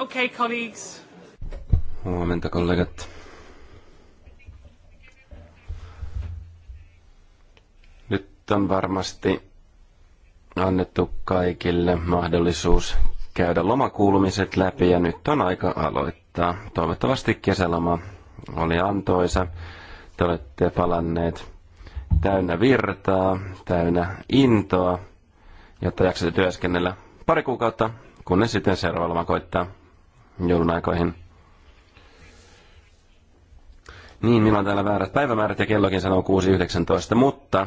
Okay, colleagues. Huomenta, kollegat. Nyt on varmasti annettu kaikille mahdollisuus käydä lomakuulumiset läpi ja nyt on aika aloittaa. Toivottavasti kesäloma oli antoisa. Te olette palanneet täynnä virtaa, täynnä intoa, jotta jaksatte työskennellä pari kuukautta, kunnes sitten seuraava loma koittaa joulun aikoihin. Niin, minulla on täällä väärät päivämäärät ja kellokin sanoo 6.19, mutta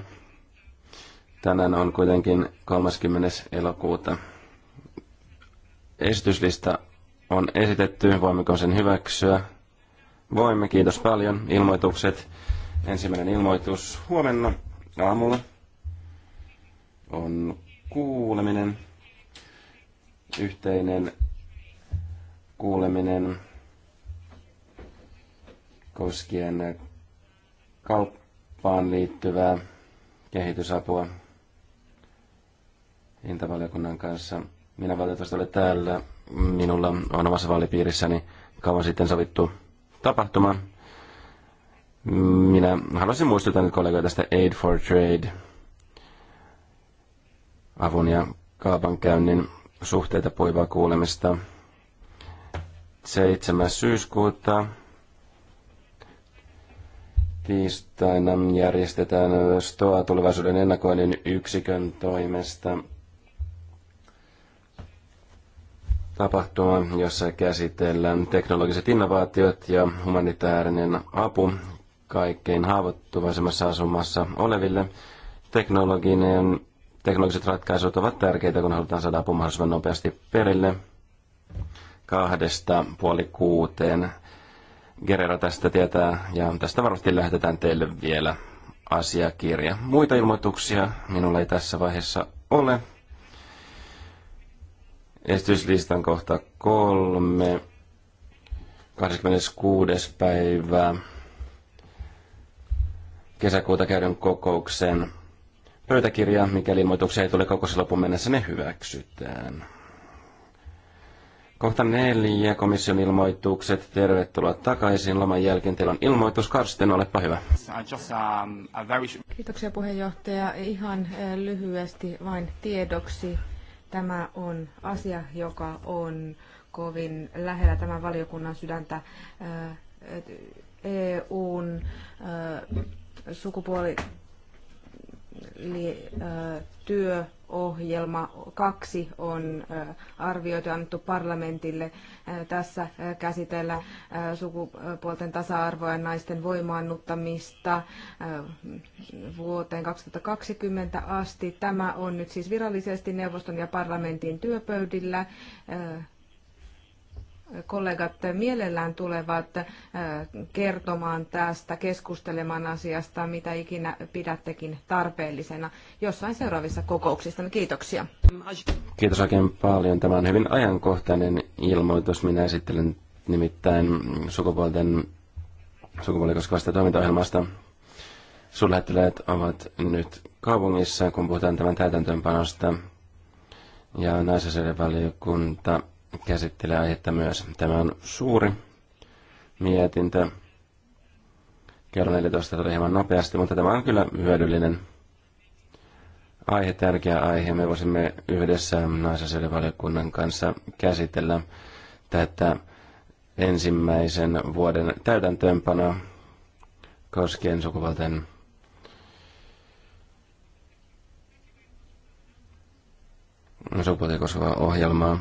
tänään on kuitenkin 30. elokuuta. Esityslista on esitetty, voimmeko sen hyväksyä? Voimme, kiitos paljon. Ilmoitukset. Ensimmäinen ilmoitus huomenna aamulla on kuuleminen, yhteinen kuuleminen koskien kauppaan liittyvää kehitysapua hintavaliokunnan kanssa. Minä valitettavasti olen täällä. Minulla on omassa vaalipiirissäni kauan sitten sovittu tapahtuma. Minä haluaisin muistuttaa nyt kollegoja tästä Aid for Trade avun ja kaupankäynnin suhteita poivaa kuulemista. 7. syyskuuta tiistaina järjestetään STOA tulevaisuuden ennakoinnin yksikön toimesta tapahtuma, jossa käsitellään teknologiset innovaatiot ja humanitaarinen apu kaikkein haavoittuvaisemmassa asumassa oleville. Teknologinen, teknologiset ratkaisut ovat tärkeitä, kun halutaan saada apu mahdollisimman nopeasti perille – kahdesta puoli kuuteen. Gerero tästä tietää ja tästä varmasti lähetetään teille vielä asiakirja. Muita ilmoituksia minulla ei tässä vaiheessa ole. Esityslistan kohta kolme, 26. päivä kesäkuuta käydyn kokouksen pöytäkirja, mikäli ilmoituksia ei tule kokouksen lopun mennessä, ne hyväksytään. Kohta neljä komission ilmoitukset. Tervetuloa takaisin loman jälkeen. Teillä on ilmoitus. Karsten, olepa hyvä. Um, Kiitoksia puheenjohtaja. Ihan eh, lyhyesti vain tiedoksi. Tämä on asia, joka on kovin lähellä tämän valiokunnan sydäntä. EUn eh, e eh, sukupuolityö ohjelma kaksi on arvioitu ja annettu parlamentille. Tässä käsitellä sukupuolten tasa-arvoa ja naisten voimaannuttamista vuoteen 2020 asti. Tämä on nyt siis virallisesti neuvoston ja parlamentin työpöydillä kollegat mielellään tulevat äh, kertomaan tästä, keskustelemaan asiasta, mitä ikinä pidättekin tarpeellisena jossain seuraavissa kokouksissa. Kiitoksia. Kiitos oikein paljon. Tämä on hyvin ajankohtainen ilmoitus. Minä esittelen nimittäin sukupuolten sukupuoli toimintaohjelmasta. Suurlähettiläät ovat nyt kaupungissa, kun puhutaan tämän täytäntöönpanosta. Ja naisasioiden valiokunta käsittelee aihetta myös. Tämä on suuri mietintö. Kello 14 tuli hieman nopeasti, mutta tämä on kyllä hyödyllinen aihe, tärkeä aihe. Me voisimme yhdessä naisasioiden kanssa käsitellä tätä ensimmäisen vuoden täytäntöönpanoa koskien sukupuolten sukupuolten koskevaa ohjelmaa.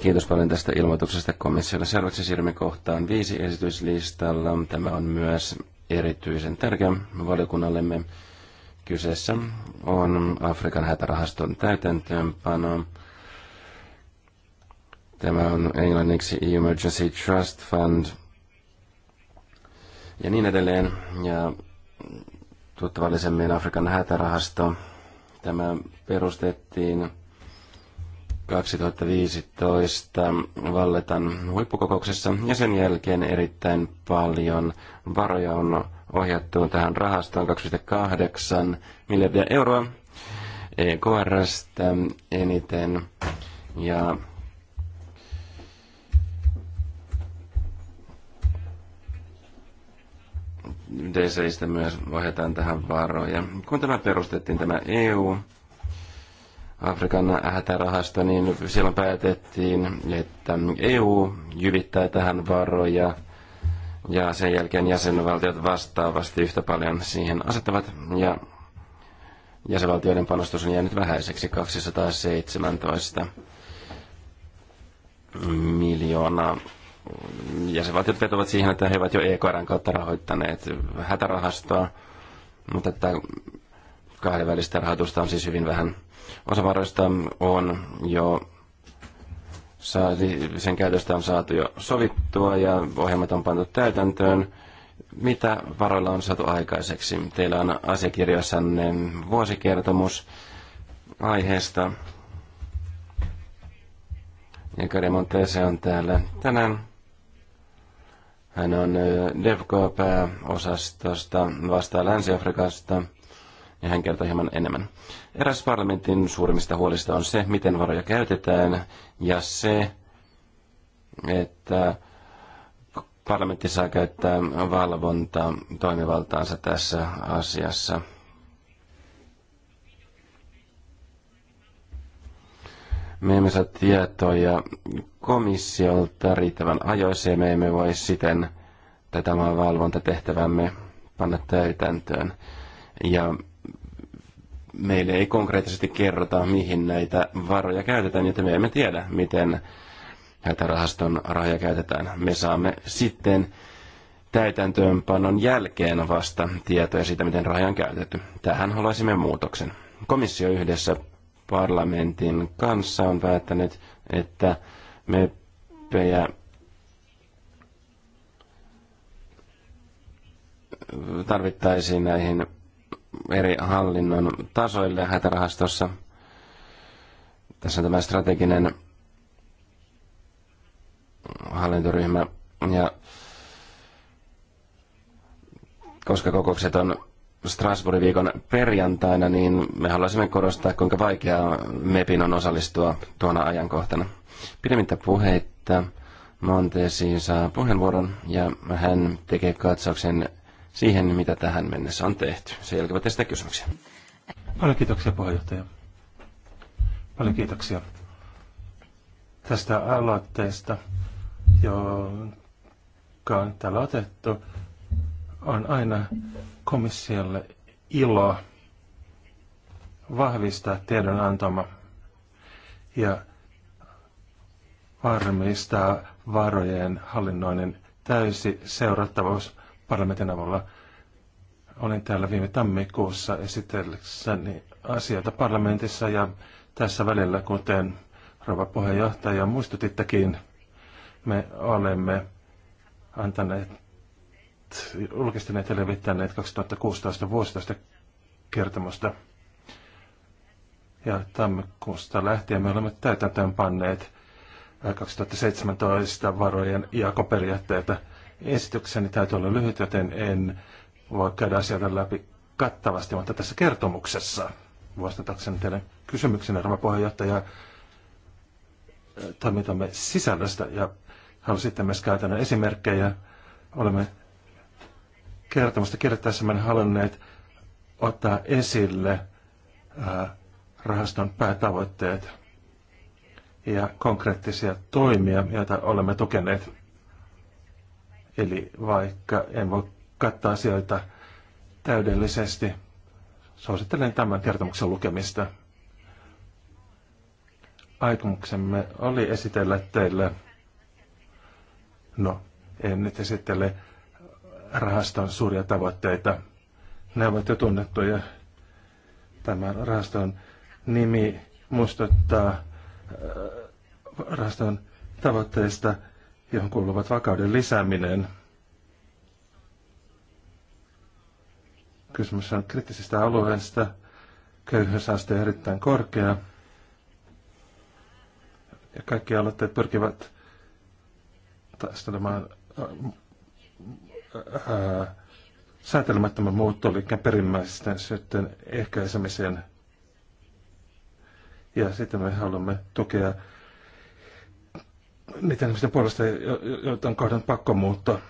Kiitos paljon tästä ilmoituksesta komissiolle. Seuraavaksi siirrymme kohtaan viisi esityslistalla. Tämä on myös erityisen tärkeä valiokunnallemme. Kyseessä on Afrikan hätärahaston täytäntöönpano. Tämä on englanniksi Emergency Trust Fund ja niin edelleen. Ja tuttavallisemmin Afrikan hätärahasto. Tämä perustettiin 2015 Valletan huippukokouksessa ja sen jälkeen erittäin paljon varoja on ohjattu tähän rahastoon 28 miljardia euroa EKRstä eniten ja DCistä myös ohjataan tähän varoja. Kun tämä perustettiin tämä EU, Afrikan hätärahasta, niin silloin päätettiin, että EU jyvittää tähän varoja ja sen jälkeen jäsenvaltiot vastaavasti yhtä paljon siihen asettavat ja jäsenvaltioiden panostus on jäänyt vähäiseksi 217 miljoonaa. Jäsenvaltiot vetovat siihen, että he ovat jo EKRn kautta rahoittaneet hätärahastoa, mutta että kahdenvälistä rahoitusta on siis hyvin vähän – Osa varoista on jo saati, sen käytöstä on saatu jo sovittua ja ohjelmat on pantu täytäntöön. Mitä varoilla on saatu aikaiseksi? Teillä on asiakirjassanne vuosikertomus aiheesta. Ja Kari Montese on täällä tänään. Hän on DevCo-pääosastosta, vastaa Länsi-Afrikasta – ja hän kertoi hieman enemmän. Eräs parlamentin suurimmista huolista on se, miten varoja käytetään, ja se, että parlamentti saa käyttää valvontaa toimivaltaansa tässä asiassa. Me emme saa tietoja komissiolta riittävän ajoissa ja me emme voi siten tätä maan valvontatehtävämme panna täytäntöön. Ja meille ei konkreettisesti kerrota, mihin näitä varoja käytetään, joten me emme tiedä, miten hätärahaston rahoja käytetään. Me saamme sitten täytäntöönpanon jälkeen vasta tietoja siitä, miten rahoja on käytetty. Tähän haluaisimme muutoksen. Komissio yhdessä parlamentin kanssa on päättänyt, että meppejä tarvittaisiin näihin eri hallinnon tasoille hätärahastossa. Tässä on tämä strateginen hallintoryhmä. Ja koska kokoukset on Strasbourgin viikon perjantaina, niin me haluaisimme korostaa, kuinka vaikeaa MEPin on osallistua tuona ajankohtana. Pidemmittä puheitta Montesiin saa puheenvuoron ja hän tekee katsauksen siihen, mitä tähän mennessä on tehty. Sen jälkeen tästä kysymyksiä. Paljon kiitoksia puheenjohtaja. Paljon kiitoksia tästä aloitteesta, joka on täällä otettu. On aina komissiolle ilo vahvistaa tiedon antama ja varmistaa varojen hallinnoinnin täysi seurattavuus parlamentin avulla. Olin täällä viime tammikuussa esitellessäni asioita parlamentissa ja tässä välillä, kuten rouva puheenjohtaja muistutittakin, me olemme antaneet, julkistaneet ja levittäneet 2016 vuositoista kertomusta. Ja tammikuusta lähtien me olemme täytäntöön panneet 2017 äh, varojen jakoperiaatteita – Esitykseni täytyy olla lyhyt, joten en voi käydä asioita läpi kattavasti, mutta tässä kertomuksessa vastatakseni teidän kysymyksen, arvo puheenjohtaja, toimitamme sisällöstä ja halusitte myös käytännön esimerkkejä. Olemme kertomusta kirjoittaessamme halunneet ottaa esille rahaston päätavoitteet ja konkreettisia toimia, joita olemme tukeneet. Eli vaikka en voi kattaa asioita täydellisesti, suosittelen tämän kertomuksen lukemista. Aikomuksemme oli esitellä teille, no en nyt esittele rahaston suuria tavoitteita. Ne ovat jo tunnettuja. Tämän rahaston nimi muistuttaa äh, rahaston tavoitteista – johon kuuluvat vakauden lisääminen. Kysymys on kriittisistä alueista. Köyhyysaste on erittäin korkea. Ja kaikki aloitteet pyrkivät taistelemaan äh, äh, säätelemättömän muuttoliikkeen perimmäisten syytten ehkäisemiseen. Ja sitten me haluamme tukea niiden ihmisten puolesta, joita on kohdannut pakkomuutto.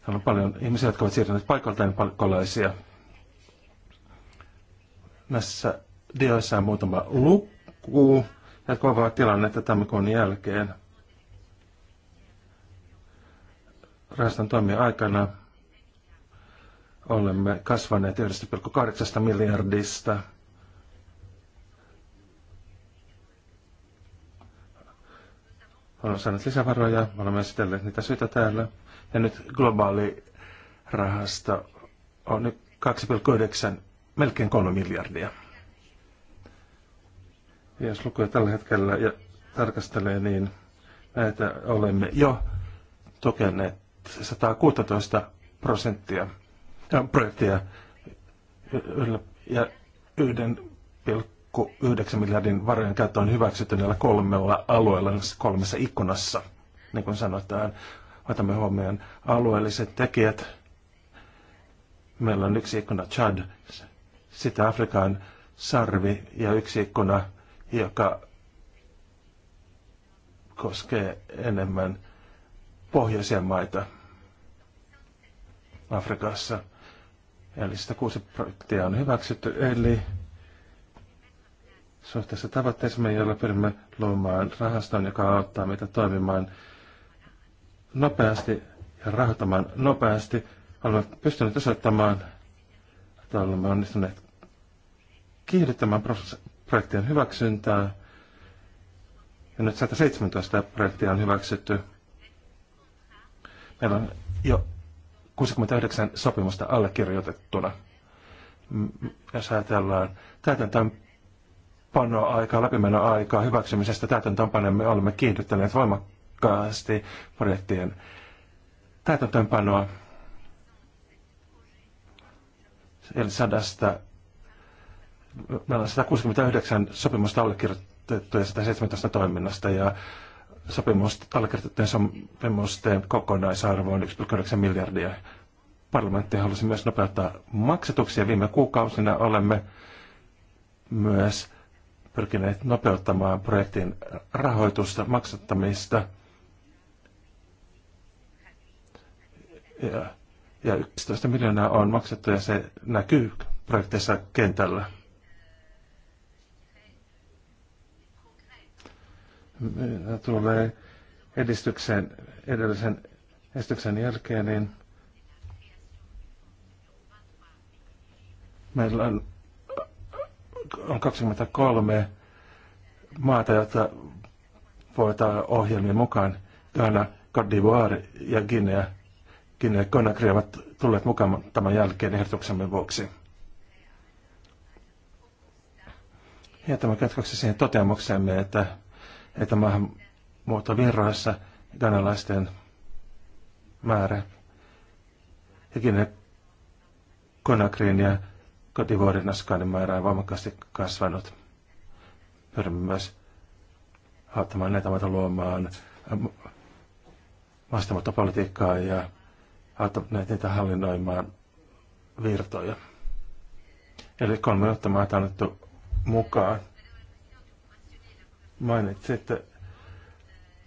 Täällä on paljon ihmisiä, jotka ovat siirtyneet paikaltaan pakkolaisia. Näissä dioissa on muutama luku, ja kovaa tilannetta tammikuun jälkeen. Rahaston toimien aikana olemme kasvaneet 1,8 miljardista olemme saaneet lisävaroja, olemme esitelleet niitä syitä täällä. Ja nyt globaali rahasto on 2,9, melkein 3 miljardia. Ja jos lukuja tällä hetkellä ja tarkastelee, niin näitä olemme jo tukeneet 116 prosenttia ja äh, projektia ja 1,3 1,9 miljardin varojen käyttö on hyväksytty näillä kolmella alueella, kolmessa ikkunassa, niin kuin sanotaan. Otamme huomioon alueelliset tekijät. Meillä on yksi ikkuna Chad, sitä Afrikan sarvi ja yksi ikkuna, joka koskee enemmän pohjoisia maita Afrikassa. Eli sitä kuusi projektia on hyväksytty, eli suhteessa tavoitteisiin, joilla pyrimme luomaan rahaston, joka auttaa meitä toimimaan nopeasti ja rahoittamaan nopeasti. Olemme pystyneet osoittamaan, että olemme onnistuneet kiihdyttämään projektien hyväksyntää. Ja nyt 117 projektia on hyväksytty. Meillä on jo 69 sopimusta allekirjoitettuna. Jos ajatellaan täytäntöön panoaikaa, läpimenoaikaa hyväksymisestä täytäntöönpanoon me olemme kiihdyttäneet voimakkaasti projektien täytäntöönpanoa. Eli sadasta, meillä on 169 sopimusta allekirjoitettu ja 117 toiminnasta ja sopimusta, allekirjoitettujen sopimusten kokonaisarvo on 1,9 miljardia. Parlamentti halusi myös nopeuttaa maksatuksia. Viime kuukausina olemme myös pyrkineet nopeuttamaan projektin rahoitusta, maksattamista. Ja, ja 11 miljoonaa on maksettu ja se näkyy projekteissa kentällä. Minä tulee edistyksen edellisen edistyksen jälkeen, niin meillä on on 23 maata, joita voitaan ohjelmien mukaan. Ghana, Cote d'Ivoire ja Guinea. Guinea Conakry ovat tulleet mukaan tämän jälkeen ehdotuksemme vuoksi. Ja tämä katkoksi siihen toteamukseemme, että, että maahanmuuttovirroissa ganalaisten määrä ja Guinea Conakrin ja kotivuoden askainen määrä on voimakkaasti kasvanut. Pyrimme myös auttamaan näitä maita luomaan maastamuuttopolitiikkaa ja auttamaan niitä hallinnoimaan virtoja. Eli kolme uutta maata on otettu mukaan. Mainitsit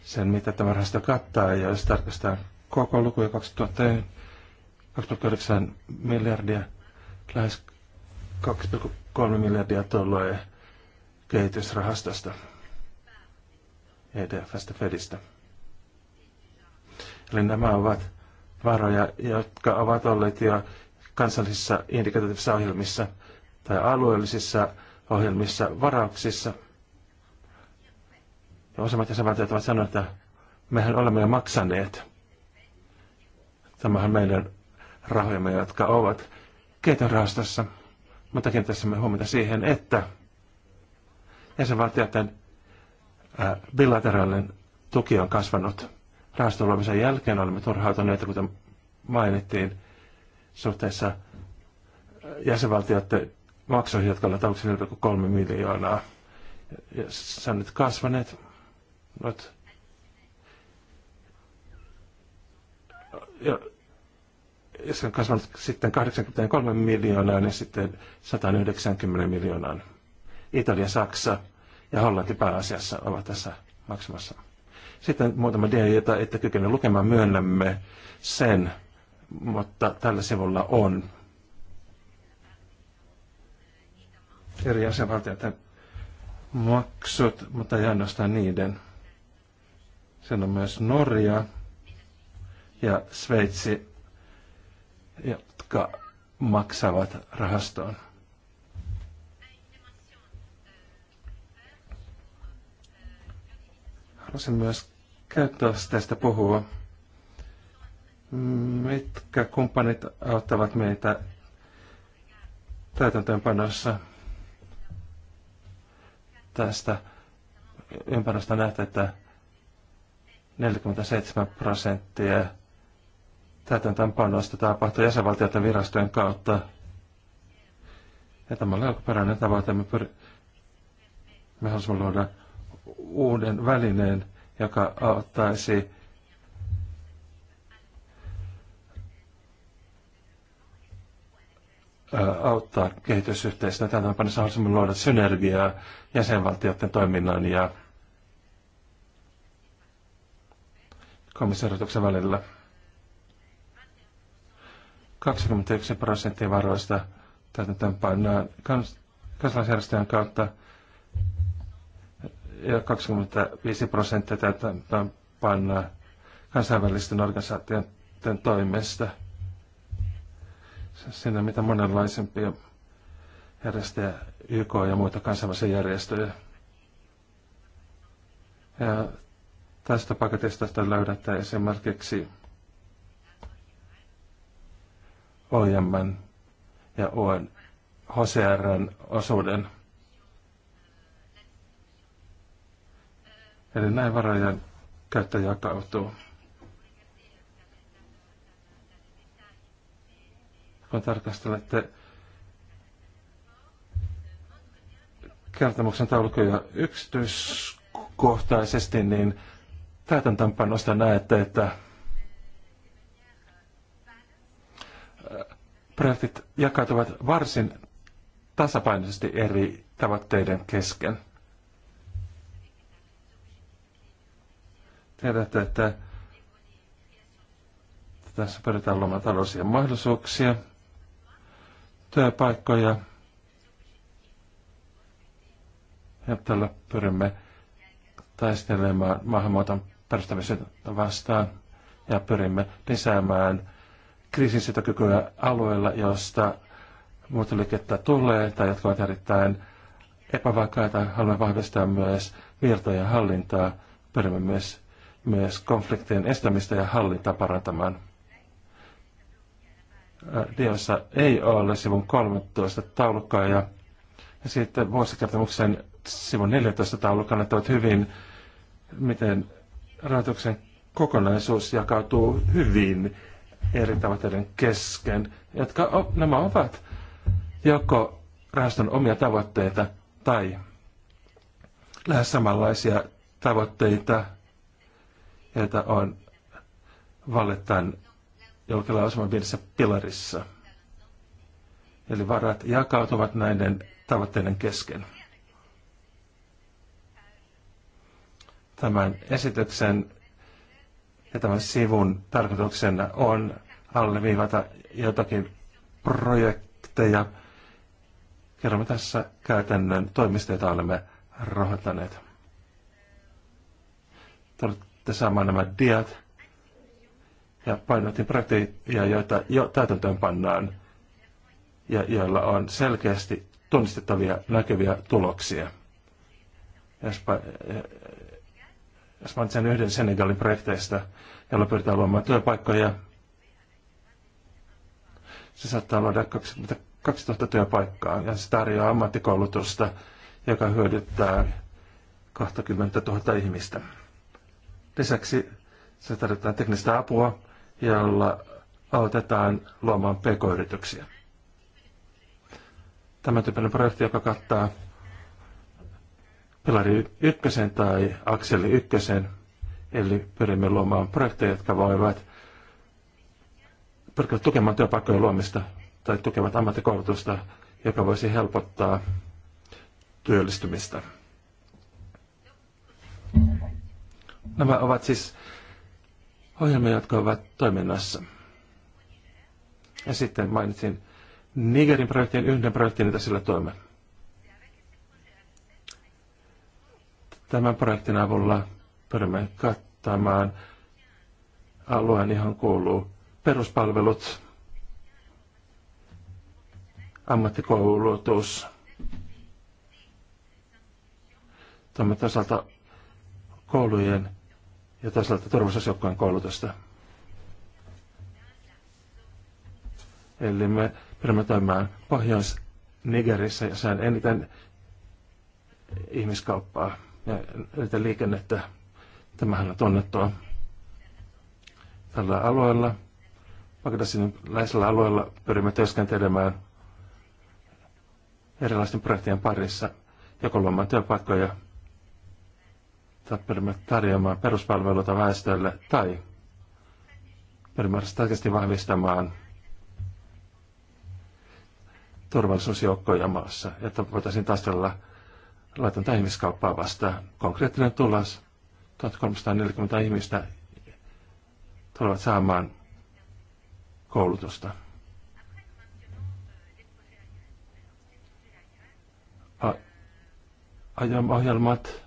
sen, mitä tämä rahasto kattaa, ja jos tarkastetaan koko lukuja 2009 miljardia, lähes 2,3 miljardia dollaria kehitysrahastosta, EDFstä, Fedistä. Eli nämä ovat varoja, jotka ovat olleet jo kansallisissa indikatiivisissa ohjelmissa tai alueellisissa ohjelmissa varauksissa. Ja useimmat jäsenvaltiot ovat sanoneet, että mehän olemme jo maksaneet. Tämähän meidän rahojamme, jotka ovat kehitysrahastossa. rahastossa. Mutta tässä me huomiota siihen, että jäsenvaltioiden bilateraalinen tuki on kasvanut. Rahaston luomisen jälkeen olemme turhautuneita, kuten mainittiin, suhteessa jäsenvaltioiden maksoihin, jotka olivat aluksi 4,3 miljoonaa. Ja se on nyt kasvaneet. Not se on kasvanut sitten 83 miljoonaan ja niin sitten 190 miljoonaan. Italia, Saksa ja Hollanti pääasiassa ovat tässä maksamassa. Sitten muutama dia, jota ette kykene lukemaan, myönnämme sen, mutta tällä sivulla on eri jäsenvaltioiden maksut, mutta ei ainoastaan niiden. Sen on myös Norja ja Sveitsi jotka maksavat rahastoon. Haluaisin myös käyttää tästä puhua. Mitkä kumppanit auttavat meitä täytäntöönpanossa tästä ympäröstä näet, että 47 prosenttia täytäntöönpanosta tapahtuu jäsenvaltioiden virastojen kautta. Ja tämä oli alkuperäinen tavoite. Me, pyr- me halusimme luoda uuden välineen, joka auttaisi auttaa kehitysyhteistyötä. Täytäntöönpanossa halusimme luoda synergiaa jäsenvaltioiden toiminnan ja komissarituksen välillä. 29 prosenttia varoista täytäntöönpannaan kans, kansalaisjärjestöjen kautta ja 25 prosenttia täytäntöönpannaan kansainvälisten organisaatioiden toimesta. Siinä mitä monenlaisempia järjestöjä, YK ja muita kansainvälisiä järjestöjä. Ja tästä paketista löydätte esimerkiksi OIMn ja UN HCRn osuuden. Eli näin varojen käyttö jakautuu. Kun tarkastelette kertomuksen taulukoja yksityiskohtaisesti, niin täytäntöönpanosta näette, että projektit jakautuvat varsin tasapainoisesti eri tavoitteiden kesken. Tiedätte, että tässä pyritään luomaan taloudellisia mahdollisuuksia, työpaikkoja. Ja tällä pyrimme taistelemaan maahanmuuton perustamisen vastaan ja pyrimme lisäämään kriisinsietokykyä alueella, josta muuttoliikettä tulee tai jotka ovat erittäin epävakaita. Haluamme vahvistaa myös virtojen hallintaa. Pyrimme myös, myös konfliktien estämistä ja hallintaa parantamaan. Diossa ei ole sivun 13 taulukkoa ja, ja sitten vuosikertomuksen sivun 14 taulukon näyttävät hyvin, miten rahoituksen kokonaisuus jakautuu hyvin eri tavoitteiden kesken, jotka o, nämä ovat joko rahaston omia tavoitteita tai lähes samanlaisia tavoitteita, joita on vallettaan osaman pienessä pilarissa. Eli varat jakautuvat näiden tavoitteiden kesken. Tämän esityksen ja tämän sivun tarkoituksena on alleviivata jotakin projekteja. Kerromme tässä käytännön toimista, joita olemme rahoittaneet. Tulette saamaan nämä diat ja painotin projekteja, joita jo täytäntöön pannaan ja joilla on selkeästi tunnistettavia näkyviä tuloksia. jos mainitsen eh, eh, sen yhden Senegalin projekteista, jolla pyritään luomaan työpaikkoja se saattaa luoda 20, 2000 työpaikkaa ja se tarjoaa ammattikoulutusta, joka hyödyttää 20 000 ihmistä. Lisäksi se tarjotaan teknistä apua, jolla autetaan luomaan pk-yrityksiä. Tämä tyyppinen projekti, joka kattaa pilari ykkösen tai akseli ykkösen, eli pyrimme luomaan projekteja, jotka voivat pyrkivät tukemaan työpaikkojen luomista tai tukevat ammattikoulutusta, joka voisi helpottaa työllistymistä. Nämä ovat siis ohjelmia, jotka ovat toiminnassa. Ja sitten mainitsin Nigerin projektin yhden projektin, jota sillä toimme. Tämän projektin avulla pyrimme kattamaan alueen, johon kuuluu peruspalvelut, ammattikoulutus. Tämä toisaalta koulujen ja toisaalta turvallisuusjoukkojen koulutusta. Eli me pyrimme toimimaan Pohjois-Nigerissä, jossa on eniten ihmiskauppaa ja eniten liikennettä. Tämähän on tunnettua tällä alueella. Bagdasin läheisellä alueella pyrimme työskentelemään erilaisten projektien parissa, joko luomaan työpaikkoja tai pyrimme tarjoamaan peruspalveluita väestölle tai pyrimme tarkasti vahvistamaan turvallisuusjoukkoja maassa, että voitaisiin taistella laitonta ihmiskauppaa vastaan. Konkreettinen tulos, 1340 ihmistä tulevat saamaan koulutusta. ajan ohjelmat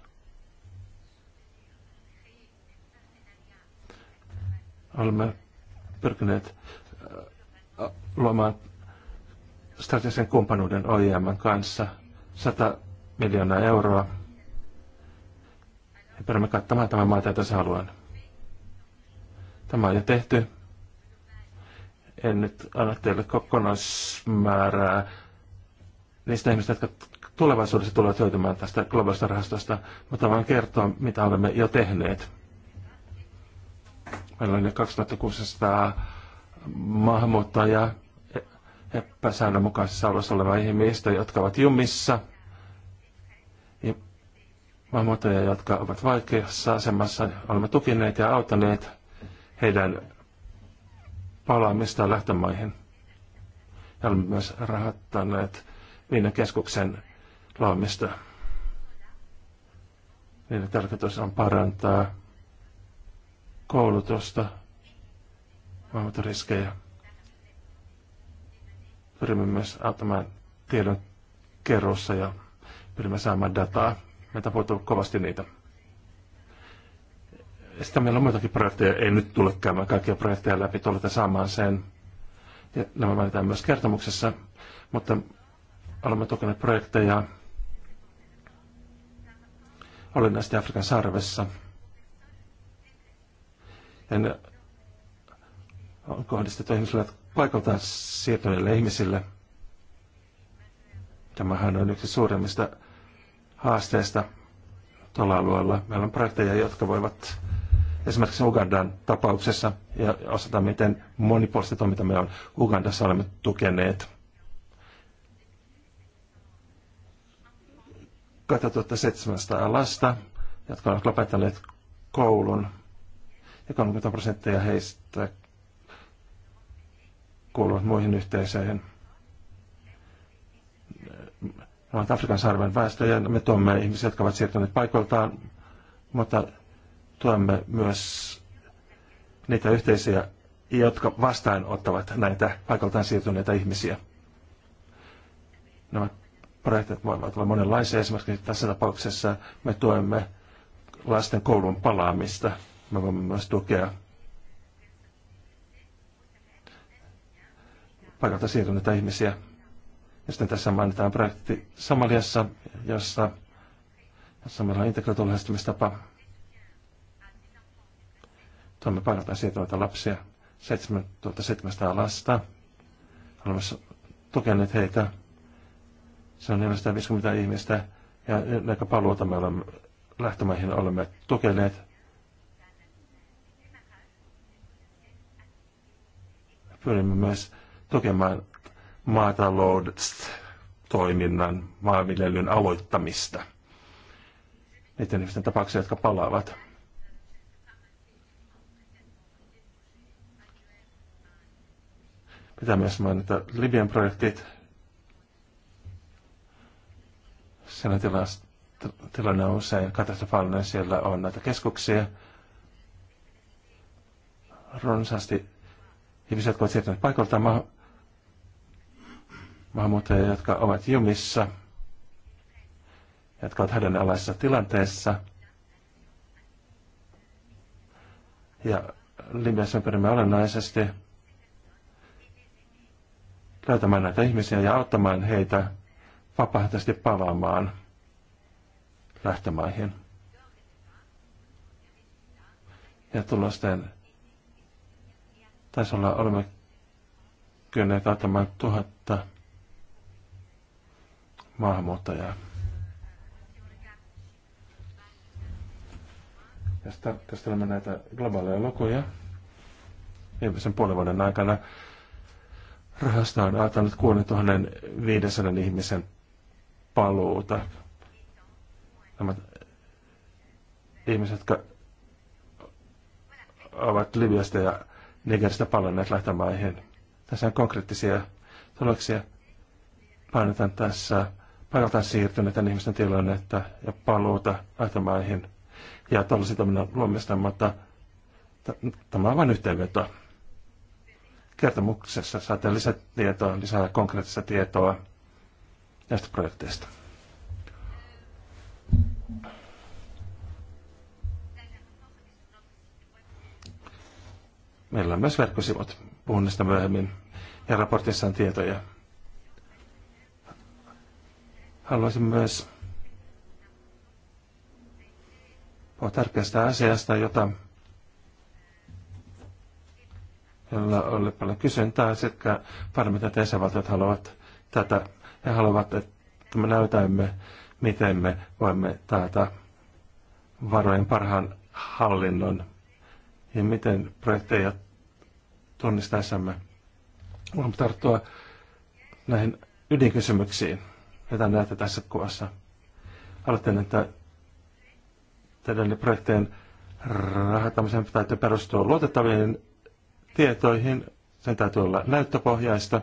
olemme pyrkineet luomaan strategisen kumppanuuden OIM kanssa 100 miljoonaa euroa. Ja pyrimme kattamaan tämän maan tätä saluan. Tämä on jo tehty en nyt anna teille kokonaismäärää niistä ihmistä, jotka tulevaisuudessa tulevat hyötymään tästä globaalista rahastosta, mutta vain kertoa, mitä olemme jo tehneet. Meillä on 2600 maahanmuuttajaa e- epäsäännönmukaisessa alueessa oleva ihmistä, jotka ovat jumissa. Ja maahanmuuttajia, jotka ovat vaikeassa asemassa, olemme tukineet ja auttaneet heidän palaamistaan lähtömaihin. Ja olemme myös rahoittaneet Viinan keskuksen luomista. Niiden tarkoitus on parantaa koulutusta, maailmantoriskejä. Pyrimme myös auttamaan tiedon kerrossa ja pyrimme saamaan dataa. Meitä puuttuu kovasti niitä. Sitten meillä on muitakin projekteja, ei nyt tule käymään kaikkia projekteja läpi, tulette saamaan sen. Ja nämä mainitaan myös kertomuksessa, mutta olemme tukeneet projekteja olennaisesti Afrikan sarvessa. Ja ne on kohdistettu ihmisille paikaltaan siirtyneille ihmisille. Tämähän on yksi suurimmista haasteista tuolla alueella. Meillä on projekteja, jotka voivat esimerkiksi Ugandan tapauksessa ja osata, miten monipuolista toiminta me on. Ugandassa olemme tukeneet 2700 lasta, jotka ovat lopettaneet koulun. Ja 30 prosenttia heistä kuuluvat muihin yhteisöihin. Ne ovat Afrikan sarven väestöjä. Me tuomme ihmisiä, jotka ovat siirtyneet paikoiltaan, mutta tuemme myös niitä yhteisöjä, jotka vastaanottavat näitä paikaltaan siirtyneitä ihmisiä. Nämä projektit voivat olla monenlaisia. Esimerkiksi tässä tapauksessa me tuemme lasten koulun palaamista. Me voimme myös tukea paikalta siirtyneitä ihmisiä. Ja sitten tässä mainitaan projekti Somaliassa, jossa, jossa meillä on integroitu lähestymistapa Tuomme paikaltaan sietoita lapsia, 7700 lasta. Olemme tukeneet heitä. Se on 450 ihmistä ja näitä paluuta me olemme lähtömaihin olemme tukeneet. Pyrimme myös tukemaan maataloustoiminnan maanviljelyn aloittamista. Niiden ihmisten tapauksia, jotka palaavat. Pitää myös mainita Libyan projektit. Siellä tilanne on usein katastrofaalinen. Siellä on näitä keskuksia runsaasti ihmiset, jotka ovat siirtyneet paikaltaan ma- maahanmuuttajia, jotka ovat jumissa, jotka ovat hädänalaisessa tilanteessa. Ja Libyassa me pyrimme olennaisesti löytämään näitä ihmisiä ja auttamaan heitä vapaaehtoisesti palaamaan lähtömaihin. Ja taisi olla, olemme kyenneet auttamaan tuhatta maahanmuuttajaa. Jos tarkastelemme näitä globaaleja lukuja viimeisen puolen vuoden aikana, Rahastaan on antanut 6500 ihmisen paluuta. Nämä ihmiset, jotka ovat Libyasta ja Nigeristä palanneet lähtömaihin. Tässä on konkreettisia tuloksia. Painotan tässä paikaltaan siirtyneiden ihmisten tilannetta ja paluuta lähtömaihin. Ja tällaisia tämmöinen luomistamatta. Tämä on vain yhteenveto kertomuksessa saatte lisätietoa, lisää konkreettista tietoa näistä projekteista. Meillä on myös verkkosivut. Puhun niistä myöhemmin. Ja raportissa on tietoja. Haluaisin myös puhua tärkeästä asiasta, jota jolla oli paljon kysyntää sekä parlamentit ja jäsenvaltiot haluavat tätä He haluavat, että me näytämme, miten me voimme taata varojen parhaan hallinnon ja miten projekteja tunnistaisemme. voimme tarttua näihin ydinkysymyksiin, joita näette tässä kuvassa. Aloitan, että teidän projektien rahoittamisen täytyy perustua luotettaviin tietoihin. Sen täytyy olla näyttöpohjaista.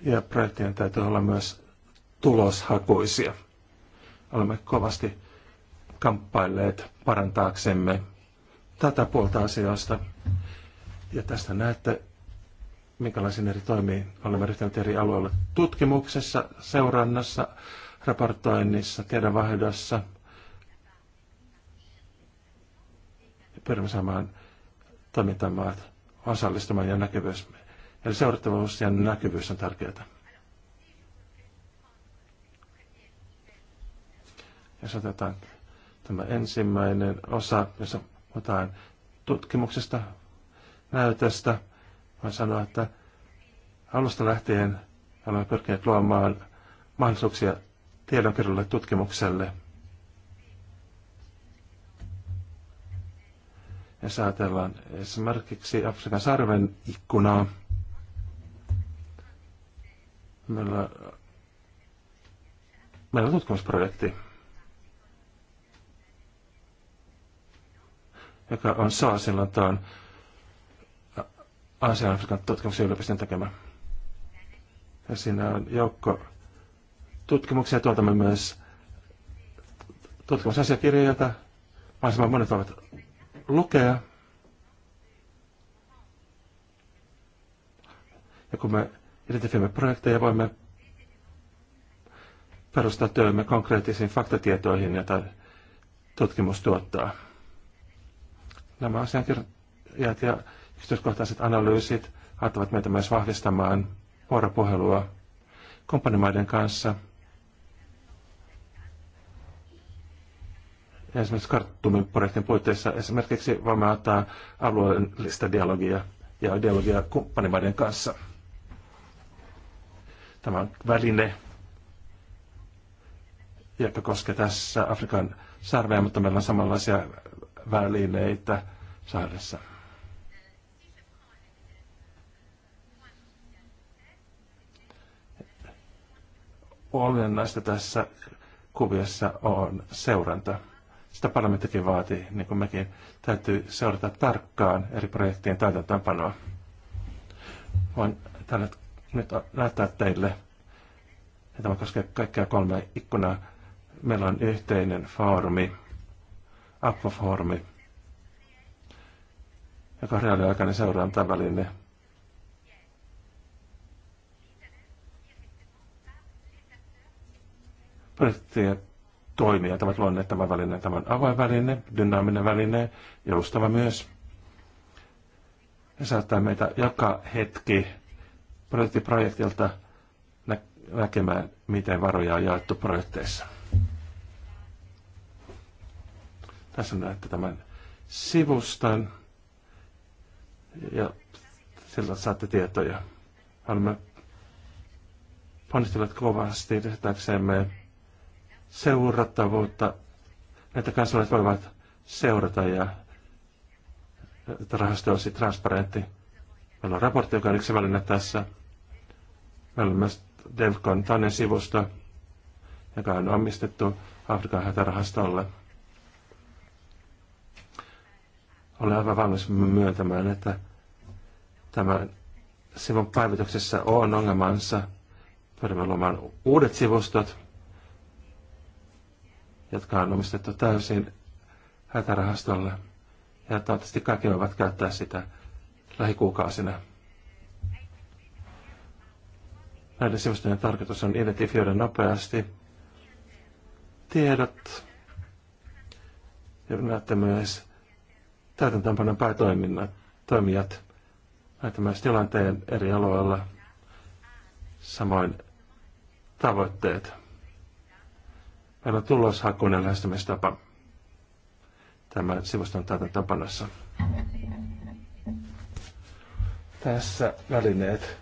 Ja projektien täytyy olla myös tuloshakuisia. Olemme kovasti kamppailleet parantaaksemme tätä puolta asioista. Ja tästä näette, minkälaisiin eri toimiin olemme ryhtyneet eri alueilla. Tutkimuksessa, seurannassa, raportoinnissa, tiedonvaihdossa. Pyrimme saamaan toimintamaat osallistumaan ja näkyvyys. Eli seurattavuus ja näkyvyys on tärkeää. Ja otetaan tämä ensimmäinen osa, jossa otetaan tutkimuksesta, näytöstä, voin sanoa, että alusta lähtien olemme pyrkineet luomaan mahdollisuuksia tiedonkirjalle tutkimukselle – Jos ajatellaan esimerkiksi Afrikan sarven ikkunaa, meillä, meillä on tutkimusprojekti, joka on saa silloin tuon Aasian Afrikan tutkimusyliopiston tekemä. Ja siinä on joukko tutkimuksia, tuotamme myös tutkimusasiakirjoja, joita mahdollisimman monet voivat lukea. Ja kun me identifioimme projekteja, voimme perustaa työmme konkreettisiin faktatietoihin, joita tutkimus tuottaa. Nämä asiakirjat ja yksityiskohtaiset analyysit auttavat meitä myös vahvistamaan vuoropuhelua kumppanimaiden kanssa – esimerkiksi Karttumin projektin puitteissa esimerkiksi voimme alueellista dialogia ja dialogia kumppanimaiden kanssa. Tämä on väline, joka koskee tässä Afrikan sarvea, mutta meillä on samanlaisia välineitä saaressa. Olennaista tässä kuviossa on seuranta. Sitä parlamenttikin vaatii, niin kuin mekin. Täytyy seurata tarkkaan eri projektien täytäntöönpanoa. Voin tällä nyt näyttää teille, ja tämä koskee kaikkia kolmea ikkunaa. Meillä on yhteinen foorumi, Appo-foorumi, joka on reaaliaikainen seurantaväline. Projektien toimia tämä luonneet tämän välineen. Tämä on avainväline, dynaaminen väline, joustava myös. Ja saattaa meitä joka hetki projektiprojektilta nä- näkemään, miten varoja on jaettu projekteissa. Tässä näette tämän sivustan ja sillä saatte tietoja. Haluamme ponnistella kovasti lisätäksemme seurattavuutta, että kansalaiset voivat seurata ja että rahasto olisi transparentti. Meillä on raportti, joka on yksivälinen tässä. Meillä on myös DevCon Tannen sivusto, joka on omistettu Afrikan hätärahastolle. Olen aivan valmis myöntämään, että tämä sivun päivityksessä on ongelmansa. Pyrimme luomaan uudet sivustot, jotka on omistettu täysin hätärahastolle. Ja toivottavasti kaikki voivat käyttää sitä lähikuukausina. Näiden sivustojen tarkoitus on identifioida nopeasti tiedot ja näette myös täytäntöönpanon toimijat Näette myös tilanteen eri alueilla, samoin tavoitteet. Meillä on tuloshakuinen lähestymistapa tämä sivuston tapanassa. Tässä välineet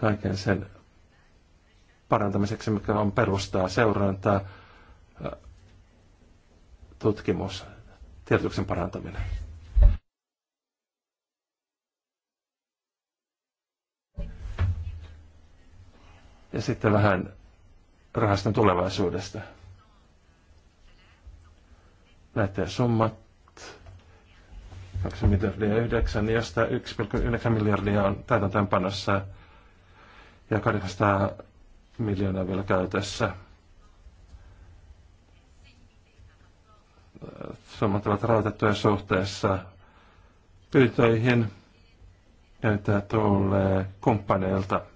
kaiken sen parantamiseksi, mikä on perustaa seurantaa, äh, tutkimus, tietoksen parantaminen. Ja sitten vähän rahaston tulevaisuudesta. Näette summat. 2 miljardia 9, josta 1,9 miljardia on täytäntöönpanossa ja 800 miljoonaa vielä käytössä. Summat ovat rajoitettuja suhteessa pyyntöihin, joita tulee kumppaneilta –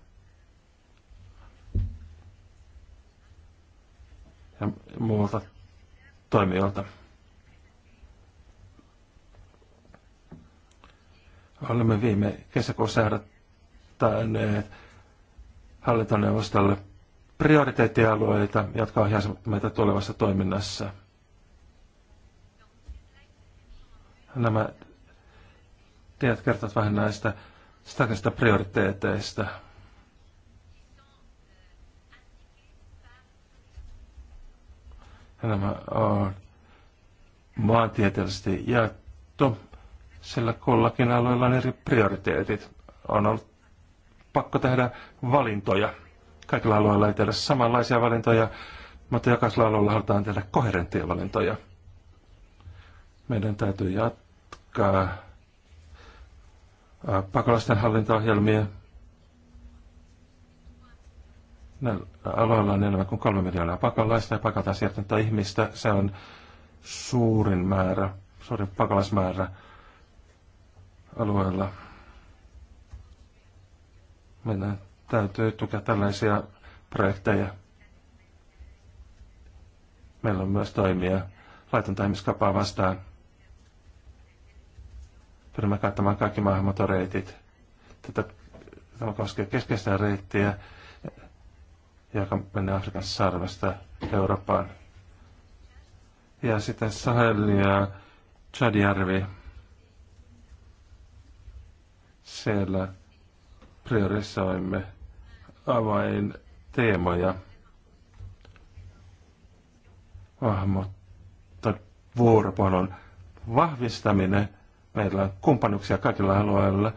ja muualta toimijoilta. Olemme viime kesäkuussa ehdottaneet hallintoneuvostolle prioriteettialueita, jotka ohjaisivat meitä tulevassa toiminnassa. Nämä tiedot kertovat vähän näistä strategisista prioriteeteista. elämä on maantieteellisesti jaettu. Sillä kullakin alueella on eri prioriteetit. On ollut pakko tehdä valintoja. Kaikilla alueilla ei tehdä samanlaisia valintoja, mutta jokaisella alueella halutaan tehdä koherenttia valintoja. Meidän täytyy jatkaa pakolaisten hallintaohjelmia, Alueella, aloilla on enemmän kuin kolme miljoonaa pakolaista ja pakalta siirtynyttä ihmistä. Se on suurin määrä, suurin pakolaismäärä alueella. Meidän täytyy tukea tällaisia projekteja. Meillä on myös toimia laitonta ihmiskapaa vastaan. Pyrimme kattamaan kaikki maahanmuuttoreitit. Tätä, tämä koskee keskeistä reittiä, joka menee Afrikan sarvesta Eurooppaan. Ja sitten Sahel ja Chadjärvi. Siellä priorisoimme avain teemoja ah, mutta vuoropuhelun vahvistaminen. Meillä on kumppanuksia kaikilla alueilla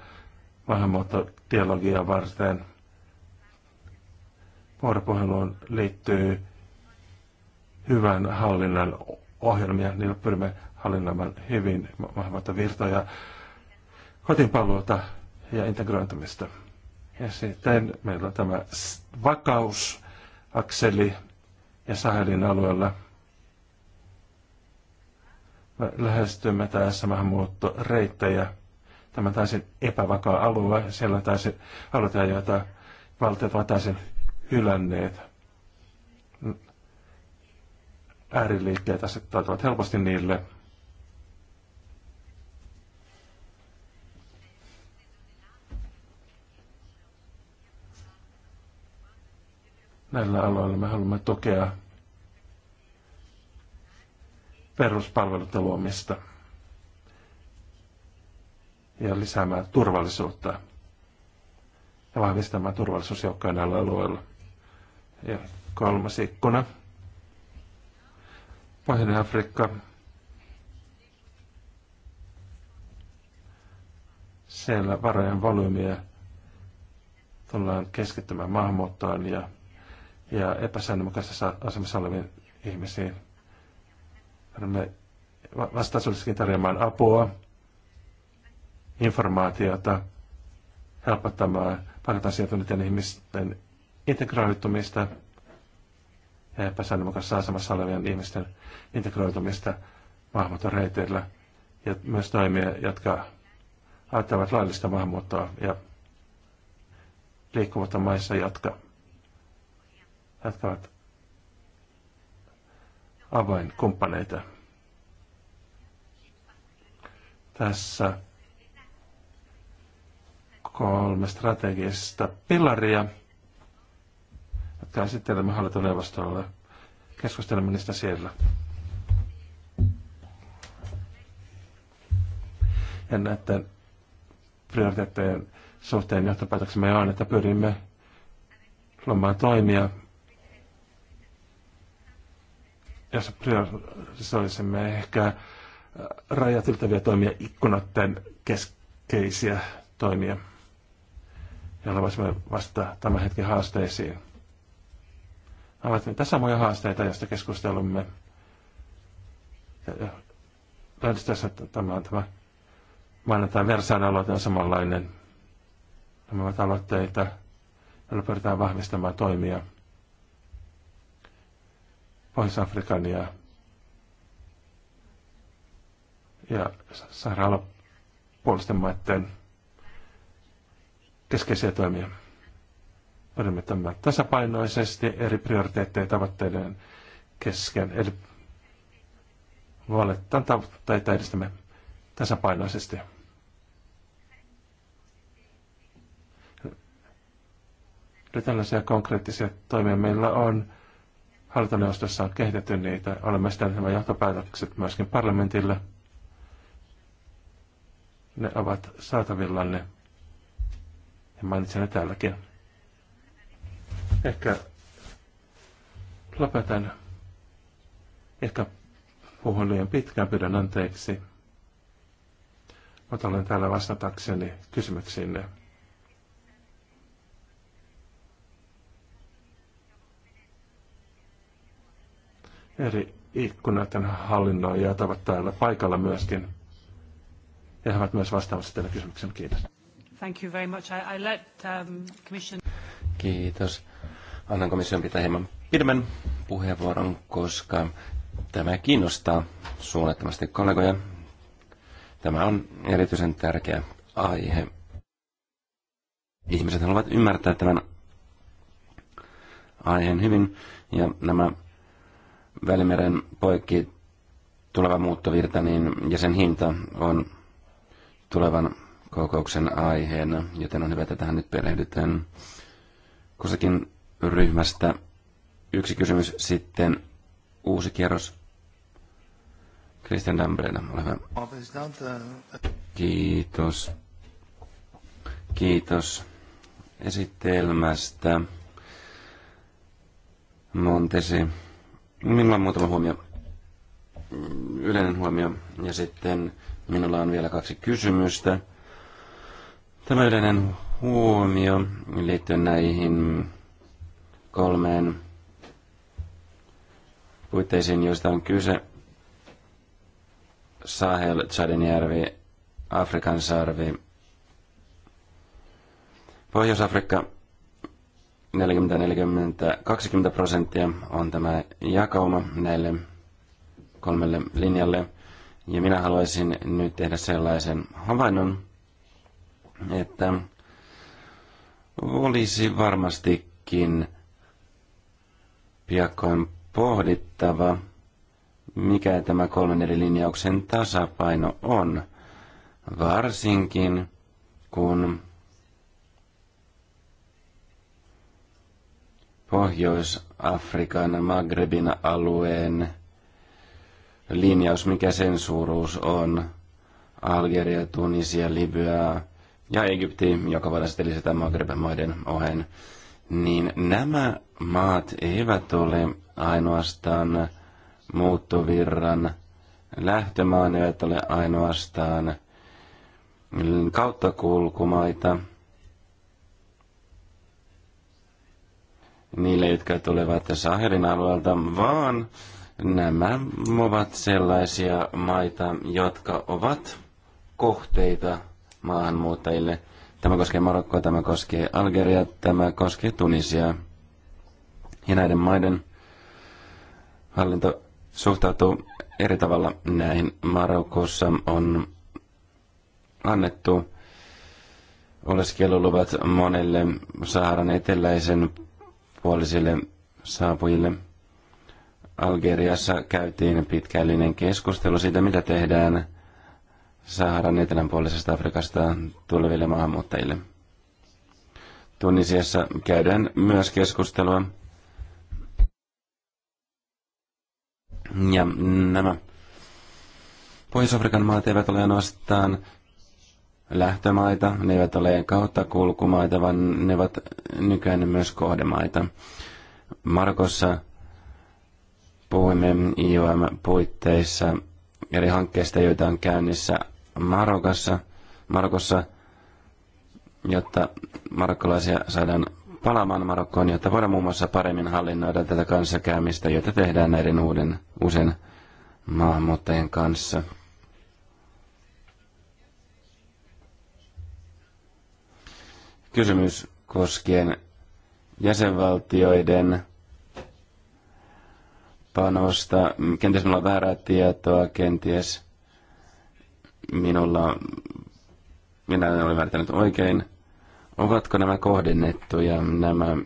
maahanmuuttodialogia varten – vuoropuheluun liittyy hyvän hallinnan ohjelmia. Niillä pyrimme hallinnoimaan hyvin maahanmuutta virtoja, kotipalveluita ja integroitumista. Ja sitten meillä on tämä vakausakseli ja Sahelin alueella. Me lähestymme tässä maahanmuuttoreittejä. Tämä on täysin epävakaa alue. Siellä on täysin alueita, joita valtiot ovat täysin hylänneet. Ääriliikkeet asettautuvat helposti niille. Näillä aloilla me haluamme tukea peruspalveluiden luomista ja lisäämään turvallisuutta ja vahvistamaan turvallisuusjoukkoja näillä alueilla. Ja kolmas ikkuna. Pohjois-Afrikka. Siellä varojen volyymiä tullaan keskittymään maahanmuuttoon ja, ja epäsäännönmukaisessa asemassa oleviin ihmisiin. Me vastaisuudessakin tarjoamaan apua, informaatiota, helpottamaan paikaltaan sijoituneiden ihmisten integroitumista ja epäsäännönmukaisessa asemassa olevien ihmisten integroitumista maahanmuuttoreiteillä ja myös toimia, jotka ajattelevat laillista maahanmuuttoa ja liikkumatta maissa, jotka jatkavat avainkumppaneita. Tässä kolme strategista pilaria käsittelemme hallintoneuvostolle. Keskustelemme niistä siellä. Ja näiden prioriteettien suhteen johtopäätöksemme on, että pyrimme luomaan toimia, jos priorisoisimme ehkä rajat ylittäviä toimia ikkunoiden keskeisiä toimia, joilla voisimme vastata tämän hetken haasteisiin ovat niitä samoja haasteita, joista keskustelumme. Lähdistössä tämä, tämä mainitaan Versaan aloite on samanlainen. Nämä ovat aloitteita, joilla pyritään vahvistamaan toimia Pohjois-Afrikan ja, ja sairaalapuolisten maiden keskeisiä toimia. Olemme tämän tasapainoisesti eri prioriteetteja tavoitteiden kesken. Eli valitetaan tavoitteita edistämme tasapainoisesti. Eli tällaisia konkreettisia toimia meillä on. Hallintoneuvostossa on kehitetty niitä. Olemme sitten nämä johtopäätökset myöskin parlamentille. Ne ovat saatavillanne. Ja mainitsen ne täälläkin. Ehkä lopetan. Ehkä puhun liian pitkään, pyydän anteeksi. Mutta olen täällä vastatakseni kysymyksiinne. Eri ikkunaiden hallinnoijat ovat täällä paikalla myöskin. Ja he ovat myös vastaamassa teille kysymyksen. Kiitos. Thank you very much. I, I let, um, commission... Kiitos annan komission pitää hieman pidemmän puheenvuoron, koska tämä kiinnostaa suunnattomasti kollegoja. Tämä on erityisen tärkeä aihe. Ihmiset haluavat ymmärtää tämän aiheen hyvin ja nämä Välimeren poikki tuleva muuttovirta niin, ja sen hinta on tulevan kokouksen aiheena, joten on hyvä, että tähän nyt perehdytään. Kussakin ryhmästä yksi kysymys, sitten uusi kierros. Christian Dambrena, ole hyvä. Kiitos. Kiitos esitelmästä. Montesi. Minulla on muutama huomio. Yleinen huomio. Ja sitten minulla on vielä kaksi kysymystä. Tämä yleinen huomio liittyen näihin kolmeen puitteisiin, joista on kyse. Sahel, Chadinjärvi, Afrikan sarvi, Pohjois-Afrikka 40-40-20 prosenttia on tämä jakauma näille kolmelle linjalle. Ja minä haluaisin nyt tehdä sellaisen havainnon, että olisi varmastikin piakkoin pohdittava, mikä tämä kolmen eri linjauksen tasapaino on, varsinkin kun Pohjois-Afrikan Magrebin alueen linjaus, mikä sen suuruus on, Algeria, Tunisia, Libya ja Egypti, joka voidaan sitten lisätä maiden ohen, niin nämä maat eivät ole ainoastaan muuttovirran lähtömaa, ne eivät ole ainoastaan kauttakulkumaita. Niille, jotka tulevat Sahelin alueelta, vaan nämä ovat sellaisia maita, jotka ovat kohteita maahanmuuttajille. Tämä koskee Marokkoa, tämä koskee Algeria, tämä koskee Tunisia. Ja näiden maiden hallinto suhtautuu eri tavalla näihin. Marokossa on annettu oleskeluluvat monelle Saharan eteläisen puolisille saapujille. Algeriassa käytiin pitkällinen keskustelu siitä, mitä tehdään Saharan etelänpuolisesta Afrikasta tuleville maahanmuuttajille. Tunisiassa käydään myös keskustelua Ja nämä Pohjois-Afrikan maat eivät ole ainoastaan lähtömaita, ne eivät ole kautta kulkumaita, vaan ne ovat nykyään myös kohdemaita. Markossa puhuimme IOM-puitteissa eri hankkeista, joita on käynnissä Marokassa, Marokossa, jotta marokkolaisia saadaan palaamaan Marokkoon, jotta voidaan muun muassa paremmin hallinnoida tätä kanssakäymistä, jota tehdään näiden uuden, usein maahanmuuttajien kanssa. Kysymys koskien jäsenvaltioiden panosta. Kenties minulla on väärää tietoa, kenties minulla, minä olen ymmärtänyt oikein – Ovatko nämä kohdennettuja, nämä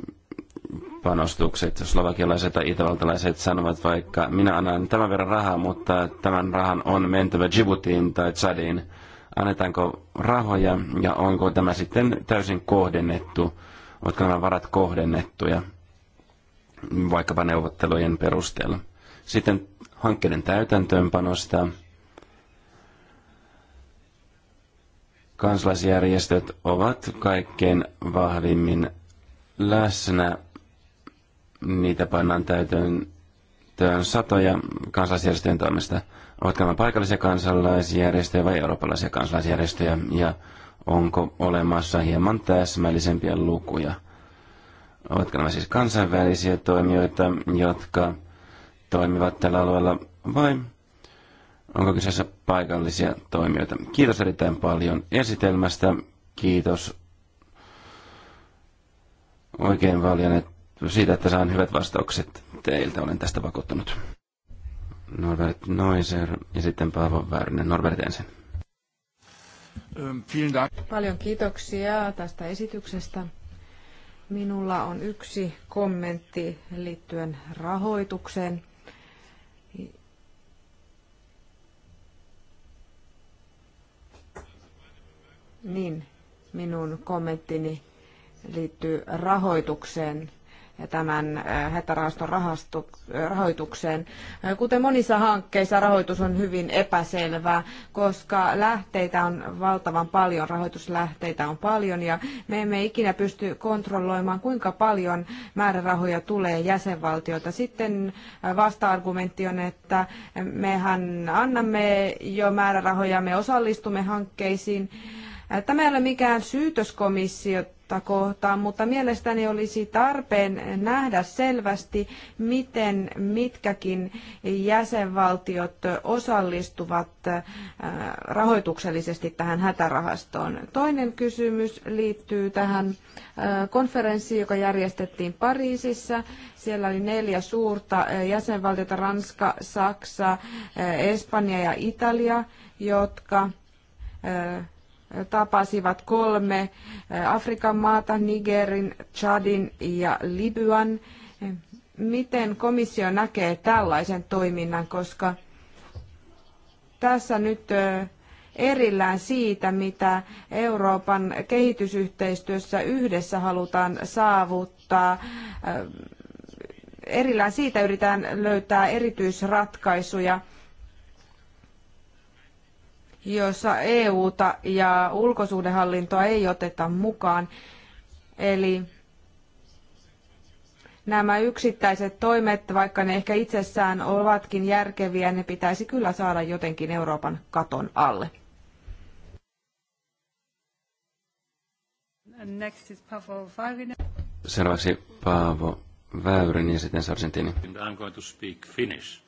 panostukset, slovakialaiset tai itävaltalaiset sanovat vaikka, minä annan tämän verran rahaa, mutta tämän rahan on mentävä Djiboutiin tai Tsadiin. Annetaanko rahoja ja onko tämä sitten täysin kohdennettu? Ovatko nämä varat kohdennettuja vaikkapa neuvottelujen perusteella? Sitten hankkeiden täytäntöönpanosta. Kansalaisjärjestöt ovat kaikkein vahvimmin läsnä. Niitä pannaan täytäntöön satoja kansalaisjärjestöjen toimesta. Ovatko nämä paikallisia kansalaisjärjestöjä vai eurooppalaisia kansalaisjärjestöjä? Ja onko olemassa hieman täsmällisempiä lukuja? Ovatko nämä siis kansainvälisiä toimijoita, jotka toimivat tällä alueella vai onko kyseessä paikallisia toimijoita. Kiitos erittäin paljon esitelmästä. Kiitos oikein paljon siitä, että saan hyvät vastaukset teiltä. Olen tästä vakuuttunut. Norbert Noiser ja sitten Paavo Väyrynen. Norbert ensin. Ähm, paljon kiitoksia tästä esityksestä. Minulla on yksi kommentti liittyen rahoitukseen. Niin, minun kommenttini liittyy rahoitukseen ja tämän äh, hätärahaston rahastu, rahoitukseen. Äh, kuten monissa hankkeissa rahoitus on hyvin epäselvää, koska lähteitä on valtavan paljon, rahoituslähteitä on paljon ja me emme ikinä pysty kontrolloimaan, kuinka paljon määrärahoja tulee jäsenvaltiota. Sitten äh, vasta-argumentti on, että mehän annamme jo määrärahoja, me osallistumme hankkeisiin, Tämä ei ole mikään syytöskomissio kohtaan, mutta mielestäni olisi tarpeen nähdä selvästi, miten mitkäkin jäsenvaltiot osallistuvat äh, rahoituksellisesti tähän hätärahastoon. Toinen kysymys liittyy tähän äh, konferenssiin, joka järjestettiin Pariisissa. Siellä oli neljä suurta äh, jäsenvaltiota, Ranska, Saksa, Espanja ja Italia, jotka tapasivat kolme eh, Afrikan maata, Nigerin, Chadin ja Libyan. Miten komissio näkee tällaisen toiminnan, koska tässä nyt eh, erillään siitä, mitä Euroopan kehitysyhteistyössä yhdessä halutaan saavuttaa. Eh, erillään siitä yritetään löytää erityisratkaisuja joissa EUta ja ulkosuhdehallintoa ei oteta mukaan. Eli nämä yksittäiset toimet, vaikka ne ehkä itsessään ovatkin järkeviä, ne pitäisi kyllä saada jotenkin Euroopan katon alle. Next is Paavo Väyrynen. Seuraavaksi Paavo Väyrynen ja sitten Sargentini. I'm going to speak Finnish.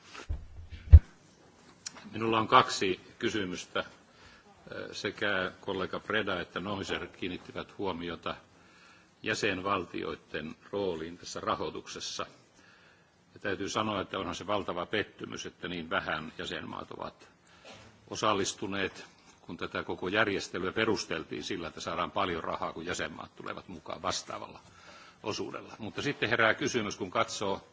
Minulla on kaksi kysymystä. Sekä kollega Preda että Noiser kiinnittivät huomiota jäsenvaltioiden rooliin tässä rahoituksessa. Ja täytyy sanoa, että onhan se valtava pettymys, että niin vähän jäsenmaat ovat osallistuneet, kun tätä koko järjestelyä perusteltiin sillä, että saadaan paljon rahaa, kun jäsenmaat tulevat mukaan vastaavalla osuudella. Mutta sitten herää kysymys, kun katsoo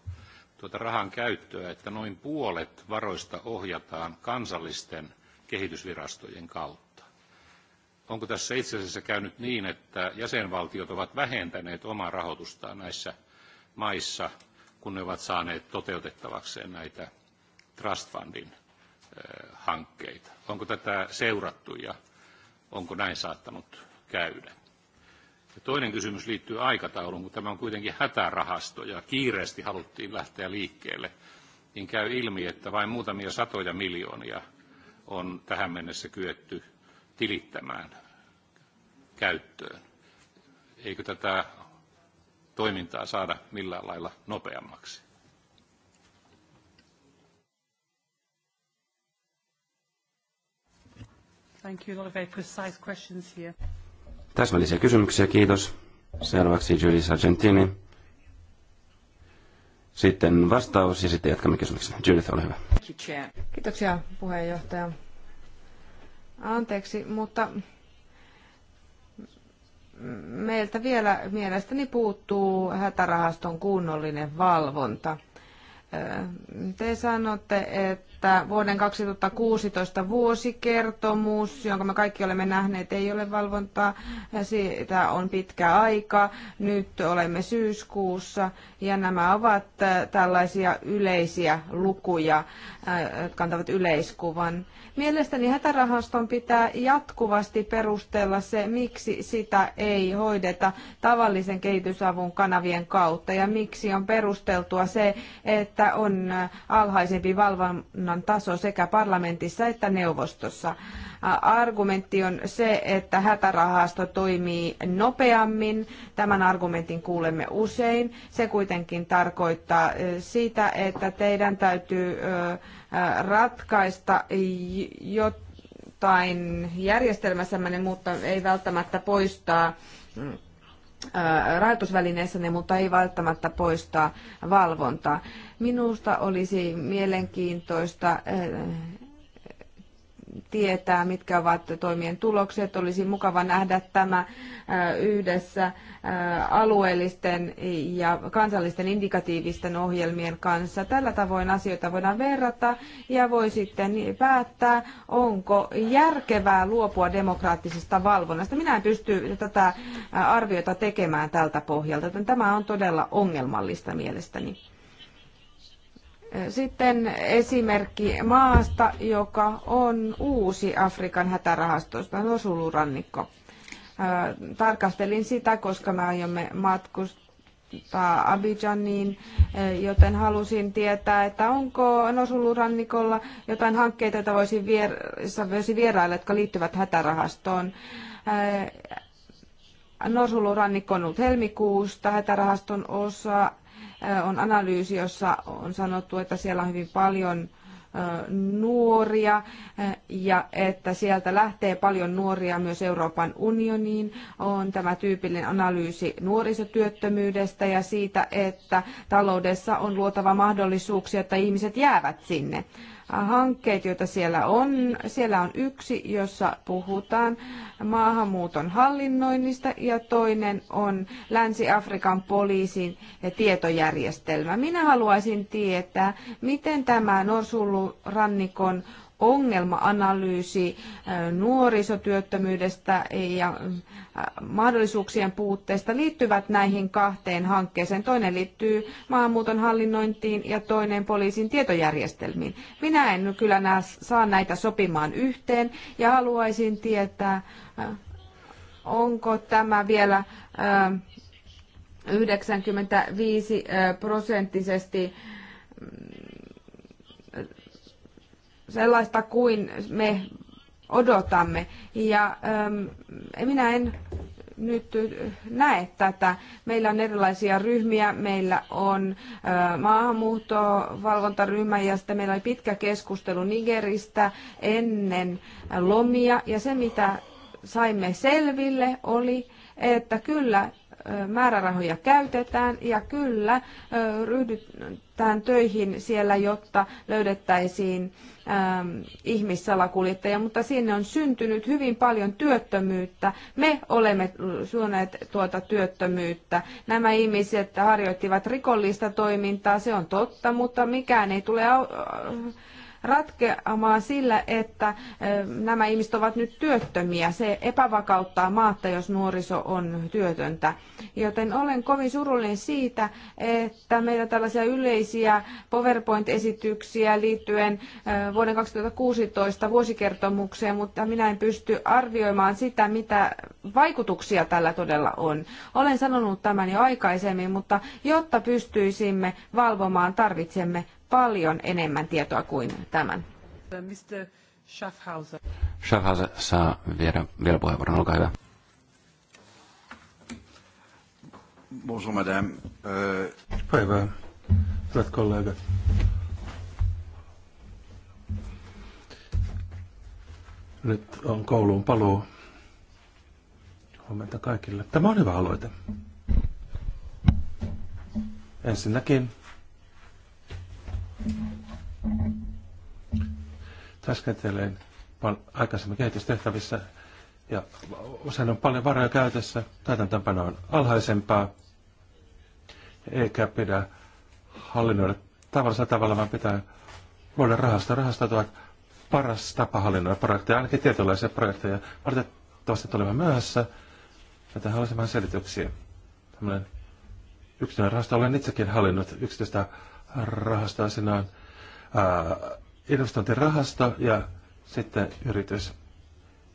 tuota rahan käyttöä, että noin puolet varoista ohjataan kansallisten kehitysvirastojen kautta. Onko tässä itse asiassa käynyt niin, että jäsenvaltiot ovat vähentäneet omaa rahoitustaan näissä maissa, kun ne ovat saaneet toteutettavakseen näitä Trust Fundin hankkeita? Onko tätä seurattu ja onko näin saattanut käydä? Ja toinen kysymys liittyy aikatauluun, kun tämä on kuitenkin hätärahasto ja kiireesti haluttiin lähteä liikkeelle, niin käy ilmi, että vain muutamia satoja miljoonia – on tähän mennessä kyetty tilittämään käyttöön. Eikö tätä toimintaa saada millään lailla nopeammaksi? Thank you. A lot of very precise questions here. Täsmällisiä kysymyksiä, kiitos. Seuraavaksi Julie Sargentini. Sitten vastaus ja sitten jatkamme kysymyksiä. Judith, ole hyvä. Kiitoksia puheenjohtaja. Anteeksi, mutta meiltä vielä mielestäni puuttuu hätärahaston kunnollinen valvonta. Te sanotte, että että vuoden 2016 vuosikertomus, jonka me kaikki olemme nähneet, ei ole valvontaa. Siitä on pitkä aika. Nyt olemme syyskuussa ja nämä ovat tällaisia yleisiä lukuja, jotka äh, antavat yleiskuvan. Mielestäni hätärahaston pitää jatkuvasti perustella se, miksi sitä ei hoideta tavallisen kehitysavun kanavien kautta ja miksi on perusteltua se, että on alhaisempi valvonta valiokunnan taso sekä parlamentissa että neuvostossa. Argumentti on se, että hätärahasto toimii nopeammin. Tämän argumentin kuulemme usein. Se kuitenkin tarkoittaa sitä, että teidän täytyy ratkaista jotain järjestelmässämme, mutta ei välttämättä poistaa mm, rahoitusvälineissäne, mutta ei välttämättä poistaa valvontaa. Minusta olisi mielenkiintoista tietää, mitkä ovat toimien tulokset. Olisi mukava nähdä tämä yhdessä alueellisten ja kansallisten indikatiivisten ohjelmien kanssa. Tällä tavoin asioita voidaan verrata ja voi sitten päättää, onko järkevää luopua demokraattisesta valvonnasta. Minä en pysty tätä arviota tekemään tältä pohjalta, joten tämä on todella ongelmallista mielestäni. Sitten esimerkki maasta, joka on uusi Afrikan hätärahastosta, Nosulurannikko. Tarkastelin sitä, koska me aiomme matkustaa Abidjaniin, joten halusin tietää, että onko Nosulurannikolla jotain hankkeita, joita voisi, vier- voisi vierailla, jotka liittyvät hätärahastoon. Norsulurannikko on ollut helmikuusta hätärahaston osa on analyysi, jossa on sanottu, että siellä on hyvin paljon nuoria ja että sieltä lähtee paljon nuoria myös Euroopan unioniin. On tämä tyypillinen analyysi nuorisotyöttömyydestä ja siitä, että taloudessa on luotava mahdollisuuksia, että ihmiset jäävät sinne hankkeet, joita siellä on. Siellä on yksi, jossa puhutaan maahanmuuton hallinnoinnista ja toinen on Länsi-Afrikan poliisin tietojärjestelmä. Minä haluaisin tietää, miten tämä rannikon analyysi nuorisotyöttömyydestä ja mahdollisuuksien puutteesta liittyvät näihin kahteen hankkeeseen. Toinen liittyy maahanmuuton hallinnointiin ja toinen poliisin tietojärjestelmiin. Minä en kyllä nää, saa näitä sopimaan yhteen ja haluaisin tietää, onko tämä vielä 95 prosenttisesti sellaista kuin me odotamme. Ja ähm, minä en nyt äh, näe tätä. Meillä on erilaisia ryhmiä. Meillä on äh, maahanmuuttovalvontaryhmä ja sitten meillä oli pitkä keskustelu Nigeristä ennen lomia. Ja se, mitä saimme selville, oli, että kyllä määrärahoja käytetään ja kyllä ryhdytään töihin siellä, jotta löydettäisiin ihmissalakuljettaja, mutta sinne on syntynyt hyvin paljon työttömyyttä. Me olemme suoneet tuota työttömyyttä. Nämä ihmiset harjoittivat rikollista toimintaa, se on totta, mutta mikään ei tule ratkeamaan sillä, että eh, nämä ihmiset ovat nyt työttömiä. Se epävakauttaa maatta, jos nuoriso on työtöntä. Joten olen kovin surullinen siitä, että meillä tällaisia yleisiä PowerPoint-esityksiä liittyen eh, vuoden 2016 vuosikertomukseen, mutta minä en pysty arvioimaan sitä, mitä vaikutuksia tällä todella on. Olen sanonut tämän jo aikaisemmin, mutta jotta pystyisimme valvomaan, tarvitsemme paljon enemmän tietoa kuin tämän. Mr. Schaffhauser. Schaffhauser saa vielä, vielä puheenvuoron, olkaa hyvä. Bonjour madame. Euh, Päivää, hyvät kollegat. Nyt on kouluun paluu. Huomenta kaikille. Tämä on hyvä aloite. Ensinnäkin Täskentelen aikaisemmin kehitystehtävissä ja usein on paljon varoja käytössä, täytäntöönpano on alhaisempaa, eikä pidä hallinnoida tavallisella tavalla, vaan pitää luoda rahasta. Rahastot ovat paras tapa hallinnoida projekteja, ainakin tietynlaisia projekteja. Valitettavasti tulemme myöhässä, joten haluaisin vähän selityksiä. Tällainen yksityinen rahasto, olen itsekin hallinnut yksityistä rahasto on rahasta ja sitten yritys.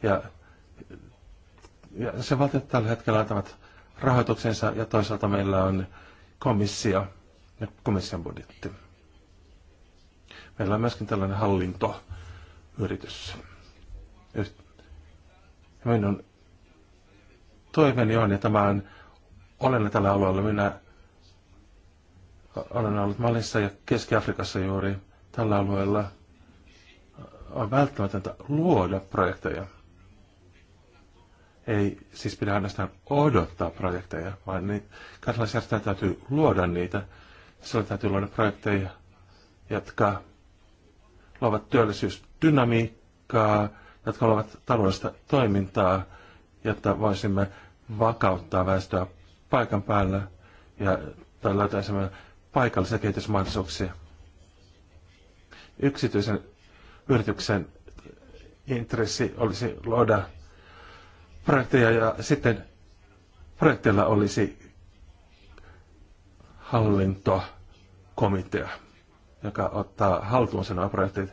Ja, ja se valtiot tällä hetkellä antavat rahoituksensa ja toisaalta meillä on komissio ja komission budjetti. Meillä on myöskin tällainen hallintoyritys. Minun toiveeni on, ja tämä on olen tällä alueella, minä olen ollut Malissa ja Keski-Afrikassa juuri tällä alueella. On välttämätöntä luoda projekteja. Ei siis pidä ainoastaan odottaa projekteja, vaan niin, kansalaisjärjestöjä täytyy luoda niitä. Silloin täytyy luoda projekteja, jotka luovat työllisyysdynamiikkaa, jotka luovat taloudellista toimintaa, jotta voisimme vakauttaa väestöä paikan päällä ja tai löytäisimme paikallisia kehitysmahdollisuuksia. Yksityisen yrityksen intressi olisi luoda projekteja ja sitten projekteilla olisi hallintokomitea, joka ottaa haltuun sen projektit.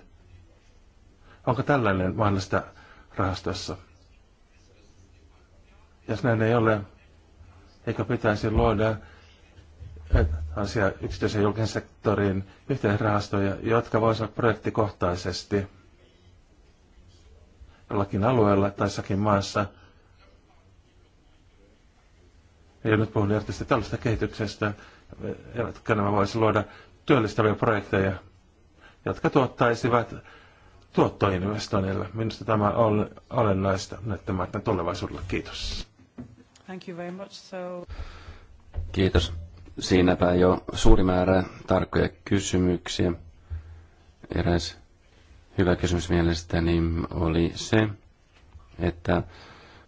Onko tällainen mahdollista rahastossa? Jos näin ei ole, eikö pitäisi luoda asia yksityisen julkisen sektorin yhteisrahastoja, jotka voisivat projektikohtaisesti jollakin alueella tai jossakin maassa. Ja nyt puhun erityisesti tällaista kehityksestä, jotka nämä voisi luoda työllistäviä projekteja, jotka tuottaisivat tuottoinvestoinnille. Minusta tämä on olennaista näiden tulevaisuudella. Kiitos. Thank you very much. So... Kiitos. Siinäpä jo suuri määrä tarkkoja kysymyksiä. Eräs hyvä kysymys mielestäni oli se, että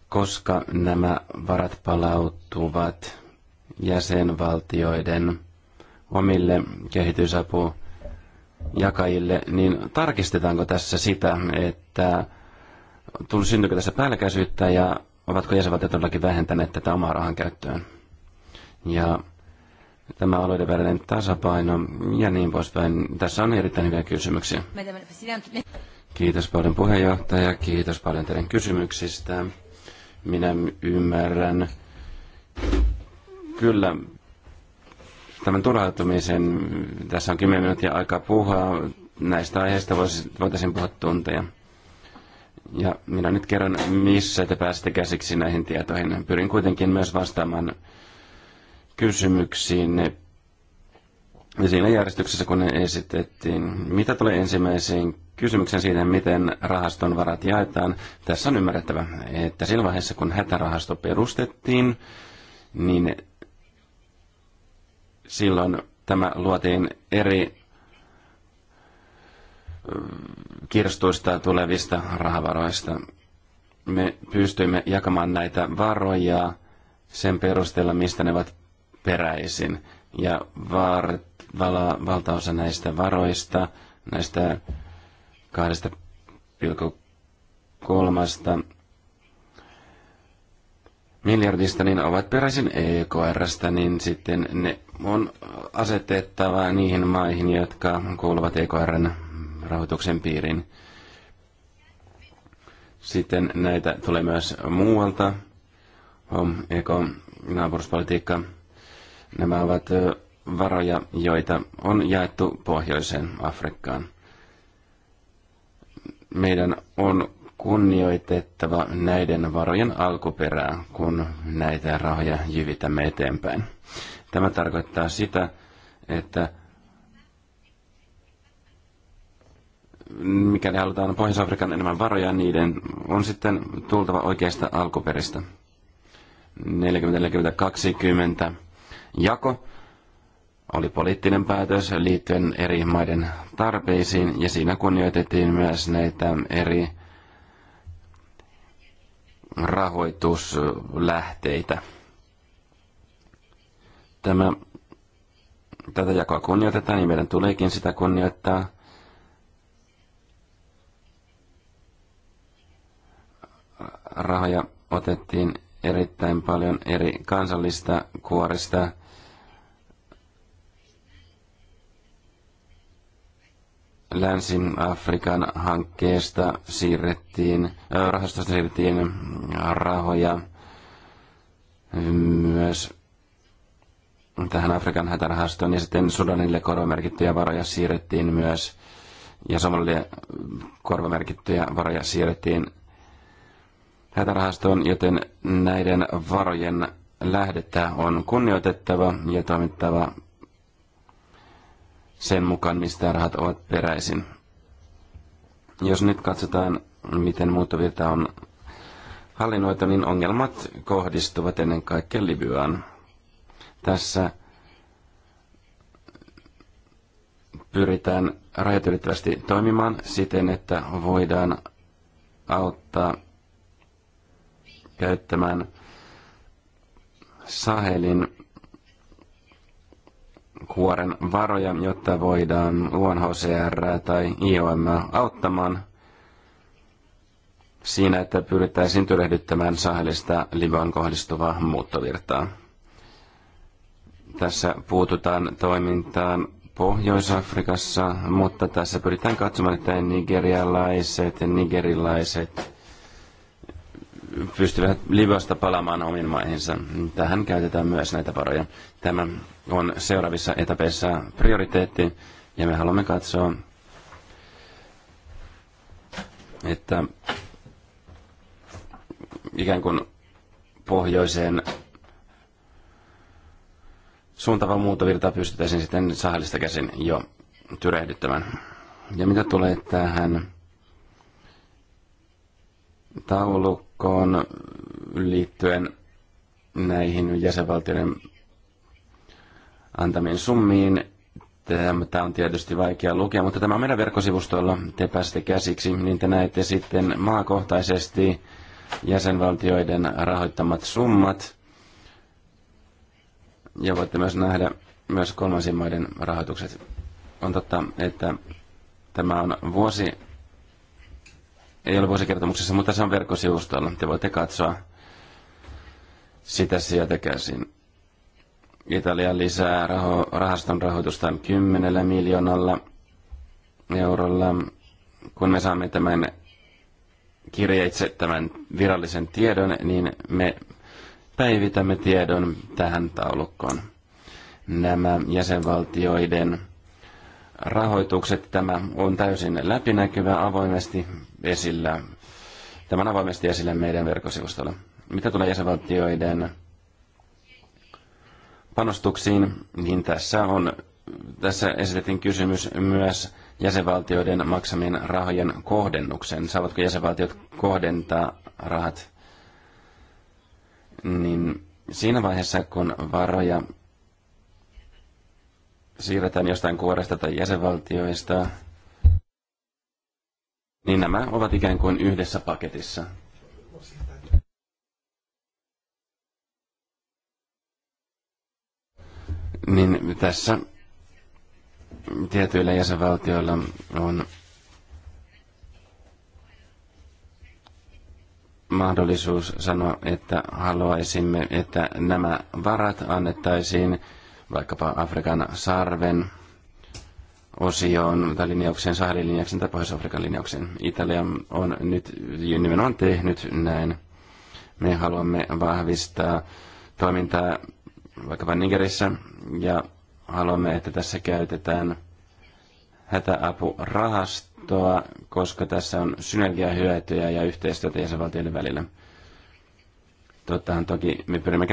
koska nämä varat palautuvat jäsenvaltioiden omille kehitysapujakajille, niin tarkistetaanko tässä sitä, että syntyykö tässä päällekkäisyyttä ja ovatko jäsenvaltiot todellakin vähentäneet tätä omaa rahan käyttöön? Ja tämä alueiden välinen tasapaino ja niin poispäin. Tässä on erittäin hyviä kysymyksiä. Kiitos paljon puheenjohtaja, kiitos paljon teidän kysymyksistä. Minä ymmärrän kyllä tämän turhautumisen. Tässä on 10 minuuttia aikaa puhua. Näistä aiheista voitaisiin puhua tunteja. Ja minä nyt kerron, missä te pääsitte käsiksi näihin tietoihin. Pyrin kuitenkin myös vastaamaan kysymyksiin siinä järjestyksessä, kun ne esitettiin. Mitä tulee ensimmäiseen kysymykseen siitä, miten rahaston varat jaetaan? Tässä on ymmärrettävä, että sillä vaiheessa, kun hätärahasto perustettiin, niin silloin tämä luotiin eri kirstuista tulevista rahavaroista. Me pystyimme jakamaan näitä varoja sen perusteella, mistä ne ovat peräisin. Ja var, vala, valtaosa näistä varoista, näistä kolmasta miljardista, niin ovat peräisin EKRstä, niin sitten ne on asetettava niihin maihin, jotka kuuluvat EKRn rahoituksen piiriin. Sitten näitä tulee myös muualta. Home, eko, naapuruspolitiikka, Nämä ovat varoja, joita on jaettu pohjoiseen Afrikkaan. Meidän on kunnioitettava näiden varojen alkuperää, kun näitä rahoja jyvitämme eteenpäin. Tämä tarkoittaa sitä, että mikäli halutaan Pohjois-Afrikan enemmän varoja, niiden on sitten tultava oikeasta alkuperistä. 40, 40, 20 jako oli poliittinen päätös liittyen eri maiden tarpeisiin ja siinä kunnioitettiin myös näitä eri rahoituslähteitä. Tämä, tätä jakoa kunnioitetaan ja niin meidän tuleekin sitä kunnioittaa. Rahoja otettiin erittäin paljon eri kansallista kuorista – Länsi-Afrikan hankkeesta siirrettiin, rahastosta siirrettiin rahoja myös tähän Afrikan hätärahastoon ja sitten Sudanille korvamerkittyjä varoja siirrettiin myös ja Somalille korvamerkittyjä varoja siirrettiin hätärahastoon, joten näiden varojen lähdettä on kunnioitettava ja toimittava sen mukaan, mistä rahat ovat peräisin. Jos nyt katsotaan, miten muuttovirta on hallinnoitu, niin ongelmat kohdistuvat ennen kaikkea Libyaan. Tässä pyritään rajat ylittävästi toimimaan siten, että voidaan auttaa käyttämään Sahelin kuoren varoja, jotta voidaan UNHCR tai IOM auttamaan siinä, että pyrittäisiin tyrehdyttämään Sahelista Liban kohdistuvaa muuttovirtaa. Tässä puututaan toimintaan Pohjois-Afrikassa, mutta tässä pyritään katsomaan, että nigerialaiset ja nigerilaiset pystyvät Libyasta palaamaan omiin maihinsa. Tähän käytetään myös näitä varoja. Tämä on seuraavissa etapeissa prioriteetti, ja me haluamme katsoa, että ikään kuin pohjoiseen suuntaava muuttovirta pystytäisiin sitten sahallista käsin jo tyrehdyttämään. Ja mitä tulee tähän taulukkoon, jatkoon liittyen näihin jäsenvaltioiden antamiin summiin. Tämä on tietysti vaikea lukea, mutta tämä on meidän verkkosivustoilla. Te pääsette käsiksi, niin te näette sitten maakohtaisesti jäsenvaltioiden rahoittamat summat. Ja voitte myös nähdä myös kolmansien maiden rahoitukset. On totta, että tämä on vuosi ei ole vuosikertomuksessa, mutta se on verkkosivustolla. Te voitte katsoa sitä sieltä käsin. Italia lisää raho, rahaston rahoitusta 10 miljoonalla eurolla. Kun me saamme tämän kirjeitse tämän virallisen tiedon, niin me päivitämme tiedon tähän taulukkoon. Nämä jäsenvaltioiden rahoitukset, tämä on täysin läpinäkyvä avoimesti esillä. Tämä avoimesti esillä meidän verkkosivustolla. Mitä tulee jäsenvaltioiden panostuksiin, niin tässä, on, tässä esitettiin kysymys myös jäsenvaltioiden maksamien rahojen kohdennuksen. Saavatko jäsenvaltiot kohdentaa rahat? Niin siinä vaiheessa, kun varoja siirretään jostain kuoresta tai jäsenvaltioista, niin nämä ovat ikään kuin yhdessä paketissa. Niin tässä tietyillä jäsenvaltioilla on mahdollisuus sanoa, että haluaisimme, että nämä varat annettaisiin vaikkapa Afrikan sarven osioon tai linjaukseen, Sahelin linjaukseen tai Pohjois-Afrikan linjaukseen. Italia on nyt nimenomaan tehnyt näin. Me haluamme vahvistaa toimintaa vaikkapa Nigerissä ja haluamme, että tässä käytetään hätäapurahastoa, koska tässä on synergiahyötyjä ja yhteistyötä jäsenvaltioiden välillä. Tottahan toki me pyrimme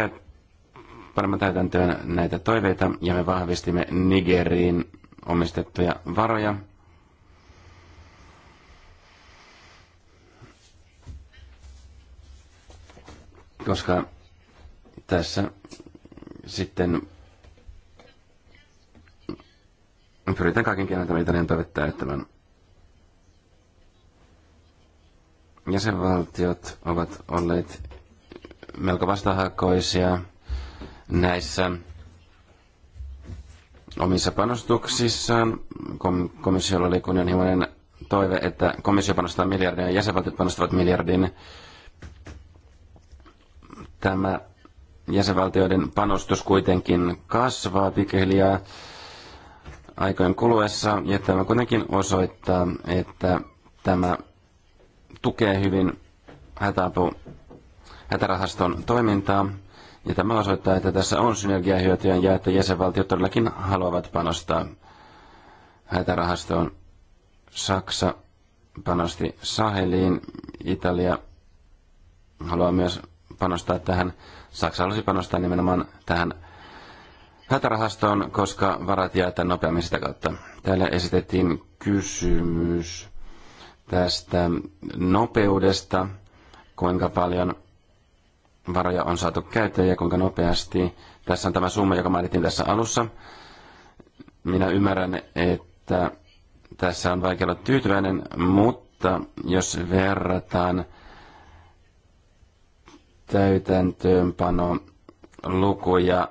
panemaan täytäntöön näitä toiveita ja me vahvistimme Nigeriin omistettuja varoja. Koska tässä sitten pyritään kaiken keinoin tämän Italian toivet täyttämään. Jäsenvaltiot ovat olleet melko vastahakoisia näissä omissa panostuksissaan. Kom- komissiolla oli kunnianhimoinen toive, että komissio panostaa miljardin ja jäsenvaltiot panostavat miljardin. Tämä jäsenvaltioiden panostus kuitenkin kasvaa pikkuhiljaa aikojen kuluessa, ja tämä kuitenkin osoittaa, että tämä tukee hyvin hätäapu, hätärahaston toimintaa. Ja tämä osoittaa, että tässä on synergiahyötyjä ja että jäsenvaltiot todellakin haluavat panostaa hätärahastoon. Saksa panosti Saheliin, Italia haluaa myös panostaa tähän. Saksa halusi panostaa nimenomaan tähän hätärahastoon, koska varat jaetaan nopeammin sitä kautta. Täällä esitettiin kysymys tästä nopeudesta, kuinka paljon varoja on saatu käyttöön ja kuinka nopeasti. Tässä on tämä summa, joka mainittiin tässä alussa. Minä ymmärrän, että tässä on vaikea olla tyytyväinen, mutta jos verrataan täytäntöönpano lukuja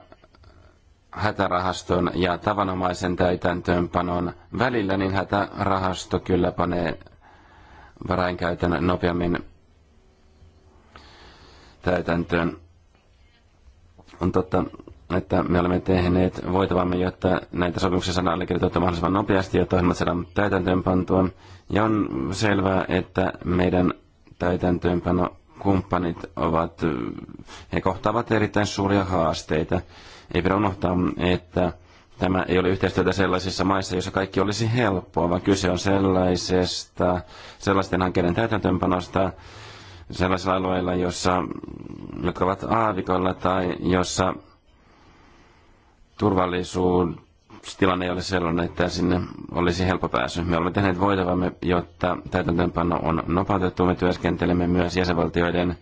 hätärahaston ja tavanomaisen täytäntöönpanon välillä, niin hätärahasto kyllä panee varainkäytön nopeammin täytäntöön. On totta, että me olemme tehneet voitavamme, jotta näitä sopimuksia saadaan allekirjoitettua mahdollisimman nopeasti, jotta ohjelmat saadaan täytäntöönpantua. Ja on selvää, että meidän täytäntöönpano kumppanit ovat, he kohtaavat erittäin suuria haasteita. Ei pidä unohtaa, että tämä ei ole yhteistyötä sellaisissa maissa, joissa kaikki olisi helppoa, vaan kyse on sellaisesta, sellaisten hankkeiden täytäntöönpanosta, sellaisilla alueilla, jossa, jotka ovat aavikolla tai jossa turvallisuustilanne ei ole sellainen, että sinne olisi helppo pääsy. Me olemme tehneet voitavamme, jotta täytäntöönpano on nopeutettu. Me työskentelemme myös jäsenvaltioiden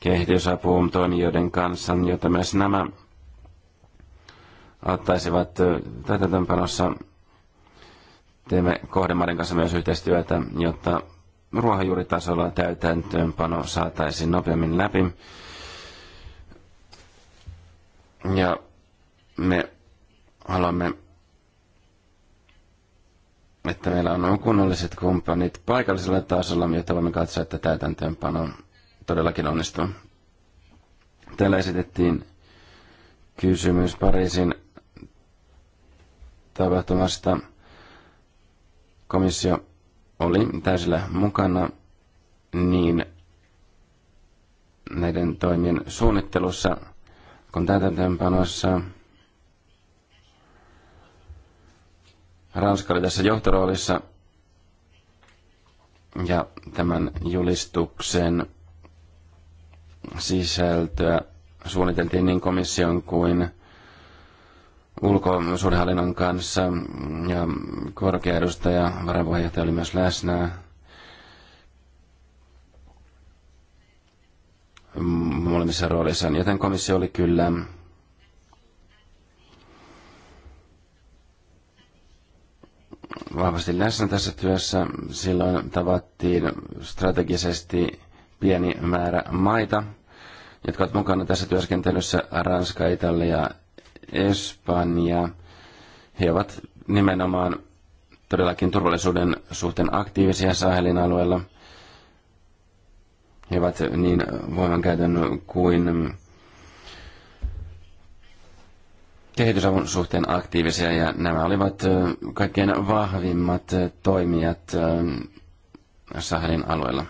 kehitysapuun toimijoiden kanssa, jotta myös nämä ottaisivat täytäntöönpanossa. Teemme kohdemaiden kanssa myös yhteistyötä, jotta ruohonjuuritasolla täytäntöönpano saataisiin nopeammin läpi. Ja me haluamme, että meillä on kunnolliset kumppanit paikallisella tasolla, jotta voimme katsoa, että täytäntöönpano todellakin onnistuu. Täällä esitettiin kysymys Pariisin tapahtumasta. Komissio oli niin. täysillä mukana niin näiden toimien suunnittelussa kun täytäntöönpanossa. Ranska oli tässä johtoroolissa ja tämän julistuksen sisältöä suunniteltiin niin komission kuin ulkosuudenhallinnon kanssa ja korkea edustaja, varapuheenjohtaja oli myös läsnä. molemmissa roolissa, joten komissio oli kyllä vahvasti läsnä tässä työssä. Silloin tavattiin strategisesti pieni määrä maita, jotka ovat mukana tässä työskentelyssä Ranska, Italia, Espanja. He ovat nimenomaan todellakin turvallisuuden suhteen aktiivisia Sahelin alueella. He ovat niin voimankäytön kuin kehitysavun suhteen aktiivisia ja nämä olivat kaikkein vahvimmat toimijat Sahelin alueella.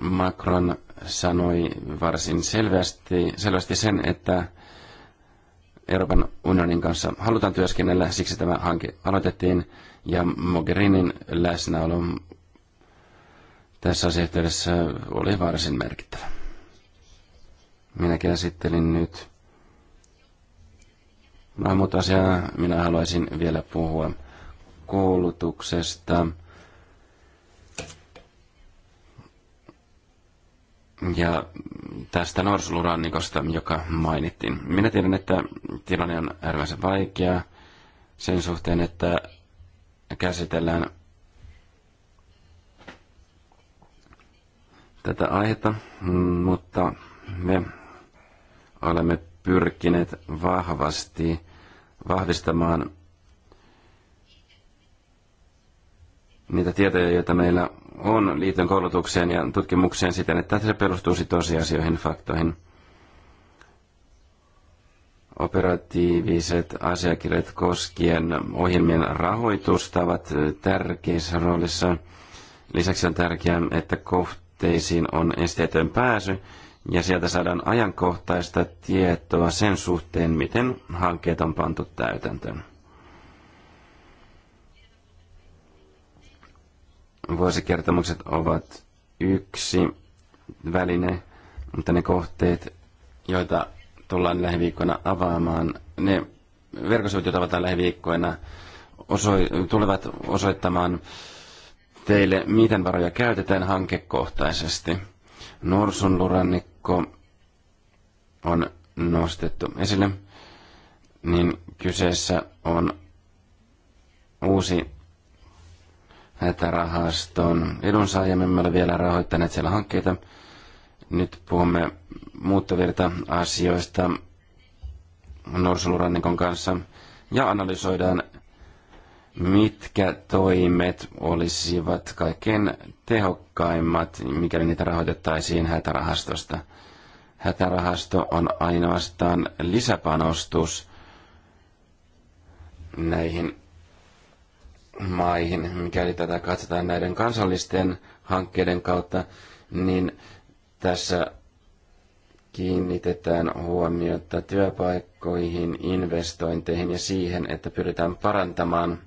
Macron sanoi varsin selvästi, selvästi sen, että Euroopan unionin kanssa halutaan työskennellä, siksi tämä hanke aloitettiin ja Mogherinin läsnäolo tässä asiayhteydessä oli varsin merkittävä. Minä käsittelin nyt No, muut asiaa minä haluaisin vielä puhua koulutuksesta, ja tästä norsulurannikosta, joka mainittiin. Minä tiedän, että tilanne on äärimmäisen vaikea sen suhteen, että käsitellään tätä aihetta, mutta me olemme pyrkineet vahvasti vahvistamaan niitä tietoja, joita meillä on liiton koulutukseen ja tutkimukseen siten, että se perustuisi tosiasioihin, faktoihin. Operatiiviset asiakirjat koskien ohjelmien rahoitusta ovat tärkeissä roolissa. Lisäksi on tärkeää, että kohteisiin on esteetön pääsy ja sieltä saadaan ajankohtaista tietoa sen suhteen, miten hankkeet on pantu täytäntöön. Vuosikertomukset ovat yksi väline, mutta ne kohteet, joita tullaan lähiviikkoina avaamaan, ne verkosivut, joita avataan lähiviikkoina, oso- tulevat osoittamaan teille, miten varoja käytetään hankekohtaisesti. lurannikko on nostettu esille, niin kyseessä on uusi hätärahaston edunsaajamme. Me vielä rahoittaneet siellä hankkeita. Nyt puhumme muuttovirta-asioista Norsulurannikon kanssa ja analysoidaan, mitkä toimet olisivat kaikkein tehokkaimmat, mikäli niitä rahoitettaisiin hätärahastosta. Hätärahasto on ainoastaan lisäpanostus näihin maihin. Mikäli tätä katsotaan näiden kansallisten hankkeiden kautta, niin tässä kiinnitetään huomiota työpaikkoihin, investointeihin ja siihen, että pyritään parantamaan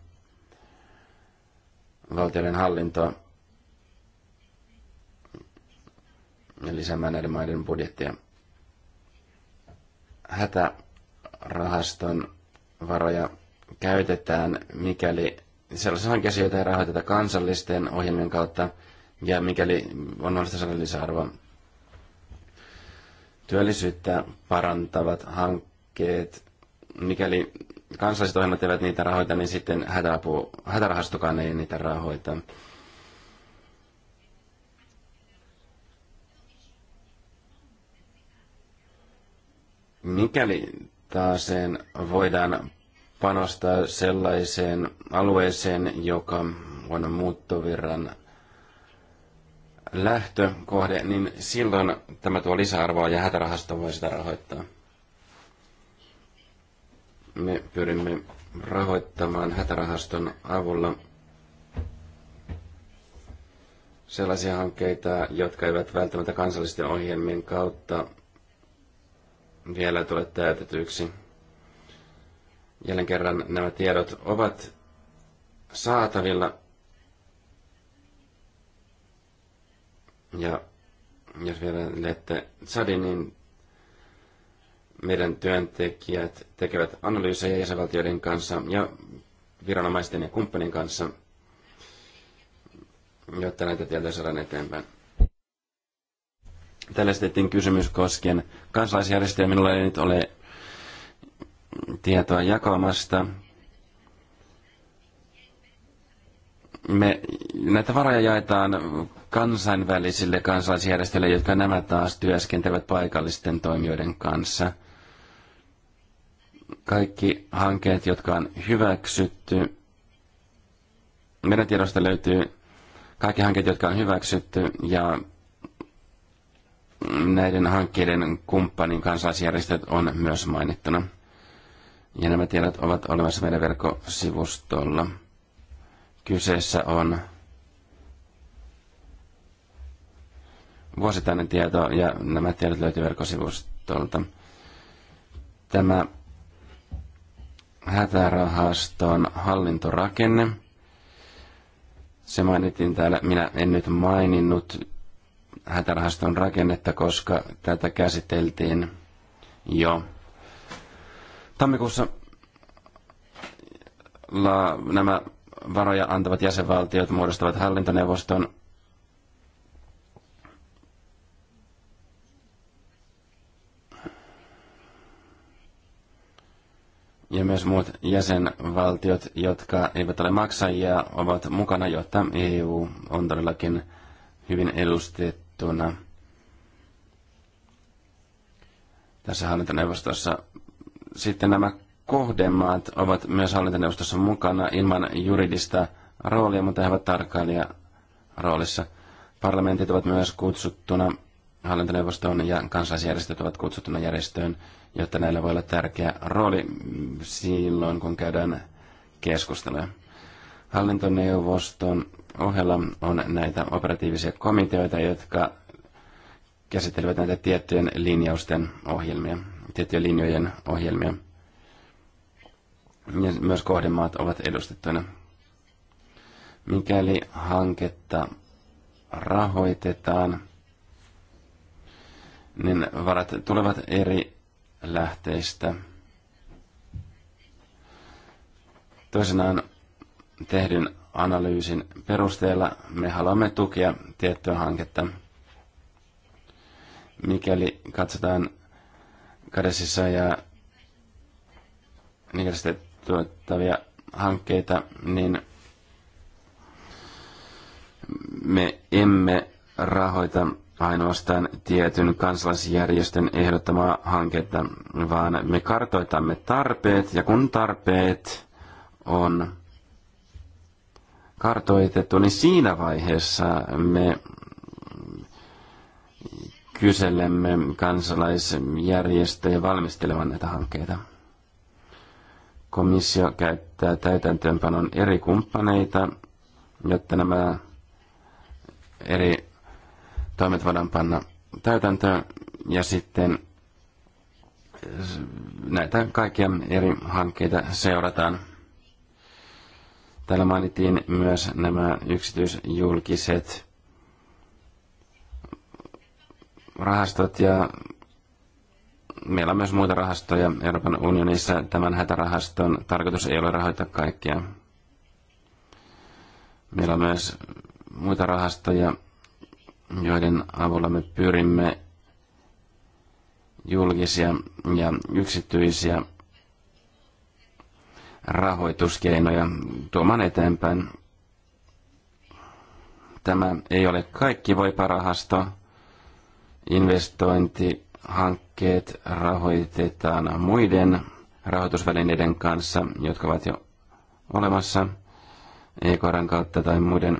valtioiden hallintoa ja lisäämään näiden maiden budjettia. Hätärahaston varoja käytetään, mikäli sellaisia hankkeita, joita ei rahoiteta kansallisten ohjelmien kautta, ja mikäli on mahdollista saada lisäarvo Työllisyyttä parantavat hankkeet, mikäli kansalliset ohjelmat eivät niitä rahoita, niin sitten hätäapu, hätärahastokaan ei niitä rahoita. Mikäli taaseen voidaan panostaa sellaiseen alueeseen, joka on muuttovirran lähtökohde, niin silloin tämä tuo lisäarvoa ja hätärahasto voi sitä rahoittaa. Me pyrimme rahoittamaan hätärahaston avulla sellaisia hankkeita, jotka eivät välttämättä kansallisten ohjelmien kautta vielä tule täytetyiksi. Jälleen kerran nämä tiedot ovat saatavilla. Ja jos vielä leette Tsadin, niin meidän työntekijät tekevät analyysejä jäsenvaltioiden kanssa ja viranomaisten ja kumppanin kanssa, jotta näitä tietoja saadaan eteenpäin. Tällä esitettiin kysymys koskien kansalaisjärjestöjä. Minulla ei nyt ole tietoa jakamasta. Me, näitä varoja jaetaan kansainvälisille kansalaisjärjestöille, jotka nämä taas työskentelevät paikallisten toimijoiden kanssa. Kaikki hankkeet, jotka on hyväksytty, meidän tiedosta löytyy kaikki hankkeet, jotka on hyväksytty ja näiden hankkeiden kumppanin kansalaisjärjestöt on myös mainittuna. Ja nämä tiedot ovat olemassa meidän verkkosivustolla. Kyseessä on vuosittainen tieto ja nämä tiedot löytyy verkkosivustolta. Tämä hätärahaston hallintorakenne. Se mainittiin täällä. Minä en nyt maininnut hätärahaston rakennetta, koska tätä käsiteltiin jo Tammikuussa la, nämä varoja antavat jäsenvaltiot muodostavat hallintoneuvoston. Ja myös muut jäsenvaltiot, jotka eivät ole maksajia, ovat mukana, jotta EU on todellakin hyvin edustettuna. Tässä hallintoneuvostossa sitten nämä kohdemaat ovat myös hallintoneuvostossa mukana ilman juridista roolia, mutta he ovat tarkkailija roolissa. Parlamentit ovat myös kutsuttuna hallintoneuvostoon ja kansalaisjärjestöt ovat kutsuttuna järjestöön, jotta näillä voi olla tärkeä rooli silloin, kun käydään keskusteluja. Hallintoneuvoston ohella on näitä operatiivisia komiteoita, jotka käsittelevät näitä tiettyjen linjausten ohjelmia tiettyjen linjojen ohjelmia. Ja myös kohdemaat ovat edustettuina. Mikäli hanketta rahoitetaan, niin varat tulevat eri lähteistä. Toisenaan tehdyn analyysin perusteella me haluamme tukea tiettyä hanketta. Mikäli katsotaan kädessä ja niistä tuottavia hankkeita, niin me emme rahoita ainoastaan tietyn kansalaisjärjestön ehdottamaa hanketta, vaan me kartoitamme tarpeet, ja kun tarpeet on kartoitettu, niin siinä vaiheessa me kyselemme kansalaisjärjestöjä valmistelevan näitä hankkeita. Komissio käyttää täytäntöönpanon eri kumppaneita, jotta nämä eri toimet voidaan panna täytäntöön ja sitten näitä kaikkia eri hankkeita seurataan. Täällä mainittiin myös nämä yksityisjulkiset rahastot ja meillä on myös muita rahastoja Euroopan unionissa. Tämän hätärahaston tarkoitus ei ole rahoittaa kaikkia. Meillä on myös muita rahastoja, joiden avulla me pyrimme julkisia ja yksityisiä rahoituskeinoja tuomaan eteenpäin. Tämä ei ole kaikki voiparahasto rahasto investointihankkeet rahoitetaan muiden rahoitusvälineiden kanssa, jotka ovat jo olemassa EKRn kautta tai muiden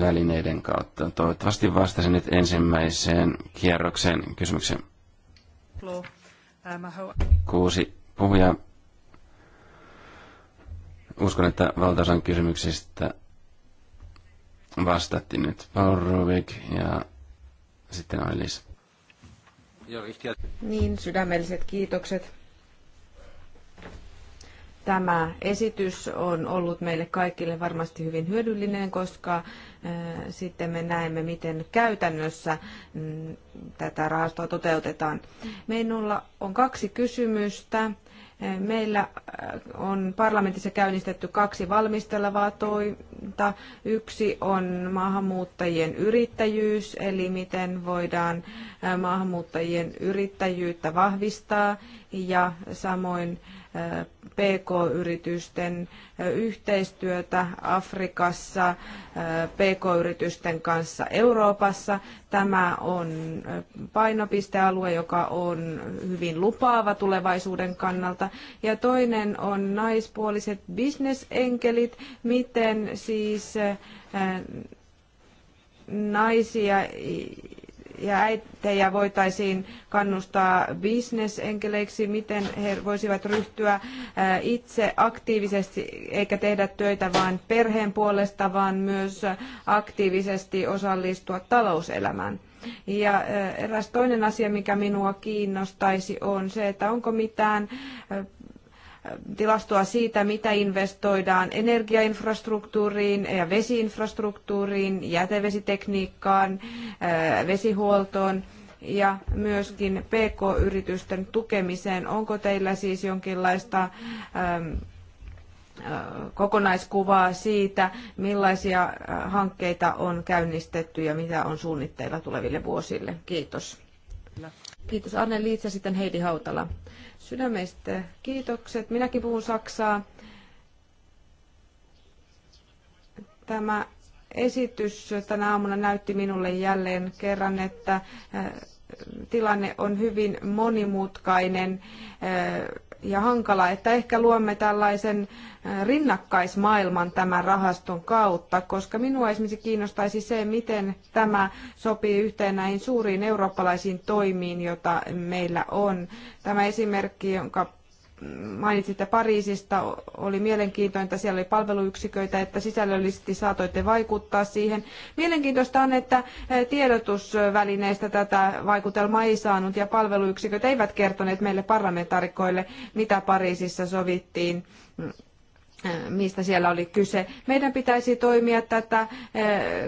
välineiden kautta. Toivottavasti vastasin nyt ensimmäiseen kierrokseen kysymykseen. Kuusi puhuja. Uskon, että valtaosan kysymyksistä vastatti nyt Paul Rubik ja sitten Ailis. Niin, sydämelliset kiitokset. Tämä esitys on ollut meille kaikille varmasti hyvin hyödyllinen, koska äh, sitten me näemme, miten käytännössä mm, tätä rahastoa toteutetaan. Meillä on kaksi kysymystä. Meillä äh, on parlamentissa käynnistetty kaksi valmistelevaa tointa. Yksi on maahanmuuttajien yrittäjyys, eli miten voidaan äh, maahanmuuttajien yrittäjyyttä vahvistaa ja samoin PK-yritysten yhteistyötä Afrikassa, PK-yritysten kanssa Euroopassa. Tämä on painopistealue, joka on hyvin lupaava tulevaisuuden kannalta. Ja toinen on naispuoliset bisnesenkelit, miten siis naisia ja äitejä voitaisiin kannustaa bisnesenkeleiksi, miten he voisivat ryhtyä äh, itse aktiivisesti, eikä tehdä töitä vain perheen puolesta, vaan myös aktiivisesti osallistua talouselämään. Ja äh, eräs toinen asia, mikä minua kiinnostaisi, on se, että onko mitään äh, tilastoa siitä, mitä investoidaan energiainfrastruktuuriin ja vesiinfrastruktuuriin, jätevesitekniikkaan, äh, vesihuoltoon ja myöskin PK-yritysten tukemiseen. Onko teillä siis jonkinlaista ähm, äh, kokonaiskuvaa siitä, millaisia äh, hankkeita on käynnistetty ja mitä on suunnitteilla tuleville vuosille. Kiitos. Kiitos Anne Liitsä, sitten Heidi Hautala. Sydämestä kiitokset. Minäkin puhun Saksaa. Tämä esitys tänä aamuna näytti minulle jälleen kerran, että eh, tilanne on hyvin monimutkainen eh, ja hankala, että ehkä luomme tällaisen rinnakkaismaailman tämän rahaston kautta, koska minua esimerkiksi kiinnostaisi se, miten tämä sopii yhteen näihin suuriin eurooppalaisiin toimiin, joita meillä on. Tämä esimerkki, jonka mainitsitte Pariisista, oli mielenkiintoista, siellä oli palveluyksiköitä, että sisällöllisesti saatoitte vaikuttaa siihen. Mielenkiintoista on, että eh, tiedotusvälineistä tätä vaikutelmaa ei saanut ja palveluyksiköt eivät kertoneet meille parlamentaarikoille, mitä Pariisissa sovittiin Äh, mistä siellä oli kyse. Meidän pitäisi toimia tätä, äh,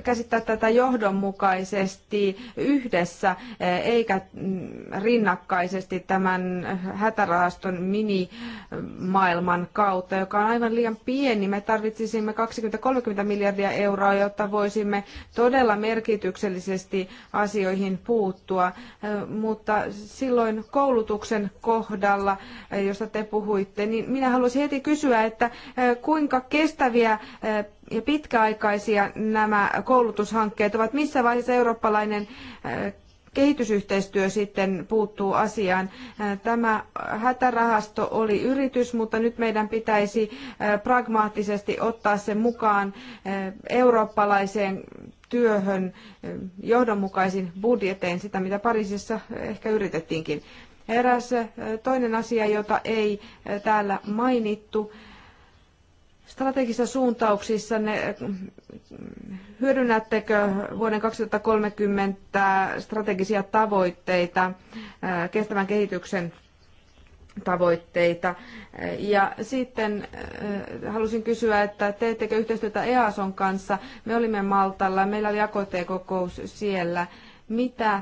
käsittää tätä johdonmukaisesti yhdessä, äh, eikä mm, rinnakkaisesti tämän hätärahaston minimaailman kautta, joka on aivan liian pieni. Me tarvitsisimme 20-30 miljardia euroa, jotta voisimme todella merkityksellisesti asioihin puuttua. Mutta silloin koulutuksen kohdalla, josta te puhuitte, niin minä haluaisin heti kysyä, että kuinka kestäviä eh, ja pitkäaikaisia nämä koulutushankkeet ovat? Missä vaiheessa eurooppalainen eh, kehitysyhteistyö sitten puuttuu asiaan. Eh, tämä hätärahasto oli yritys, mutta nyt meidän pitäisi pragmaattisesti ottaa se mukaan eurooppalaiseen työhön johdonmukaisin budjetein, sitä mitä Pariisissa ehkä yritettiinkin. Eräs toinen asia, jota ei täällä mainittu, strategisissa suuntauksissa ne, hyödynnättekö vuoden 2030 strategisia tavoitteita, äh, kestävän kehityksen tavoitteita. Ja sitten äh, halusin kysyä, että teettekö yhteistyötä EASON kanssa? Me olimme Maltalla, meillä oli AKT-kokous siellä. Mitä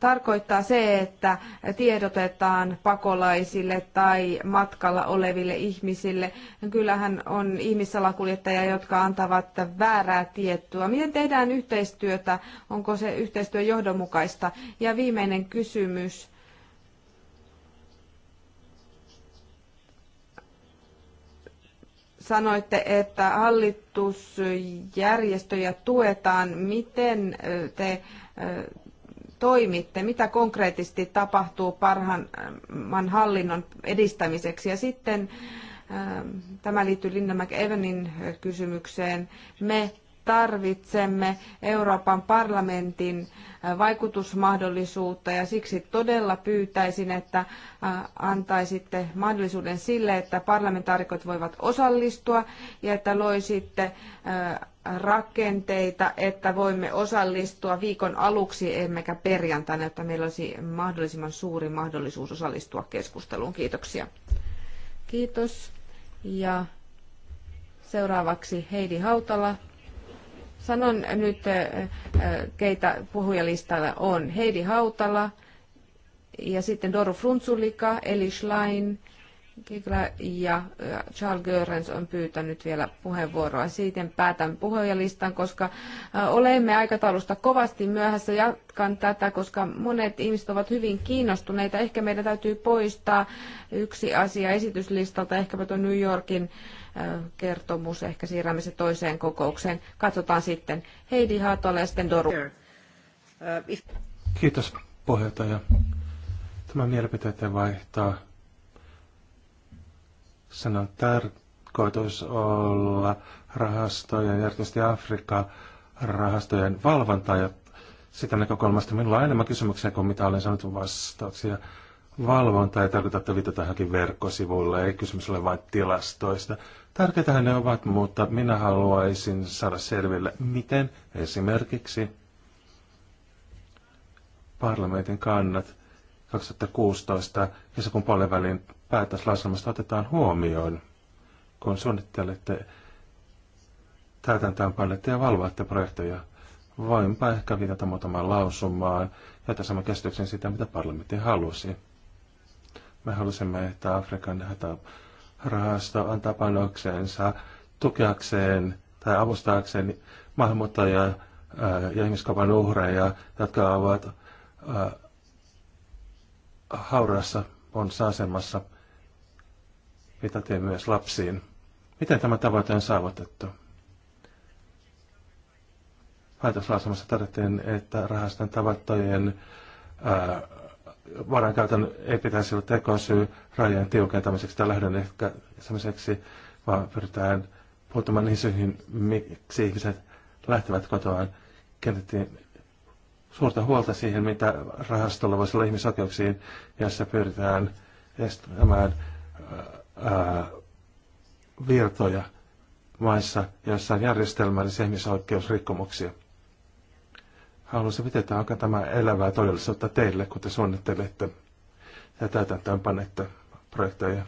tarkoittaa se, että tiedotetaan pakolaisille tai matkalla oleville ihmisille. Kyllähän on ihmissalakuljettajia, jotka antavat väärää tietoa. Miten tehdään yhteistyötä? Onko se yhteistyö johdonmukaista? Ja viimeinen kysymys. sanoitte, että hallitusjärjestöjä tuetaan. Miten te toimitte, mitä konkreettisesti tapahtuu parhaan hallinnon edistämiseksi. Ja sitten ähm, tämä liittyy Linda McEvenin äh, kysymykseen. Me tarvitsemme Euroopan parlamentin äh, vaikutusmahdollisuutta ja siksi todella pyytäisin, että äh, antaisitte mahdollisuuden sille, että parlamentaarikot voivat osallistua ja että loisitte rakenteita, että voimme osallistua viikon aluksi emmekä perjantaina, että meillä olisi mahdollisimman suuri mahdollisuus osallistua keskusteluun. Kiitoksia. Kiitos. Ja seuraavaksi Heidi Hautala. Sanon nyt, eh, eh, keitä puhujalistalla on. Heidi Hautala ja sitten Doru Frunzulika, Eli Schlein, Kikla ja äh, Charles Görens on pyytänyt vielä puheenvuoroa. Siitä päätän puhujalistan, koska äh, olemme aikataulusta kovasti myöhässä. Jatkan tätä, koska monet ihmiset ovat hyvin kiinnostuneita. Ehkä meidän täytyy poistaa yksi asia esityslistalta, ehkäpä tuo New Yorkin äh, kertomus. Ehkä siirrämme se toiseen kokoukseen. Katsotaan sitten. Heidi Haatola ja sitten Doru. Kiitos puheenjohtaja. Tämä mielipiteiden vaihtaa sanan tarkoitus olla rahastojen, ja erityisesti Afrikka rahastojen valvontaa ja sitä näkökulmasta minulla on enemmän kysymyksiä kuin mitä olen saanut vastauksia. Valvonta ei tarkoita, että viitataan johonkin verkkosivuille, ei kysymys ole vain tilastoista. Tärkeitähän ne ovat, mutta minä haluaisin saada selville, miten esimerkiksi parlamentin kannat 2016 kesäkuun puolen välin päätöslauselmasta otetaan huomioon, kun suunnittelette paljon ja valvoitte projekteja. Voinpa ehkä viitata muutamaan lausumaan, jotta saamme käsityksen sitä, mitä parlamentti halusi. Me halusimme, että Afrikan rahasto antaa panoksensa tukeakseen tai avustaakseen maahanmuuttajia äh, ja ihmiskaupan uhreja, jotka ovat äh, hauraassa on asemassa, viitaten myös lapsiin. Miten tämä tavoite on saavutettu? Päätöslausumassa todettiin, että rahaston tavoitteen varankäytön ei pitäisi olla tekosyy rajojen tiukentamiseksi tai lähdön ehkäisemiseksi, vaan pyritään puuttumaan niihin syihin, miksi ihmiset lähtevät kotoaan. Kiinnitettiin suurta huolta siihen, mitä rahastolla voisi olla ihmisoikeuksiin, jossa pyritään estämään ää, virtoja maissa, joissa on järjestelmällisiä ihmisoikeusrikkomuksia. Haluaisin pitää, onko tämä elävää todellisuutta teille, kun te suunnittelette ja täytäntöönpanette projekteja.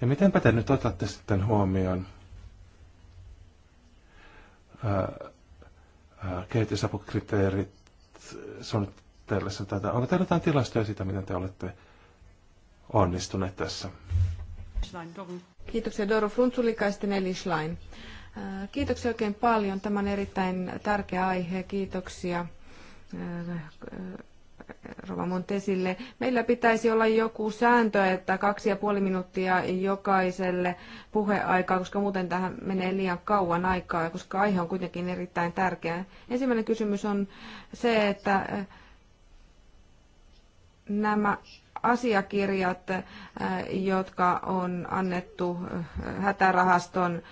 Ja mitenpä te nyt otatte sitten huomioon ää, Äh, kehitysapukriteerit suunnitellessa tätä. Onko teillä jotain tilastoja siitä, miten te olette onnistuneet tässä? Kiitoksia Doro Fruntsulikaisten eli Schlein. Äh, kiitoksia oikein paljon. Tämä on erittäin tärkeä aihe. Kiitoksia äh, Rova Montesille. Meillä pitäisi olla joku sääntö, että kaksi ja puoli minuuttia jokaiselle puheaikaa, koska muuten tähän menee liian kauan aikaa, koska aihe on kuitenkin erittäin tärkeä. Ensimmäinen kysymys on se, että eh, nämä asiakirjat, eh, jotka on annettu eh, hätärahaston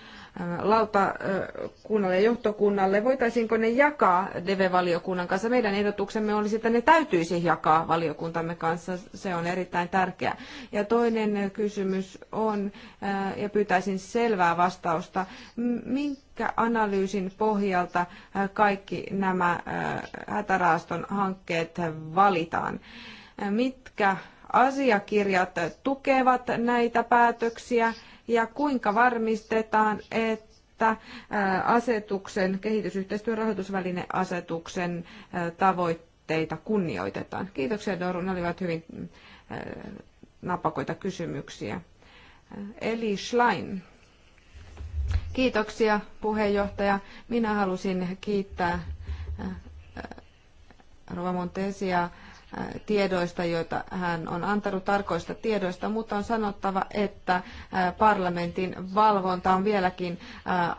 lautakunnalle ja johtokunnalle. Voitaisiinko ne jakaa deve valiokunnan kanssa? Meidän ehdotuksemme olisi, että ne täytyisi jakaa valiokuntamme kanssa. Se on erittäin tärkeää. Ja toinen kysymys on, ja pyytäisin selvää vastausta, minkä analyysin pohjalta kaikki nämä hätäraaston hankkeet valitaan? Mitkä asiakirjat tukevat näitä päätöksiä? ja kuinka varmistetaan, että asetuksen, kehitysyhteistyön rahoitusvälineasetuksen tavoitteita kunnioitetaan. Kiitoksia Doru, ne olivat hyvin napakoita kysymyksiä. Eli Schlein. Kiitoksia puheenjohtaja. Minä halusin kiittää Rova Montesia tiedoista, joita hän on antanut, tarkoista tiedoista, mutta on sanottava, että parlamentin valvonta on vieläkin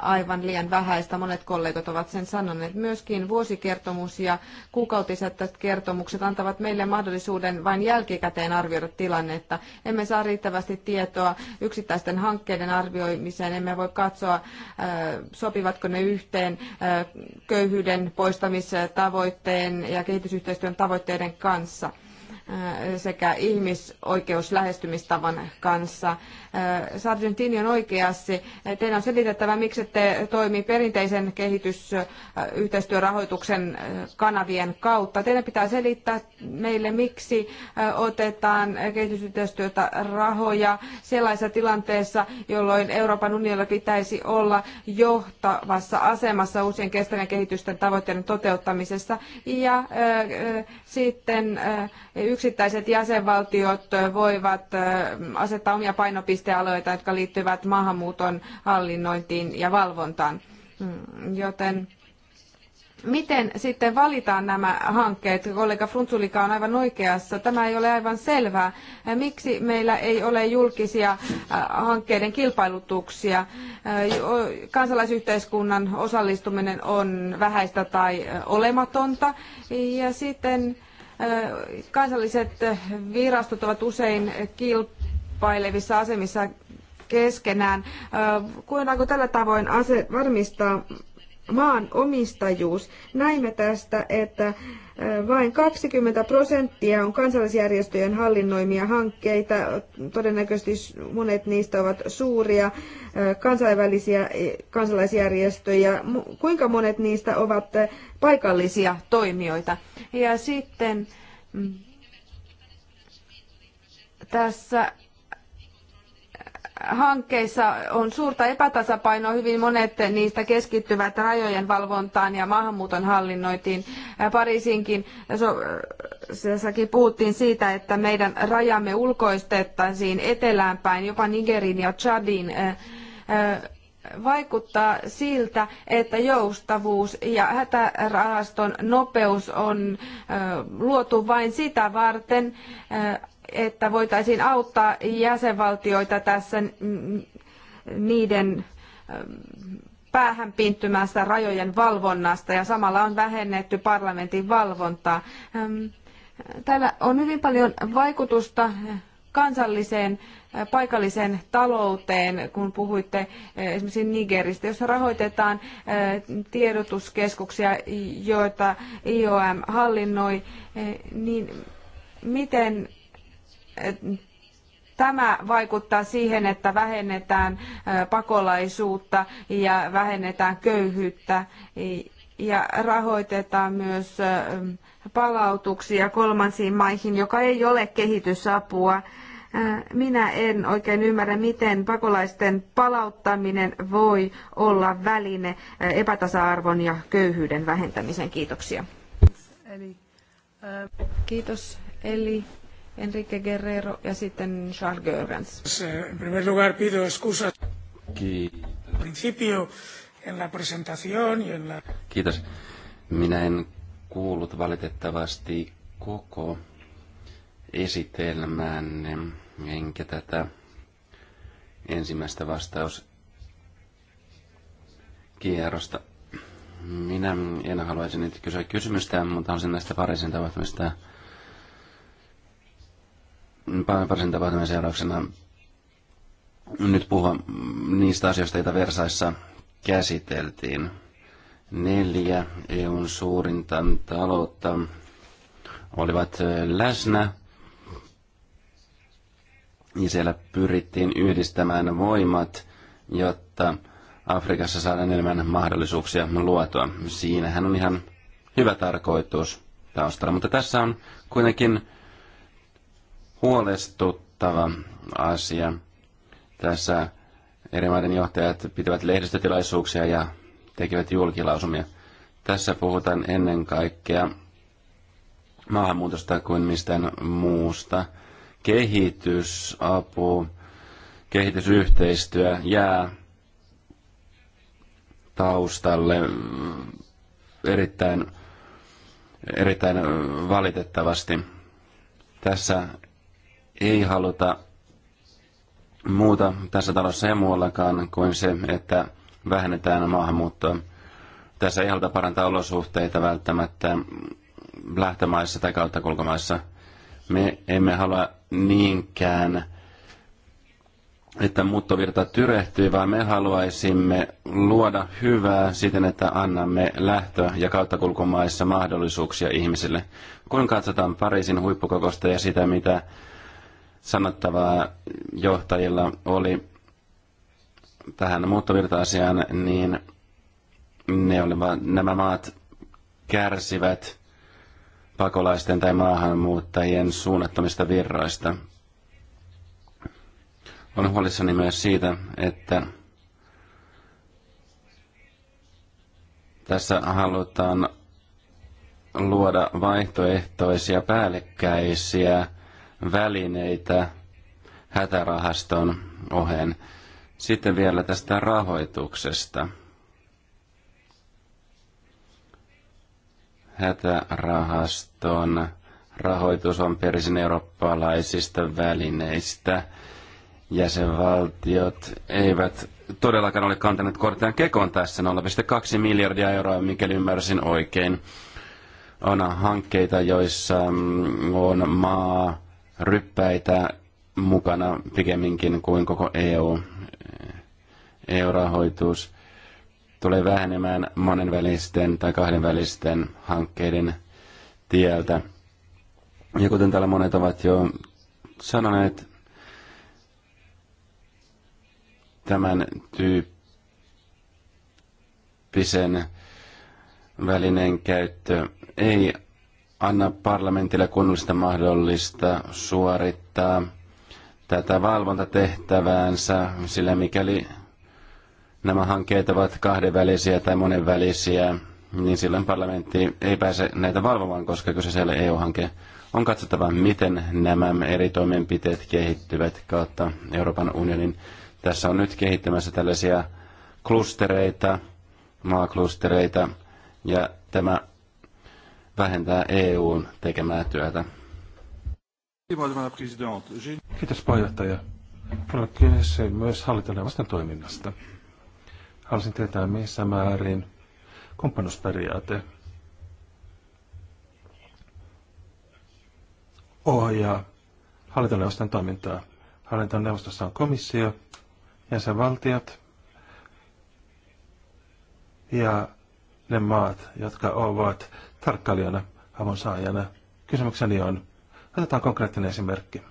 aivan liian vähäistä. Monet kollegat ovat sen sanoneet. Myöskin vuosikertomus ja kuukautiset kertomukset antavat meille mahdollisuuden vain jälkikäteen arvioida tilannetta. Emme saa riittävästi tietoa yksittäisten hankkeiden arvioimiseen. Emme voi katsoa, sopivatko ne yhteen köyhyyden poistamistavoitteen ja kehitysyhteistyön tavoitteiden kanssa kanssa sekä ihmisoikeuslähestymistavan kanssa Sargentini on oikeassa. Teidän on selitettävä, miksi ette toimi perinteisen kehitysyhteistyörahoituksen eh, kanavien kautta. Teidän pitää selittää meille, miksi eh, otetaan kehitysyhteistyötä rahoja sellaisessa tilanteessa, jolloin Euroopan unionilla pitäisi olla johtavassa asemassa uusien kestävän kehitysten tavoitteiden toteuttamisessa. Ja eh, sitten yksittäiset jäsenvaltiot voivat asettaa omia painopisteitä painopistealueita, jotka liittyvät maahanmuuton hallinnointiin ja valvontaan. Mm, joten miten sitten valitaan nämä hankkeet? Kollega Frunzulika on aivan oikeassa. Tämä ei ole aivan selvää. Miksi meillä ei ole julkisia äh, hankkeiden kilpailutuksia? Äh, kansalaisyhteiskunnan osallistuminen on vähäistä tai äh, olematonta. Ja sitten kansalliset virastot ovat usein kilpailutuksia kamppailevissa asemissa keskenään. Kuinka tällä tavoin ase- varmistaa maan omistajuus? Näimme tästä, että vain 20 prosenttia on kansallisjärjestöjen hallinnoimia hankkeita. Todennäköisesti monet niistä ovat suuria kansainvälisiä e, kansalaisjärjestöjä. Kuinka monet niistä ovat paikallisia toimijoita? Ja sitten mm, tässä hankkeissa on suurta epätasapainoa. Hyvin monet niistä keskittyvät rajojen valvontaan ja maahanmuuton hallinnointiin. Pariisinkin Sielläkin puhuttiin siitä, että meidän rajamme ulkoistettaisiin etelään päin, jopa Nigerin ja Chadin. Vaikuttaa siltä, että joustavuus ja hätärahaston nopeus on luotu vain sitä varten, että voitaisiin auttaa jäsenvaltioita tässä niiden ähm, päähän pinttymässä rajojen valvonnasta ja samalla on vähennetty parlamentin valvontaa. Ähm, Tällä on hyvin paljon vaikutusta kansalliseen äh, paikalliseen talouteen, kun puhuitte äh, esimerkiksi Nigeristä, jossa rahoitetaan äh, tiedotuskeskuksia, joita IOM hallinnoi, niin miten tämä vaikuttaa siihen, että vähennetään pakolaisuutta ja vähennetään köyhyyttä ja rahoitetaan myös palautuksia kolmansiin maihin, joka ei ole kehitysapua. Minä en oikein ymmärrä, miten pakolaisten palauttaminen voi olla väline epätasa-arvon ja köyhyyden vähentämiseen. Kiitoksia. Kiitos Eli Enrique Guerrero ja sitten Charles Görans. Eh, en primer lugar pido excusas. Principio en la presentación y en la... Kiitos. Minä en kuullut valitettavasti koko esitelmään, enkä tätä ensimmäistä vastauskierrosta. Minä en haluaisi nyt kysyä kysymystä, mutta on sen näistä parisin tapahtumista Pariisin tapahtumien seurauksena nyt puhua niistä asioista, joita Versaissa käsiteltiin. Neljä EUn suurinta taloutta olivat läsnä ja siellä pyrittiin yhdistämään voimat, jotta Afrikassa saadaan enemmän mahdollisuuksia luotua. Siinähän on ihan hyvä tarkoitus taustalla, mutta tässä on kuitenkin huolestuttava asia. Tässä eri maiden johtajat pitävät lehdistötilaisuuksia ja tekevät julkilausumia. Tässä puhutaan ennen kaikkea maahanmuutosta kuin mistään muusta. Kehitysapu, kehitysyhteistyö jää taustalle erittäin, erittäin valitettavasti. Tässä ei haluta muuta tässä talossa ja muuallakaan kuin se, että vähennetään maahanmuuttoa. Tässä ei haluta parantaa olosuhteita välttämättä lähtömaissa tai kulkomaissa. Me emme halua niinkään, että muuttovirta tyrehtyy, vaan me haluaisimme luoda hyvää siten, että annamme lähtö- ja kauttakulkumaissa mahdollisuuksia ihmisille. Kun katsotaan Pariisin huippukokosta ja sitä, mitä sanottavaa johtajilla oli tähän muuttovirta-asiaan, niin ne olivat, nämä maat kärsivät pakolaisten tai maahanmuuttajien suunnattomista virroista. Olen huolissani myös siitä, että tässä halutaan luoda vaihtoehtoisia päällekkäisiä välineitä hätärahaston oheen. Sitten vielä tästä rahoituksesta. Hätärahaston rahoitus on perisin eurooppalaisista välineistä. Jäsenvaltiot eivät todellakaan ole kantaneet korttaan kekoon tässä 0,2 miljardia euroa, mikäli ymmärsin oikein. On hankkeita, joissa on maa, ryppäitä mukana pikemminkin kuin koko EU. EU-rahoitus tulee vähenemään monenvälisten tai kahdenvälisten hankkeiden tieltä. Ja kuten täällä monet ovat jo sanoneet, tämän tyyppisen välineen käyttö ei anna parlamentille kunnollista mahdollista suorittaa tätä valvontatehtäväänsä, sillä mikäli nämä hankkeet ovat kahdenvälisiä tai monenvälisiä, niin silloin parlamentti ei pääse näitä valvomaan, koska kyseessä ei EU-hanke. E on katsottava, miten nämä eri toimenpiteet kehittyvät kautta Euroopan unionin. Tässä on nyt kehittämässä tällaisia klustereita, maaklustereita, ja tämä vähentää EUn tekemää työtä. Kiitos puheenjohtaja. Olen kyse myös hallintoneuvoston toiminnasta. Haluaisin tietää missä määrin kumppanusperiaate ohjaa hallintoneuvoston toimintaa. Hallintoneuvostossa on komissio, jäsenvaltiot ja ne maat, jotka ovat tarkkailijana, avunsaajana. Kysymykseni on, otetaan konkreettinen esimerkki.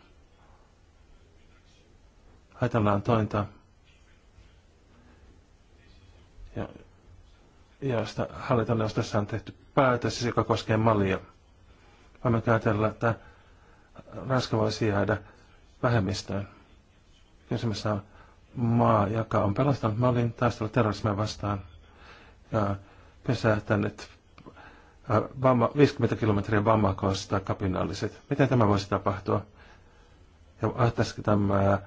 Ajatellaan tointa, ja, ja josta hallintoneuvostossa on tehty päätös, joka koskee mallia. Voimme ajatella, että Ranska voisi jäädä vähemmistöön. Kysymys on maa, joka on pelastanut mallin taistella terrorismia vastaan ja pysähtänyt vamma, äh, 50 kilometriä Bamakosta kapinalliset. Miten tämä voisi tapahtua? Ja ajattaisiko äh, tämä äh,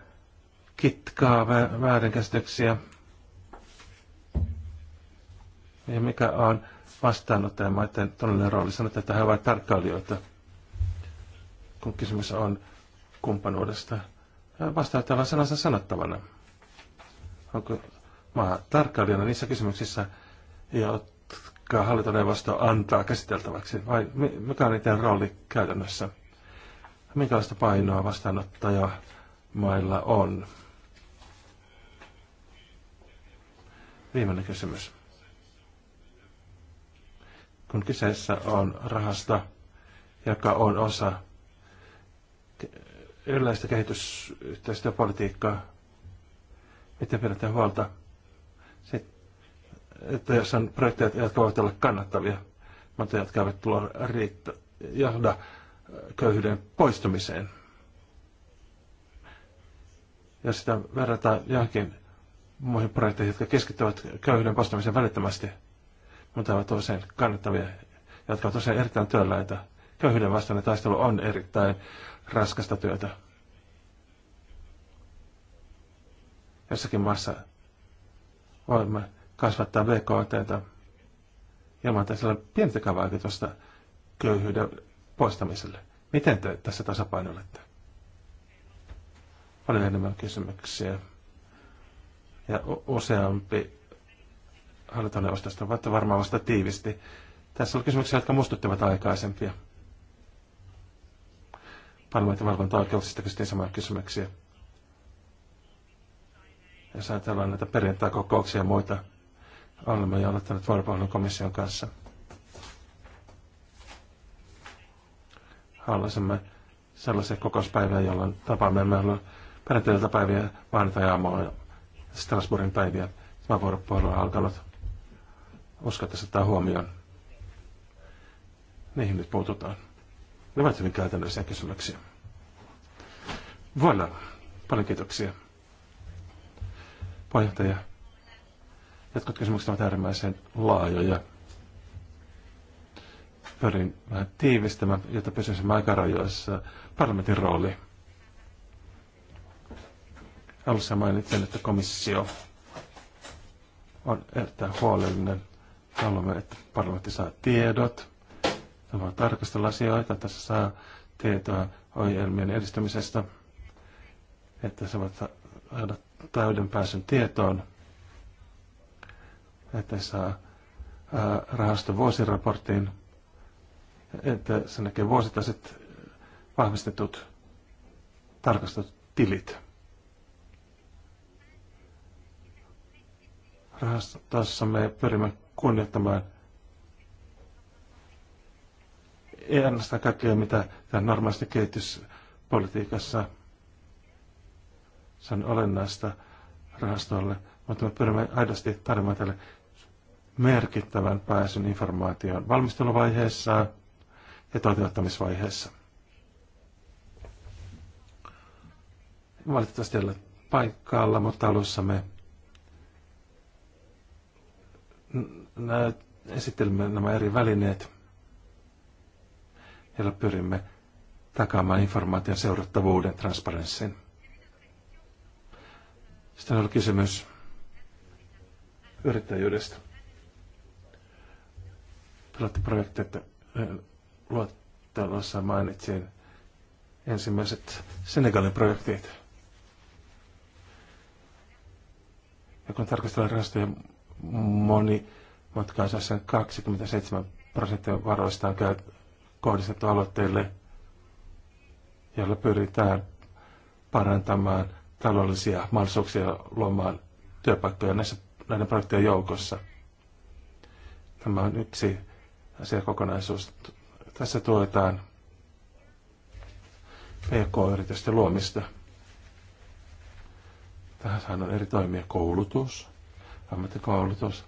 kitkaa väärinkäsityksiä? Ja mikä on vastaanottajan maiden todellinen rooli? Sanotaan, että he ovat tarkkailijoita, kun kysymys on kumppanuudesta. Vastaanottajalla sanansa sanottavana. Onko maa tarkkailijana niissä kysymyksissä, ja jotka hallintoneuvosto antaa käsiteltäväksi, vai mikä on niiden rooli käytännössä? Minkälaista painoa vastaanottaja mailla on? Viimeinen kysymys. Kun kyseessä on rahasta, joka on osa yleistä kehitysyhteistyöpolitiikkaa, miten pidetään huolta että jos on projekteja, jotka voivat olla kannattavia, mutta jotka eivät tulla riittä, johda äh, köyhyyden poistumiseen. Ja sitä verrataan johonkin muihin projekteihin, jotka keskittyvät köyhyyden poistamiseen välittömästi, mutta ovat usein kannattavia, jotka ovat usein erittäin työläitä. Köyhyyden vastainen taistelu on erittäin raskasta työtä. Jossakin maassa voimme kasvattaa BKT ilman tässä pientäkään vaikutusta köyhyyden poistamiselle. Miten te tässä tasapainoilette? Paljon enemmän kysymyksiä. Ja useampi hallintoneuvostosta, vaikka varmaan vasta tiivisti. Tässä on kysymyksiä, jotka muistuttivat aikaisempia. Parlamentin valvontaoikeuksista kysyttiin samoja kysymyksiä. ja ajatellaan näitä perjantai-kokouksia ja muita, olemme jo aloittaneet vuoropuhelun komission kanssa. Haluaisimme sellaisia kokouspäiviä, jolloin tapaamme. Me ollaan perinteiltä päiviä maanantai-aamulla Strasbourgin päiviä. Tämä vuoropuhelu on alkanut. Uskon, että se ottaa huomioon. Niihin nyt puututaan. Ne ovat hyvin käytännöllisiä kysymyksiä. Voilà. Paljon kiitoksia. Puheenjohtaja. Jotkut kysymykset ovat äärimmäisen laajoja. Pyrin vähän tiivistämään, jotta pysyisimme aikarajoissa parlamentin rooli. Alussa mainitsen, että komissio on erittäin huolellinen. Haluamme, että parlamentti saa tiedot. Haluamme tarkastella asioita. Tässä saa tietoa ohjelmien edistämisestä, että voi saada täyden pääsyn tietoon – että saa rahaston vuosiraportin, että se näkee vuosittaiset vahvistetut tarkastetut tilit. Rahastossa me pyrimme kunnioittamaan ei ainoastaan kaikkea, mitä normaalisti normaalista kehityspolitiikassa se on olennaista rahastolle, mutta me pyrimme aidosti tarjoamaan tälle merkittävän pääsyn informaation valmisteluvaiheessa ja toteuttamisvaiheessa. Valitettavasti ei ole paikalla, mutta me esittelemme nämä eri välineet, joilla pyrimme takaamaan informaation seurattavuuden transparenssin. Sitten ollut kysymys yrittäjyydestä pilottiprojekti, että äh, luottelussa mainitsin ensimmäiset Senegalin projektit. Ja kun tarkastellaan rahastojen moni matkaansa sen 27 prosenttia varoista on käy, kohdistettu aloitteille, joilla pyritään parantamaan taloudellisia mahdollisuuksia luomaan työpaikkoja näissä, näiden projektien joukossa. Tämä on yksi asiakokonaisuus. Tässä tuetaan PK-yritysten luomista. Tähän on eri toimia. Koulutus, ammattikoulutus,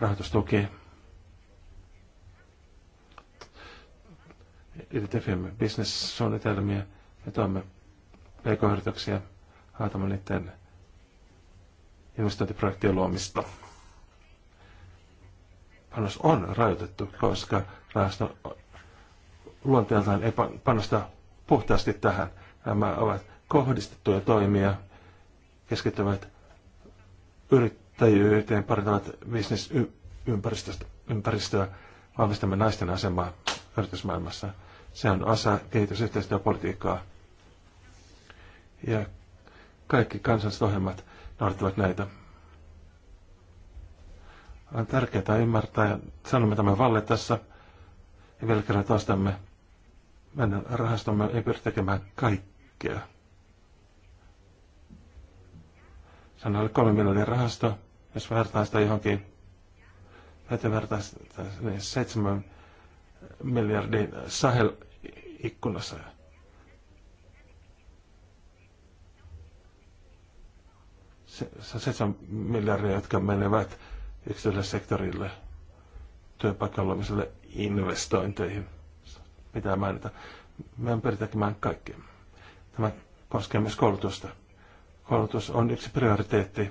rahoitustuki, identifioimme bisnessuunnitelmia ja toimme pk-yrityksiä haatamaan niiden investointiprojektien luomista panos on rajoitettu, koska rahasto luonteeltaan ei panosta puhtaasti tähän. Nämä ovat kohdistettuja toimia, keskittyvät yrittäjyyteen, parantavat bisnesympäristöä, vahvistamme naisten asemaa yritysmaailmassa. Se on osa kehitysyhteistyöpolitiikkaa. Ja, ja kaikki kansalliset ohjelmat noudattavat näitä. On tärkeää ymmärtää, sanomme valle tässä. ja vielä kerran tämme. Meidän rahastomme ei pyri tekemään kaikkea. Se on alle kolme miljardin rahasto. Jos vertaa sitä johonkin, täytyy vertaa sitä niin seitsemän miljardin Sahel-ikkunassa. Se, se on seitsemän miljardia, jotka menevät yksityiselle sektorille, työpaikan luomiselle, investointeihin. Pitää mainita. Me on peritäkemään kaikkea. Tämä koskee myös koulutusta. Koulutus on yksi prioriteetti.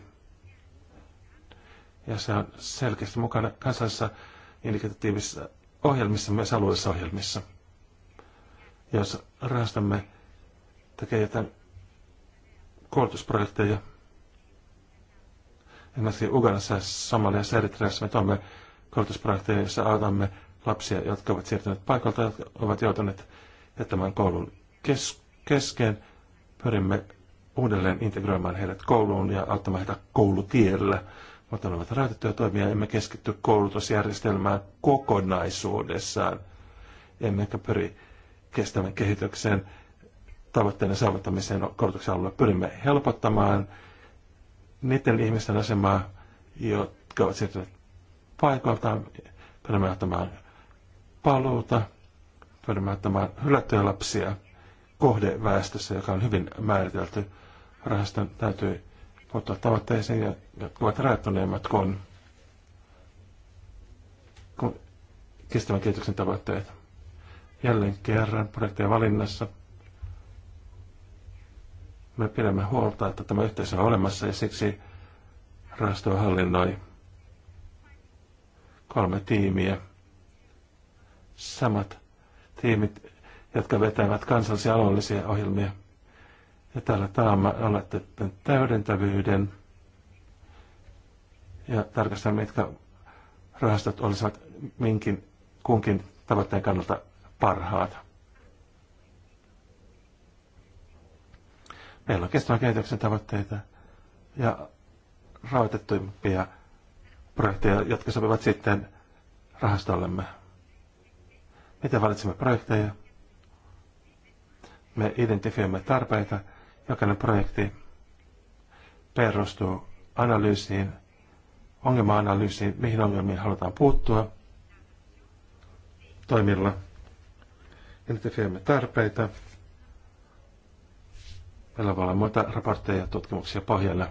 Ja se on selkeästi mukana kansallisissa indikatiivisissa ohjelmissa, myös alueellisissa ohjelmissa. jos rahastamme tekee jotain koulutusprojekteja, Ugandassa samalla ja Eritreassa me toimme koulutusprojekteja, joissa autamme lapsia, jotka ovat siirtyneet paikalta, jotka ovat joutuneet jättämään koulun kes- kesken. Pyrimme uudelleen integroimaan heidät kouluun ja auttamaan heitä koulutiellä, mutta ne ovat rajoitettuja toimia, emme keskitty koulutusjärjestelmään kokonaisuudessaan, emmekä pyri kestävän kehityksen tavoitteiden saavuttamiseen koulutuksen alueella. Pyrimme helpottamaan niiden ihmisten asemaa, jotka ovat siirtyneet paikoiltaan, pyrimme ottamaan paluuta, pyrimme ottamaan hylättyjä lapsia kohdeväestössä, joka on hyvin määritelty. Rahaston täytyy puuttua tavoitteisiin, jotka ovat rajoittuneemmat kuin, kuin kestävän kehityksen tavoitteet. Jälleen kerran projekteja valinnassa – me pidämme huolta, että tämä yhteisö on olemassa ja siksi rahasto hallinnoi kolme tiimiä. Samat tiimit, jotka vetävät kansallisia alueellisia ohjelmia. Ja täällä taama olette täydentävyyden ja tarkastamme, mitkä rahastot olisivat minkin kunkin tavoitteen kannalta parhaat. Meillä on kestävän kehityksen tavoitteita ja rahoitettuimpia projekteja, jotka sopivat sitten rahastollemme. Miten valitsemme projekteja? Me identifioimme tarpeita. Jokainen projekti perustuu analyysiin, ongelma-analyysiin, mihin ongelmiin halutaan puuttua toimilla. Identifioimme tarpeita Meillä voi olla muita raportteja ja tutkimuksia pohjana.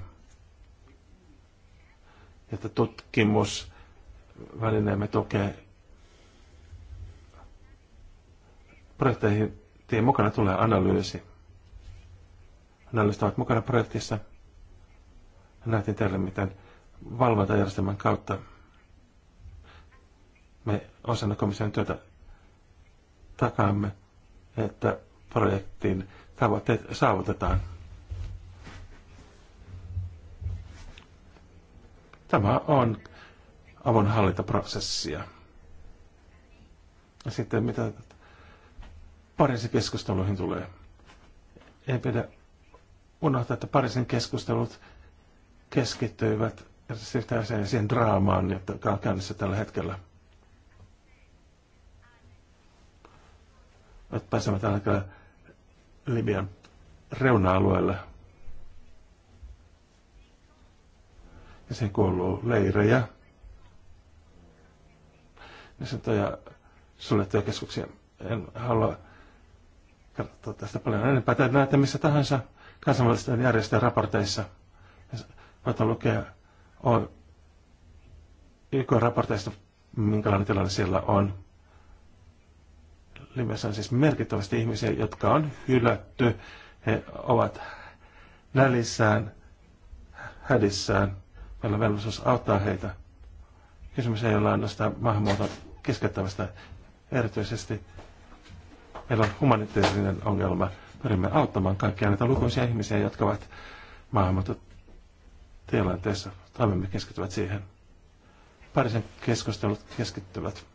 Että tutkimusvälineemme tukee projekteihin tien mukana tulee analyysi. Analyysit ovat mukana projektissa. Näytin teille, miten valvontajärjestelmän kautta me osana komission työtä takaamme, että projektin tavoitteet saavutetaan. Tämä on avun hallintaprosessia. Sitten mitä Pariisin keskusteluihin tulee. Ei pidä unohtaa, että Pariisin keskustelut keskittyivät siirtäiseen siihen draamaan, joka on käynnissä tällä hetkellä. Että pääsemme tällä hetkellä Libian reuna-alueelle. Ja siihen kuuluu leirejä, sen toja suljettuja keskuksia. En halua kertoa tästä paljon enempää. Tai näette missä tahansa kansainvälisten järjestöjen raporteissa. Voit lukea YK-raporteista, minkälainen tilanne siellä on. Libyassa on siis merkittävästi ihmisiä, jotka on hylätty. He ovat nälissään, hädissään. Meillä on velvollisuus auttaa heitä. Kysymys ei ole ainoastaan maahanmuuton keskeyttävästä erityisesti. Meillä on humanitaarinen ongelma. Pyrimme auttamaan kaikkia näitä lukuisia ihmisiä, jotka ovat maahanmuuton tilanteessa. Toimemme keskittyvät siihen. Parisen keskustelut keskittyvät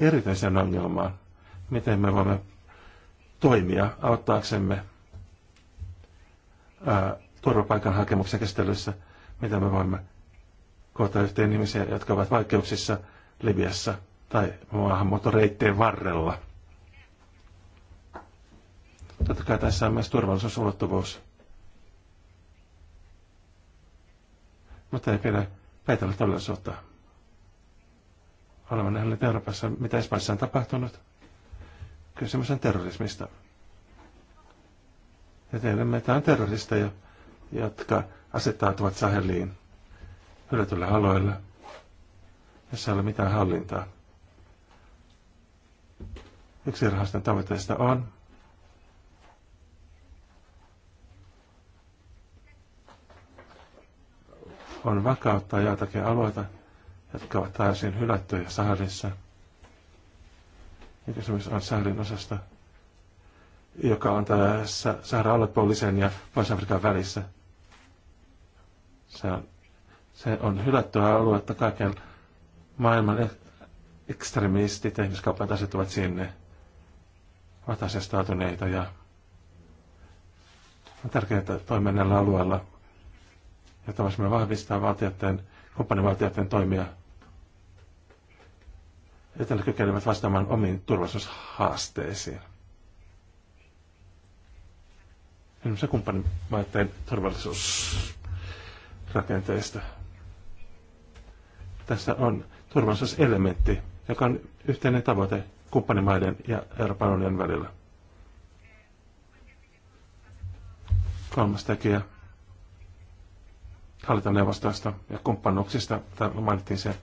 erityisen ongelmaan. Miten me voimme toimia auttaaksemme turvapaikan hakemuksen käsittelyssä, miten me voimme koota yhteen ihmisiä, jotka ovat vaikeuksissa Libiassa tai maahanmuuttoreitteen varrella. Totta kai tässä on myös turvallisuusulottuvuus. Mutta ei pidä peitellä todellisuutta. Olemme nähneet Euroopassa, mitä Espanjassa on tapahtunut. Kysymys on terrorismista. Ja teille meitä on terroristeja, jotka asettautuvat Saheliin hylätyllä aloilla, jossa ei ole mitään hallintaa. Yksi rahaston tavoitteista on on vakauttaa joitakin alueita, jotka ovat täysin hylättyjä Sahelissa. Ja kysymys on Sahelin osasta, joka on tässä Sahara aluepuolisen ja Pohjois-Afrikan välissä. Se on, se on hylättyä aluetta kaiken maailman ekstremistit ja taset ovat sinne. Ovat asiastautuneita ja on tärkeää toimia näillä alueilla, jotta voisimme vahvistaa valtioiden, kumppanivaltioiden toimia – jotta ne kykenevät vastaamaan omiin turvallisuushaasteisiin. Esimerkiksi maiden turvallisuusrakenteista. Tässä on turvallisuuselementti, joka on yhteinen tavoite kumppanimaiden ja Euroopan unionin välillä. Kolmas tekijä hallintoneuvostoista ja kumppanuuksista, tämä mainittiin se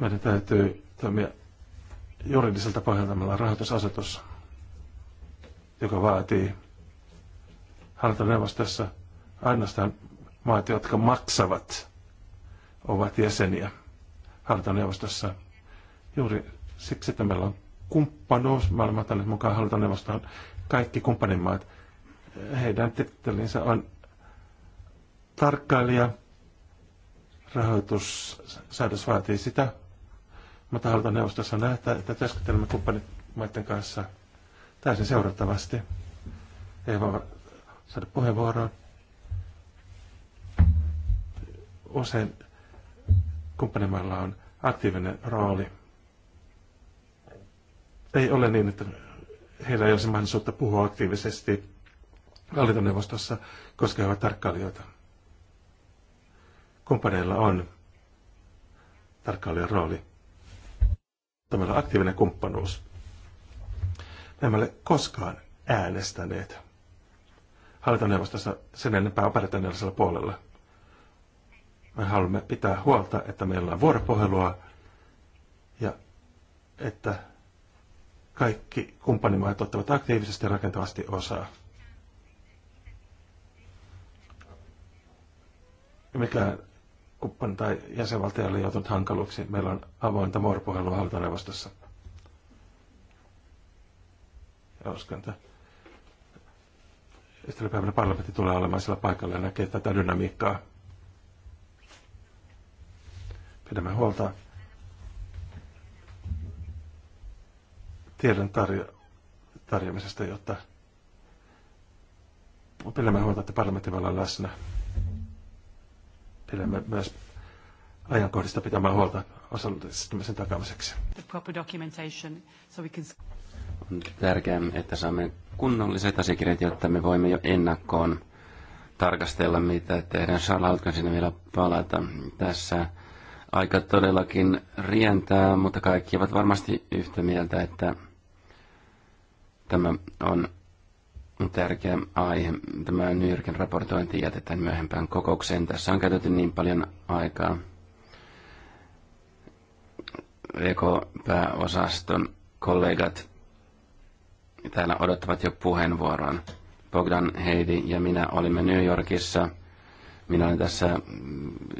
Meidän täytyy toimia juridiselta pohjalta. Meillä on rahoitusasetus, joka vaatii hallintoneuvostossa ainoastaan maat, jotka maksavat, ovat jäseniä hallintoneuvostossa. Juuri siksi, että meillä on kumppanuus. Mä olen ottanut mukaan hallintoneuvostoon kaikki kumppanimaat. Heidän tittelinsä on tarkkailija. Rahoitussäädös vaatii sitä. Mutta neuvostossa nähdä, että työskentelemme kumppanimaiden kanssa täysin seurattavasti. Ei voi saada puheenvuoroa. Usein kumppanimailla on aktiivinen rooli. Ei ole niin, että heillä ei olisi mahdollisuutta puhua aktiivisesti hallintoneuvostossa, koska he ovat tarkkailijoita. Kumppaneilla on tarkkailijan rooli meillä aktiivinen kumppanuus. Nämä ole koskaan äänestäneet hallintoneuvostossa sen enempää operatiivisella puolella. Me haluamme pitää huolta, että meillä on vuoropuhelua ja että kaikki kumppanimaat ottavat aktiivisesti ja rakentavasti osaa. Mikään kumppani tai jäsenvaltio oli joutunut hankaluksi. Meillä on avointa vuoropuhelua hallintoneuvostossa. Ja uskon, että parlamentti tulee olemaan siellä paikalla ja näkee tätä dynamiikkaa. Pidämme huolta tiedon tarjo- tarjoamisesta, jotta pidämme huolta, että parlamentti voi olla läsnä pidämme myös ajankohdista pitämään huolta osallistumisen takaamiseksi. So can... On tärkeää, että saamme kunnolliset asiakirjat, jotta me voimme jo ennakkoon tarkastella, mitä tehdään. Charles, haluatko sinne vielä palata? Tässä aika todellakin rientää, mutta kaikki ovat varmasti yhtä mieltä, että tämä on tärkeä aihe. Tämä New Yorkin raportointi jätetään myöhempään kokoukseen. Tässä on käytetty niin paljon aikaa EK-pääosaston kollegat täällä odottavat jo puheenvuoron. Bogdan, Heidi ja minä olimme New Yorkissa. Minä olin tässä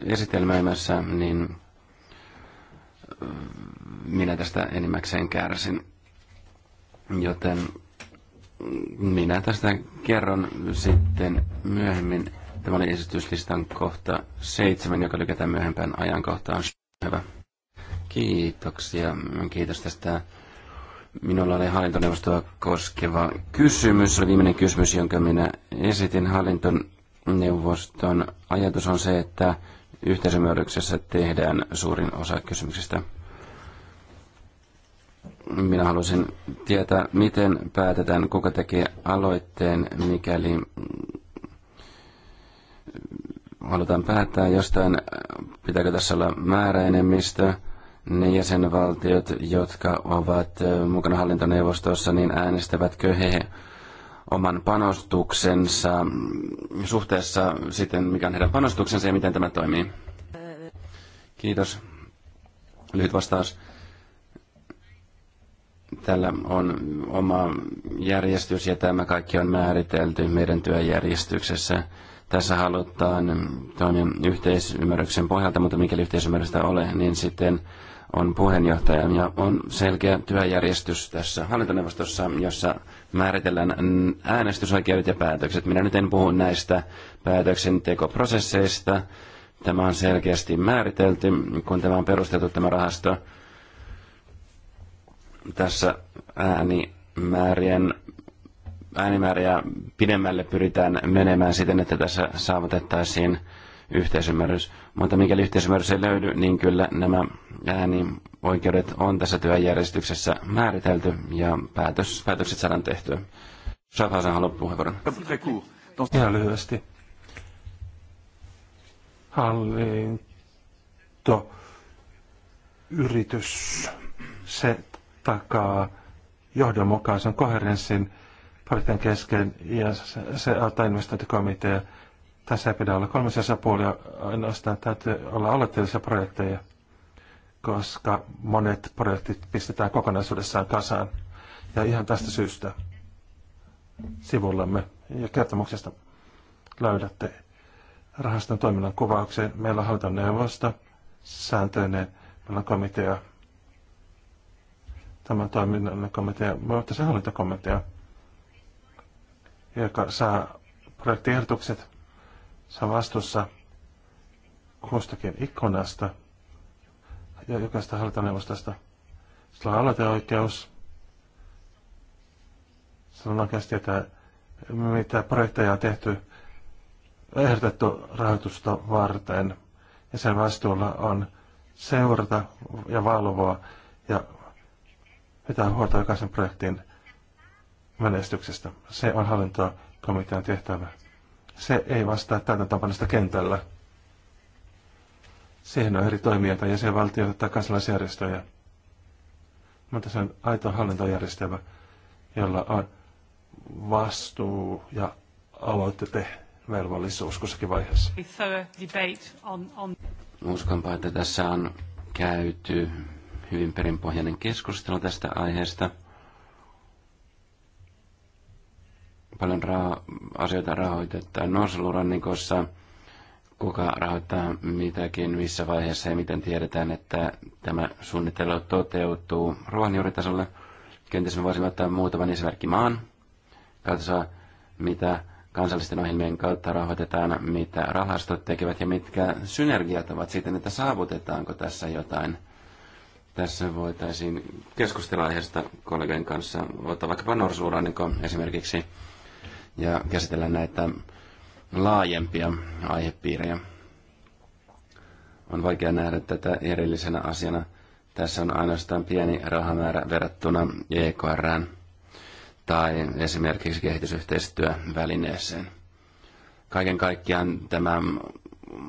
esitelmäimässä, niin minä tästä enimmäkseen kärsin. Joten minä tästä kerron sitten myöhemmin. Tämä oli esityslistan kohta seitsemän, joka lykätään myöhempään ajankohtaan. Hyvä. Kiitoksia. Kiitos tästä. Minulla oli hallintoneuvostoa koskeva kysymys. Se oli viimeinen kysymys, jonka minä esitin. Hallintoneuvoston ajatus on se, että yhteisymmärryksessä tehdään suurin osa kysymyksistä. Minä haluaisin tietää, miten päätetään, kuka tekee aloitteen, mikäli halutaan päättää jostain, pitääkö tässä olla määräenemmistö, ne jäsenvaltiot, jotka ovat mukana hallintoneuvostossa, niin äänestävätkö he oman panostuksensa suhteessa sitten, mikä on heidän panostuksensa ja miten tämä toimii? Kiitos. Lyhyt vastaus. Tällä on oma järjestys ja tämä kaikki on määritelty meidän työjärjestyksessä. Tässä halutaan toimia yhteisymmärryksen pohjalta, mutta mikäli yhteisymmärrystä ole, niin sitten on puheenjohtaja ja on selkeä työjärjestys tässä hallintoneuvostossa, jossa määritellään äänestysoikeudet ja päätökset. Minä nyt en puhu näistä päätöksentekoprosesseista. Tämä on selkeästi määritelty, kun tämä on perusteltu tämä rahasto tässä äänimäärien äänimääriä pidemmälle pyritään menemään siten, että tässä saavutettaisiin yhteisymmärrys. Mutta mikäli yhteisymmärrys ei löydy, niin kyllä nämä äänioikeudet on tässä työjärjestyksessä määritelty ja päätös, päätökset saadaan tehtyä. Schaffhausen haluaa puheenvuoron. Ihan lyhyesti. Hallinto, yritys, se takaa johdonmukaisen koherenssin parten kesken ja se auttaa investointikomitea. Tässä ei pidä olla kolmas osapuolia, ainoastaan täytyy olla aloitteellisia projekteja, koska monet projektit pistetään kokonaisuudessaan kasaan. Ja ihan tästä syystä sivullamme ja kertomuksesta löydätte rahaston toiminnan kuvauksen. Meillä on hallintoneuvosto sääntöinen, meillä on komitea, tämän toiminnan komitea, mutta se hallintokomitea, joka saa projektiehdotukset, saa vastuussa kustakin ikkunasta ja jokaista hallintoneuvostosta. Sillä on aloiteoikeus. Sillä on oikeasti tietää, mitä projekteja on tehty, ehdotettu rahoitusta varten. Ja sen vastuulla on seurata ja valvoa ja pitää huolta jokaisen projektin menestyksestä. Se on hallintokomitean tehtävä. Se ei vastaa täytäntöönpanosta kentällä. Siihen on eri toimijoita, jäsenvaltioita tai kansalaisjärjestöjä. Mutta se on aito hallintojärjestelmä, jolla on vastuu ja aloitteiden velvollisuus kussakin vaiheessa. Uskonpa, että tässä on käyty hyvin perinpohjainen keskustelu tästä aiheesta. Paljon ra- asioita rahoitetaan nousulurannikossa, Kuka rahoittaa mitäkin, missä vaiheessa ja miten tiedetään, että tämä suunnittelu toteutuu ruohonjuuritasolla. Kenties me voisimme ottaa muutaman esimerkki maan. Katsoa, mitä kansallisten ohjelmien kautta rahoitetaan, mitä rahastot tekevät ja mitkä synergiat ovat siten, että saavutetaanko tässä jotain – tässä voitaisiin keskustella aiheesta kollegien kanssa, ottaa vaikkapa norsuurannikko esimerkiksi, ja käsitellä näitä laajempia aihepiirejä. On vaikea nähdä tätä erillisenä asiana. Tässä on ainoastaan pieni rahamäärä verrattuna EKRään tai esimerkiksi kehitysyhteistyövälineeseen. Kaiken kaikkiaan tämä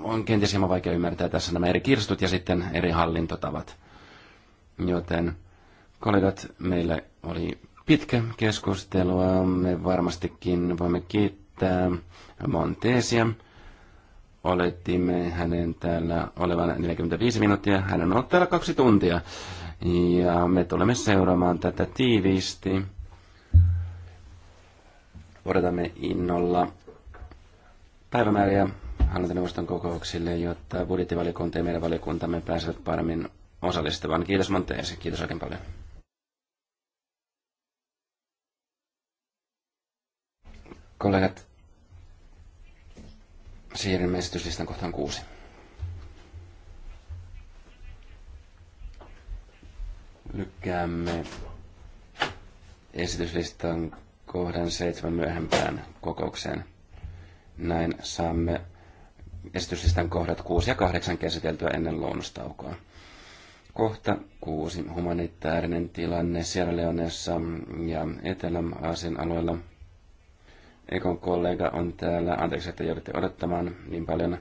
on kenties hieman vaikea ymmärtää tässä nämä eri kirstut ja sitten eri hallintotavat. Joten kollegat, meillä oli pitkä keskustelu, Me varmastikin voimme kiittää Monteesia. Oletimme hänen täällä olevan 45 minuuttia. Hän on ollut täällä kaksi tuntia. Ja me tulemme seuraamaan tätä tiiviisti. Odotamme innolla päivämääriä hallintoneuvoston kokouksille, jotta budjettivaliokunta ja meidän valiokuntamme pääsevät paremmin osallistuvan. Kiitos Monteesi, kiitos oikein paljon. Kollegat, siirrymme esityslistan kohtaan kuusi. Lykkäämme esityslistan kohdan seitsemän myöhempään kokoukseen. Näin saamme esityslistan kohdat 6 ja 8 käsiteltyä ennen lounastaukoa. Kohta kuusi. Humanitaarinen tilanne Sierra Leoneessa ja Etelä-Aasian alueella. Ekon kollega on täällä. Anteeksi, että joudutte odottamaan niin paljon.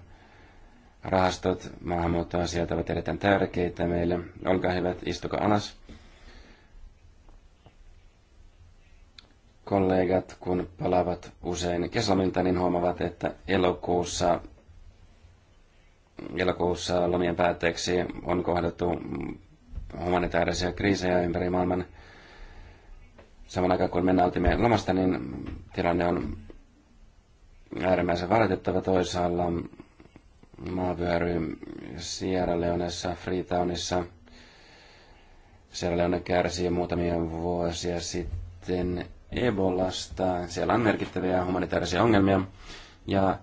Rahastot, maahanmuuttoasiat ovat erittäin tärkeitä meille. Olkaa hyvät, istukaa alas. Kollegat, kun palaavat usein kesälomilta, niin huomavat, että elokuussa elokuussa lomien päätteeksi on kohdattu humanitaarisia kriisejä ympäri maailman. Saman aikaan kun mennään nautimme lomasta, niin tilanne on äärimmäisen valitettava toisaalla. Maavyöry Sierra Leonessa, Freetownissa. Sierra Leone kärsii muutamia vuosia sitten Ebolasta. Siellä on merkittäviä humanitaarisia ongelmia. Ja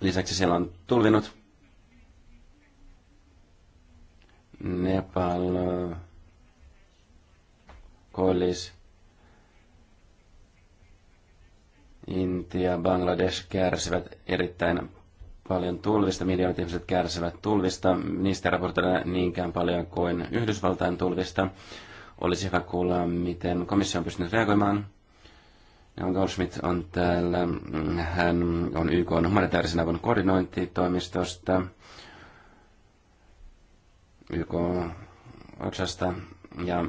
Lisäksi siellä on tulvinut Nepal, Kolis, Intia, Bangladesh kärsivät erittäin paljon tulvista. Miljoonat ihmiset kärsivät tulvista. Niistä raportoidaan niinkään paljon kuin Yhdysvaltain tulvista. Olisi hyvä kuulla, miten komissio on pystynyt reagoimaan Goldschmidt on täällä. Hän on YK on humanitaarisen avun koordinointitoimistosta. YK Otsasta ja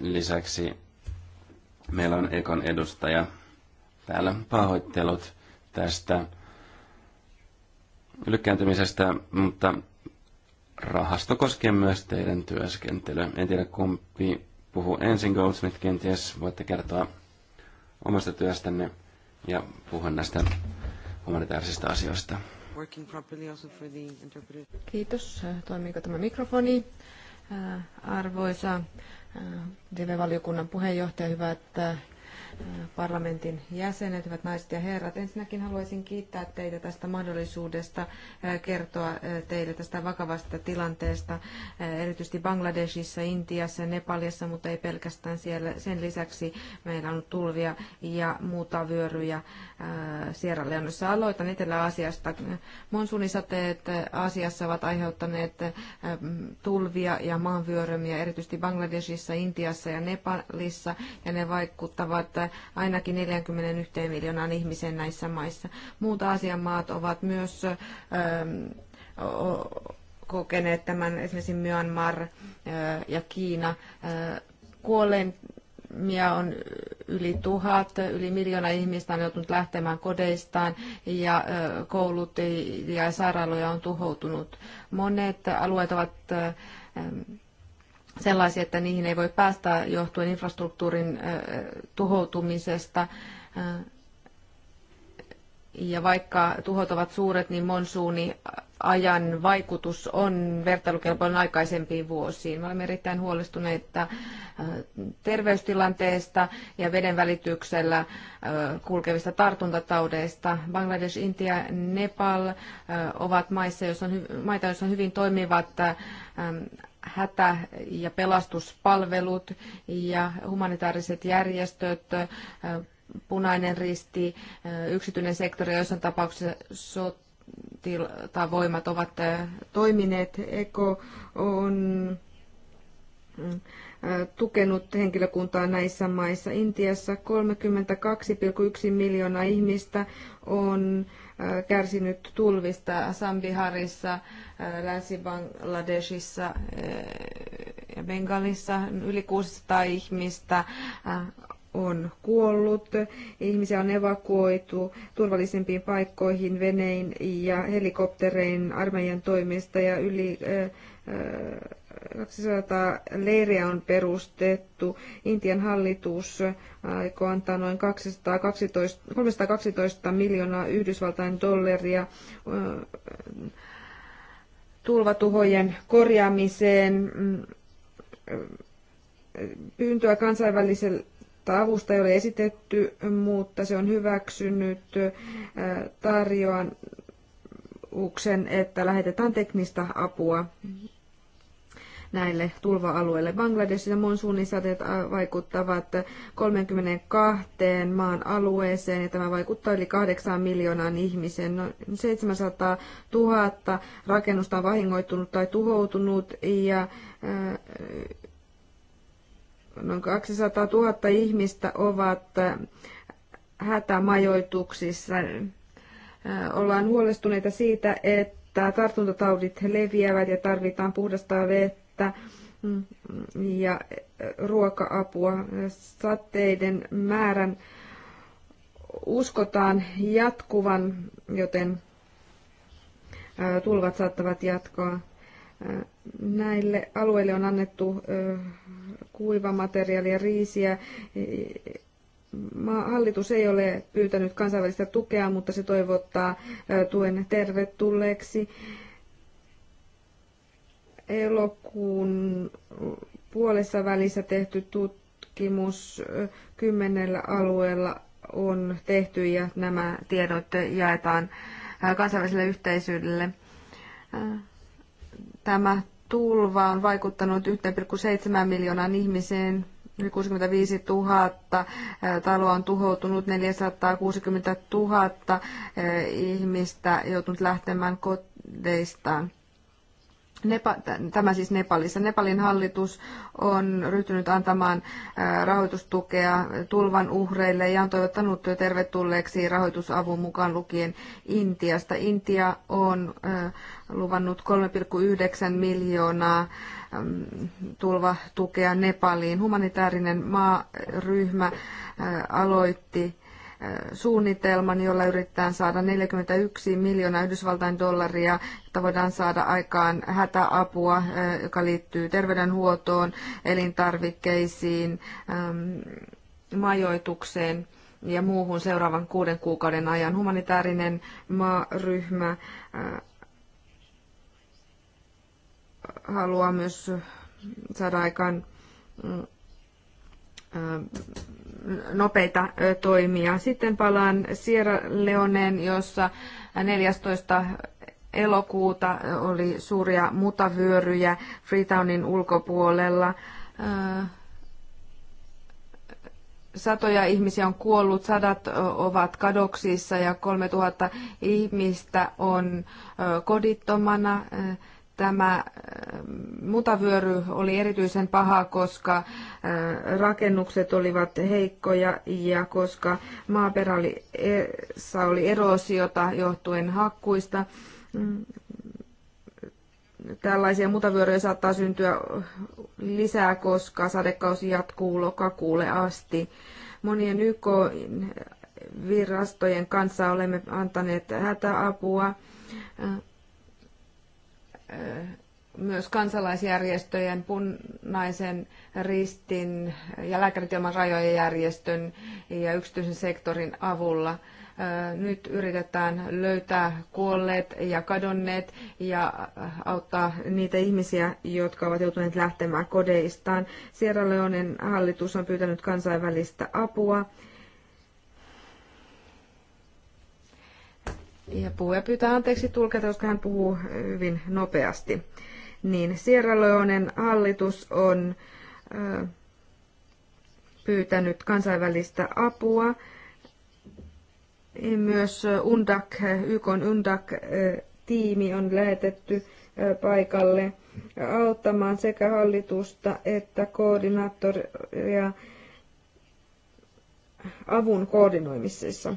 lisäksi meillä on Ekon edustaja täällä pahoittelut tästä lykkääntymisestä, mutta rahasto koskee myös teidän työskentelyä. En tiedä kumpi puhuu ensin Goldsmith, kenties voitte kertoa omasta työstänne ja puhua näistä humanitaarisista asioista. Kiitos. Toimiiko tämä mikrofoni? Arvoisa TV-valiokunnan puheenjohtaja, hyvät parlamentin jäsenet, hyvät naiset ja herrat. Ensinnäkin haluaisin kiittää teitä tästä mahdollisuudesta kertoa teille tästä vakavasta tilanteesta, erityisesti Bangladesissa, Intiassa, Nepalissa, mutta ei pelkästään siellä. Sen lisäksi meillä on tulvia ja muuta vyöryjä Sierra Leonessa. Aloitan Etelä-Asiasta. Monsuunisateet Aasiassa ovat aiheuttaneet tulvia ja maanvyörymiä, erityisesti Bangladesissa, Intiassa ja Nepalissa, ja ne vaikuttavat ainakin 41 miljoonaan ihmiseen näissä maissa. Muut Aasian maat ovat myös ähm, kokeneet tämän, esimerkiksi Myanmar äh, ja Kiina. Äh, kuolemia on yli tuhat, yli miljoona ihmistä on joutunut lähtemään kodeistaan ja äh, koulut ja sairaaloja on tuhoutunut. Monet alueet ovat sellaisia, että niihin ei voi päästä johtuen infrastruktuurin tuhoutumisesta. Ja vaikka tuhot ovat suuret, niin monsuuni ajan vaikutus on vertailukelpoinen aikaisempiin vuosiin. Me olemme erittäin huolestuneita terveystilanteesta ja veden välityksellä kulkevista tartuntataudeista. Bangladesh, Intia, Nepal ovat maissa, joissa on, maita, joissa on hyvin toimivat hätä- ja pelastuspalvelut ja humanitaariset järjestöt, äh, punainen risti, äh, yksityinen sektori ja joissain tapauksissa sotavoimat ovat äh, toimineet. Eko on mm, tukenut henkilökuntaa näissä maissa. Intiassa 32,1 miljoonaa ihmistä on kärsinyt tulvista Sambiharissa, Länsi-Bangladesissa ja Bengalissa. Yli 600 ihmistä on kuollut. Ihmisiä on evakuoitu turvallisempiin paikkoihin venein ja helikopterein armeijan toimesta ja yli 200 leiriä on perustettu. Intian hallitus aikoo antaa noin 212, 312 miljoonaa Yhdysvaltain dollaria tulvatuhojen korjaamiseen. Mm, pyyntöä kansainväliseltä avusta ei ole esitetty, mutta se on hyväksynyt tarjoan uksen, että lähetetään teknistä apua näille tulva-alueille. Bangladesissa sateet vaikuttavat 32 maan alueeseen ja tämä vaikuttaa yli 8 miljoonaan ihmiseen. No, 700 000 rakennusta on vahingoittunut tai tuhoutunut ja äh, noin 200 000 ihmistä ovat äh, hätämajoituksissa. Äh, ollaan huolestuneita siitä, että tartuntataudit leviävät ja tarvitaan puhdasta vettä vettä mm, ja ruoka-apua. Sateiden määrän uskotaan jatkuvan, joten tulvat saattavat jatkaa. Näille alueille on annettu kuivamateriaalia, riisiä. Hallitus ei ole pyytänyt kansainvälistä tukea, mutta se toivottaa tuen tervetulleeksi elokuun puolessa välissä tehty tutkimus kymmenellä alueella on tehty ja nämä tiedot jaetaan kansainväliselle yhteisölle. Tämä tulva on vaikuttanut 1,7 miljoonaan ihmiseen. 65 000 taloa on tuhoutunut, 460 000 ihmistä joutunut lähtemään kodeistaan. Nepa, tämä siis Nepalissa. Nepalin hallitus on ryhtynyt antamaan rahoitustukea tulvan uhreille ja on toivottanut tervetulleeksi rahoitusavun mukaan lukien Intiasta. Intia on luvannut 3,9 miljoonaa tulvatukea Nepaliin. Humanitaarinen maaryhmä aloitti suunnitelman, jolla yritetään saada 41 miljoonaa Yhdysvaltain dollaria, jotta voidaan saada aikaan hätäapua, joka liittyy terveydenhuoltoon, elintarvikkeisiin, majoitukseen ja muuhun seuraavan kuuden kuukauden ajan. Humanitaarinen maaryhmä haluaa myös saada aikaan mm, nopeita toimia. Sitten palaan Sierra Leoneen, jossa 14 elokuuta oli suuria mutavyöryjä Freetownin ulkopuolella. Satoja ihmisiä on kuollut, sadat ovat kadoksissa ja 3000 ihmistä on kodittomana. Tämä äh, mutavyöry oli erityisen paha, koska äh, rakennukset olivat heikkoja ja koska maaperässä oli erosiota johtuen hakkuista. Mm, tällaisia mutavyöryjä saattaa syntyä lisää, koska sadekausi jatkuu lokakuulle asti. Monien YK virastojen kanssa olemme antaneet hätäapua äh, myös kansalaisjärjestöjen, punaisen ristin ja lääkärit ilman rajojen järjestön ja yksityisen sektorin avulla. Nyt yritetään löytää kuolleet ja kadonneet ja auttaa niitä ihmisiä, jotka ovat joutuneet lähtemään kodeistaan. Sierra Leonen hallitus on pyytänyt kansainvälistä apua Ja puhuja pyytää anteeksi tulkata, koska hän puhuu hyvin nopeasti. Niin Sierra Leonen hallitus on ö, pyytänyt kansainvälistä apua. Myös UNDAC, YK UNDAC-tiimi on lähetetty paikalle auttamaan sekä hallitusta että koordinaattoria avun koordinoimisessa.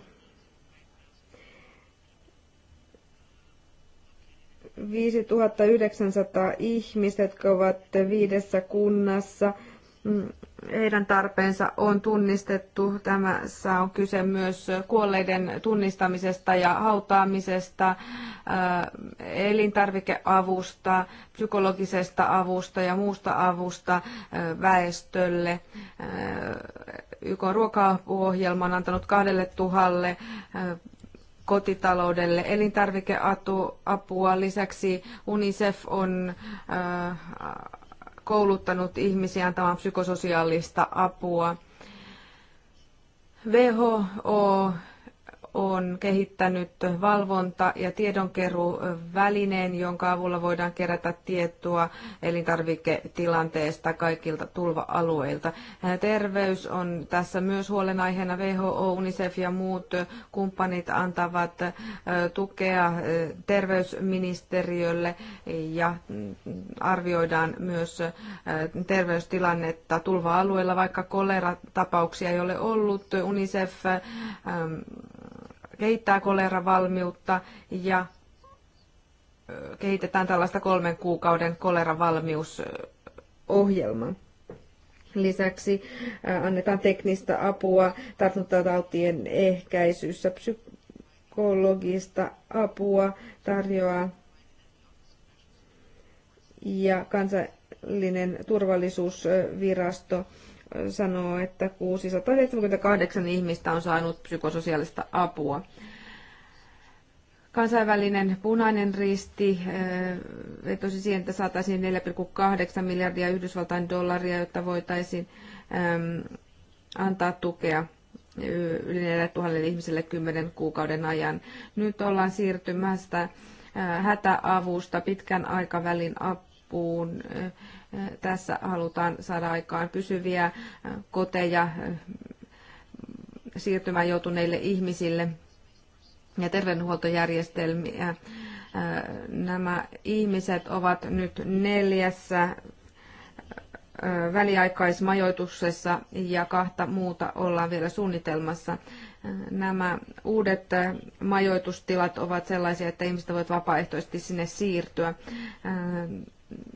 5900 ihmistä, jotka ovat viidessä kunnassa. Mm, heidän tarpeensa on tunnistettu. Tämässä on kyse myös kuolleiden tunnistamisesta ja hautaamisesta, äh, elintarvikeavusta, psykologisesta avusta ja muusta avusta äh, väestölle. Äh, YK ruokaohjelma on antanut 2000 kotitaloudelle elintarvikeapua. Lisäksi UNICEF on äh, kouluttanut ihmisiä antamaan psykososiaalista apua. WHO on kehittänyt valvonta- ja tiedonkeruvälineen, jonka avulla voidaan kerätä tietoa elintarviketilanteesta kaikilta tulva-alueilta. Terveys on tässä myös huolenaiheena. WHO, UNICEF ja muut kumppanit antavat tukea terveysministeriölle ja mm, arvioidaan myös terveystilannetta tulva-alueilla, vaikka koleratapauksia ei ole ollut. UNICEF kehittää koleravalmiutta ja kehitetään tällaista kolmen kuukauden koleravalmiusohjelmaa. Lisäksi annetaan teknistä apua tartuntatautien ehkäisyssä, psykologista apua tarjoaa ja kansallinen turvallisuusvirasto sanoo, että 678 ihmistä on saanut psykososiaalista apua. Kansainvälinen punainen risti eh, vetosi siihen, että saataisiin 4,8 miljardia Yhdysvaltain dollaria, jotta voitaisiin ehm, antaa tukea yli 4000 ihmiselle 10 kuukauden ajan. Nyt ollaan siirtymästä eh, hätäavusta pitkän aikavälin apuun eh, tässä halutaan saada aikaan pysyviä koteja siirtymään joutuneille ihmisille ja terveydenhuoltojärjestelmiä. Nämä ihmiset ovat nyt neljässä väliaikaismajoituksessa ja kahta muuta ollaan vielä suunnitelmassa. Nämä uudet majoitustilat ovat sellaisia, että ihmiset voivat vapaaehtoisesti sinne siirtyä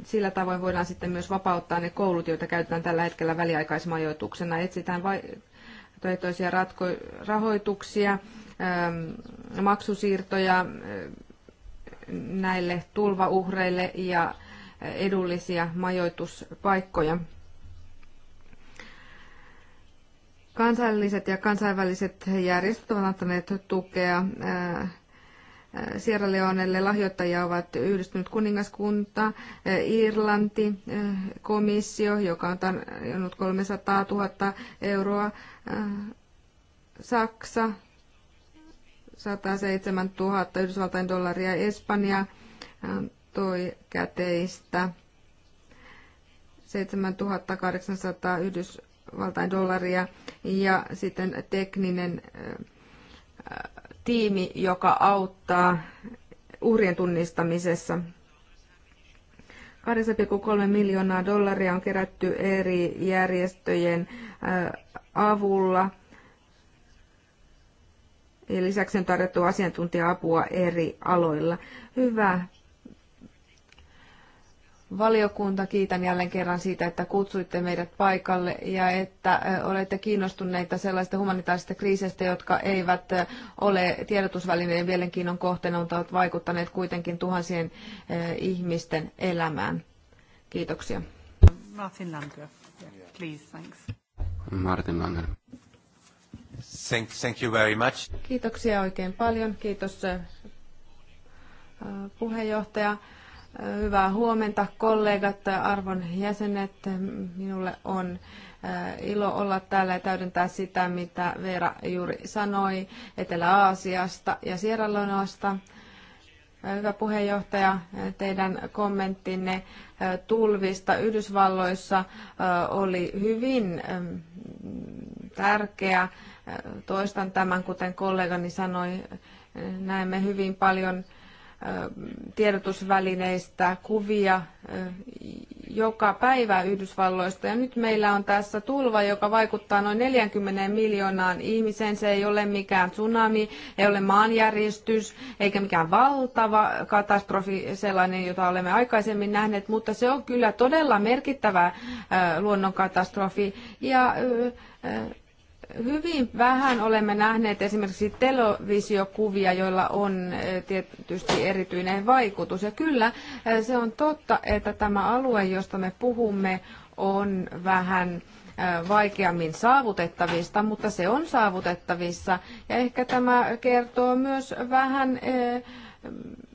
sillä tavoin voidaan sitten myös vapauttaa ne koulut, joita käytetään tällä hetkellä väliaikaismajoituksena. Etsitään vaihtoehtoisia ratko- rahoituksia, ähm, maksusiirtoja äh, näille tulvauhreille ja äh, edullisia majoituspaikkoja. Kansalliset ja kansainväliset järjestöt ovat antaneet tukea äh, Äh, Sierra Leonelle lahjoittajia ovat yhdistynyt kuningaskunta, äh, Irlanti, äh, komissio, joka on tarjonnut 300 000 euroa, Saksa, 107 000 Yhdysvaltain dollaria, Espanja toi käteistä 7 Yhdysvaltain dollaria ja sitten tekninen tiimi, joka auttaa uhrien tunnistamisessa. 8,3 miljoonaa dollaria on kerätty eri järjestöjen äh, avulla. Ja lisäksi on tarjottu asiantuntija-apua eri aloilla. Hyvä valiokunta. Kiitän jälleen kerran siitä, että kutsuitte meidät paikalle ja että olette kiinnostuneita sellaista humanitaarisista kriiseistä, jotka eivät ole tiedotusvälineiden mielenkiinnon kohteena, mutta ovat vaikuttaneet kuitenkin tuhansien ihmisten elämään. Kiitoksia. Martin Langer, please, thanks. Martin Langer. Thank, thank you very much. Kiitoksia oikein paljon. Kiitos puheenjohtaja. Hyvää huomenta kollegat, arvon jäsenet. Minulle on äh, ilo olla täällä ja täydentää sitä, mitä Veera juuri sanoi Etelä-Aasiasta ja Sierra Leoneasta. Äh, hyvä puheenjohtaja, teidän kommenttinne äh, tulvista Yhdysvalloissa oli hyvin ähm, tärkeä. Toistan tämän, kuten kollegani sanoi, näemme hyvin paljon tiedotusvälineistä kuvia joka päivä Yhdysvalloista. Ja nyt meillä on tässä tulva, joka vaikuttaa noin 40 miljoonaan ihmiseen. Se ei ole mikään tsunami, ei ole maanjäristys, eikä mikään valtava katastrofi sellainen, jota olemme aikaisemmin nähneet, mutta se on kyllä todella merkittävä luonnonkatastrofi. Ja Hyvin vähän olemme nähneet esimerkiksi televisiokuvia, joilla on eh, tietysti erityinen vaikutus. Ja kyllä, eh, se on totta, että tämä alue, josta me puhumme, on vähän eh, vaikeammin saavutettavista, mutta se on saavutettavissa. Ja ehkä tämä kertoo myös vähän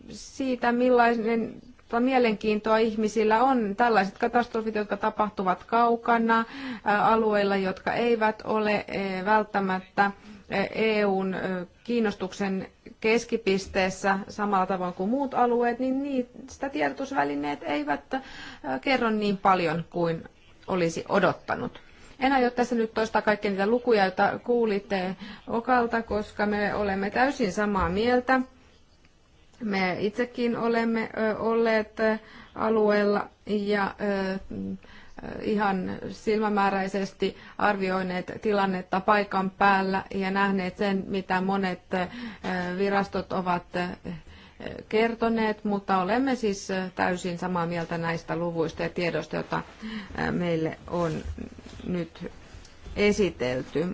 siitä, millainen mutta mielenkiintoa ihmisillä on tällaiset katastrofit, jotka tapahtuvat kaukana, alueilla, jotka eivät ole välttämättä EUn kiinnostuksen keskipisteessä samalla tavoin kuin muut alueet, niin niistä tiedotusvälineet eivät kerro niin paljon kuin olisi odottanut. En aio tässä nyt toistaa kaikkia niitä lukuja, joita kuulitte Okalta, koska me olemme täysin samaa mieltä me itsekin olemme olleet alueella ja ihan silmämääräisesti arvioineet tilannetta paikan päällä ja nähneet sen, mitä monet virastot ovat kertoneet, mutta olemme siis täysin samaa mieltä näistä luvuista ja tiedoista, joita meille on nyt esitelty,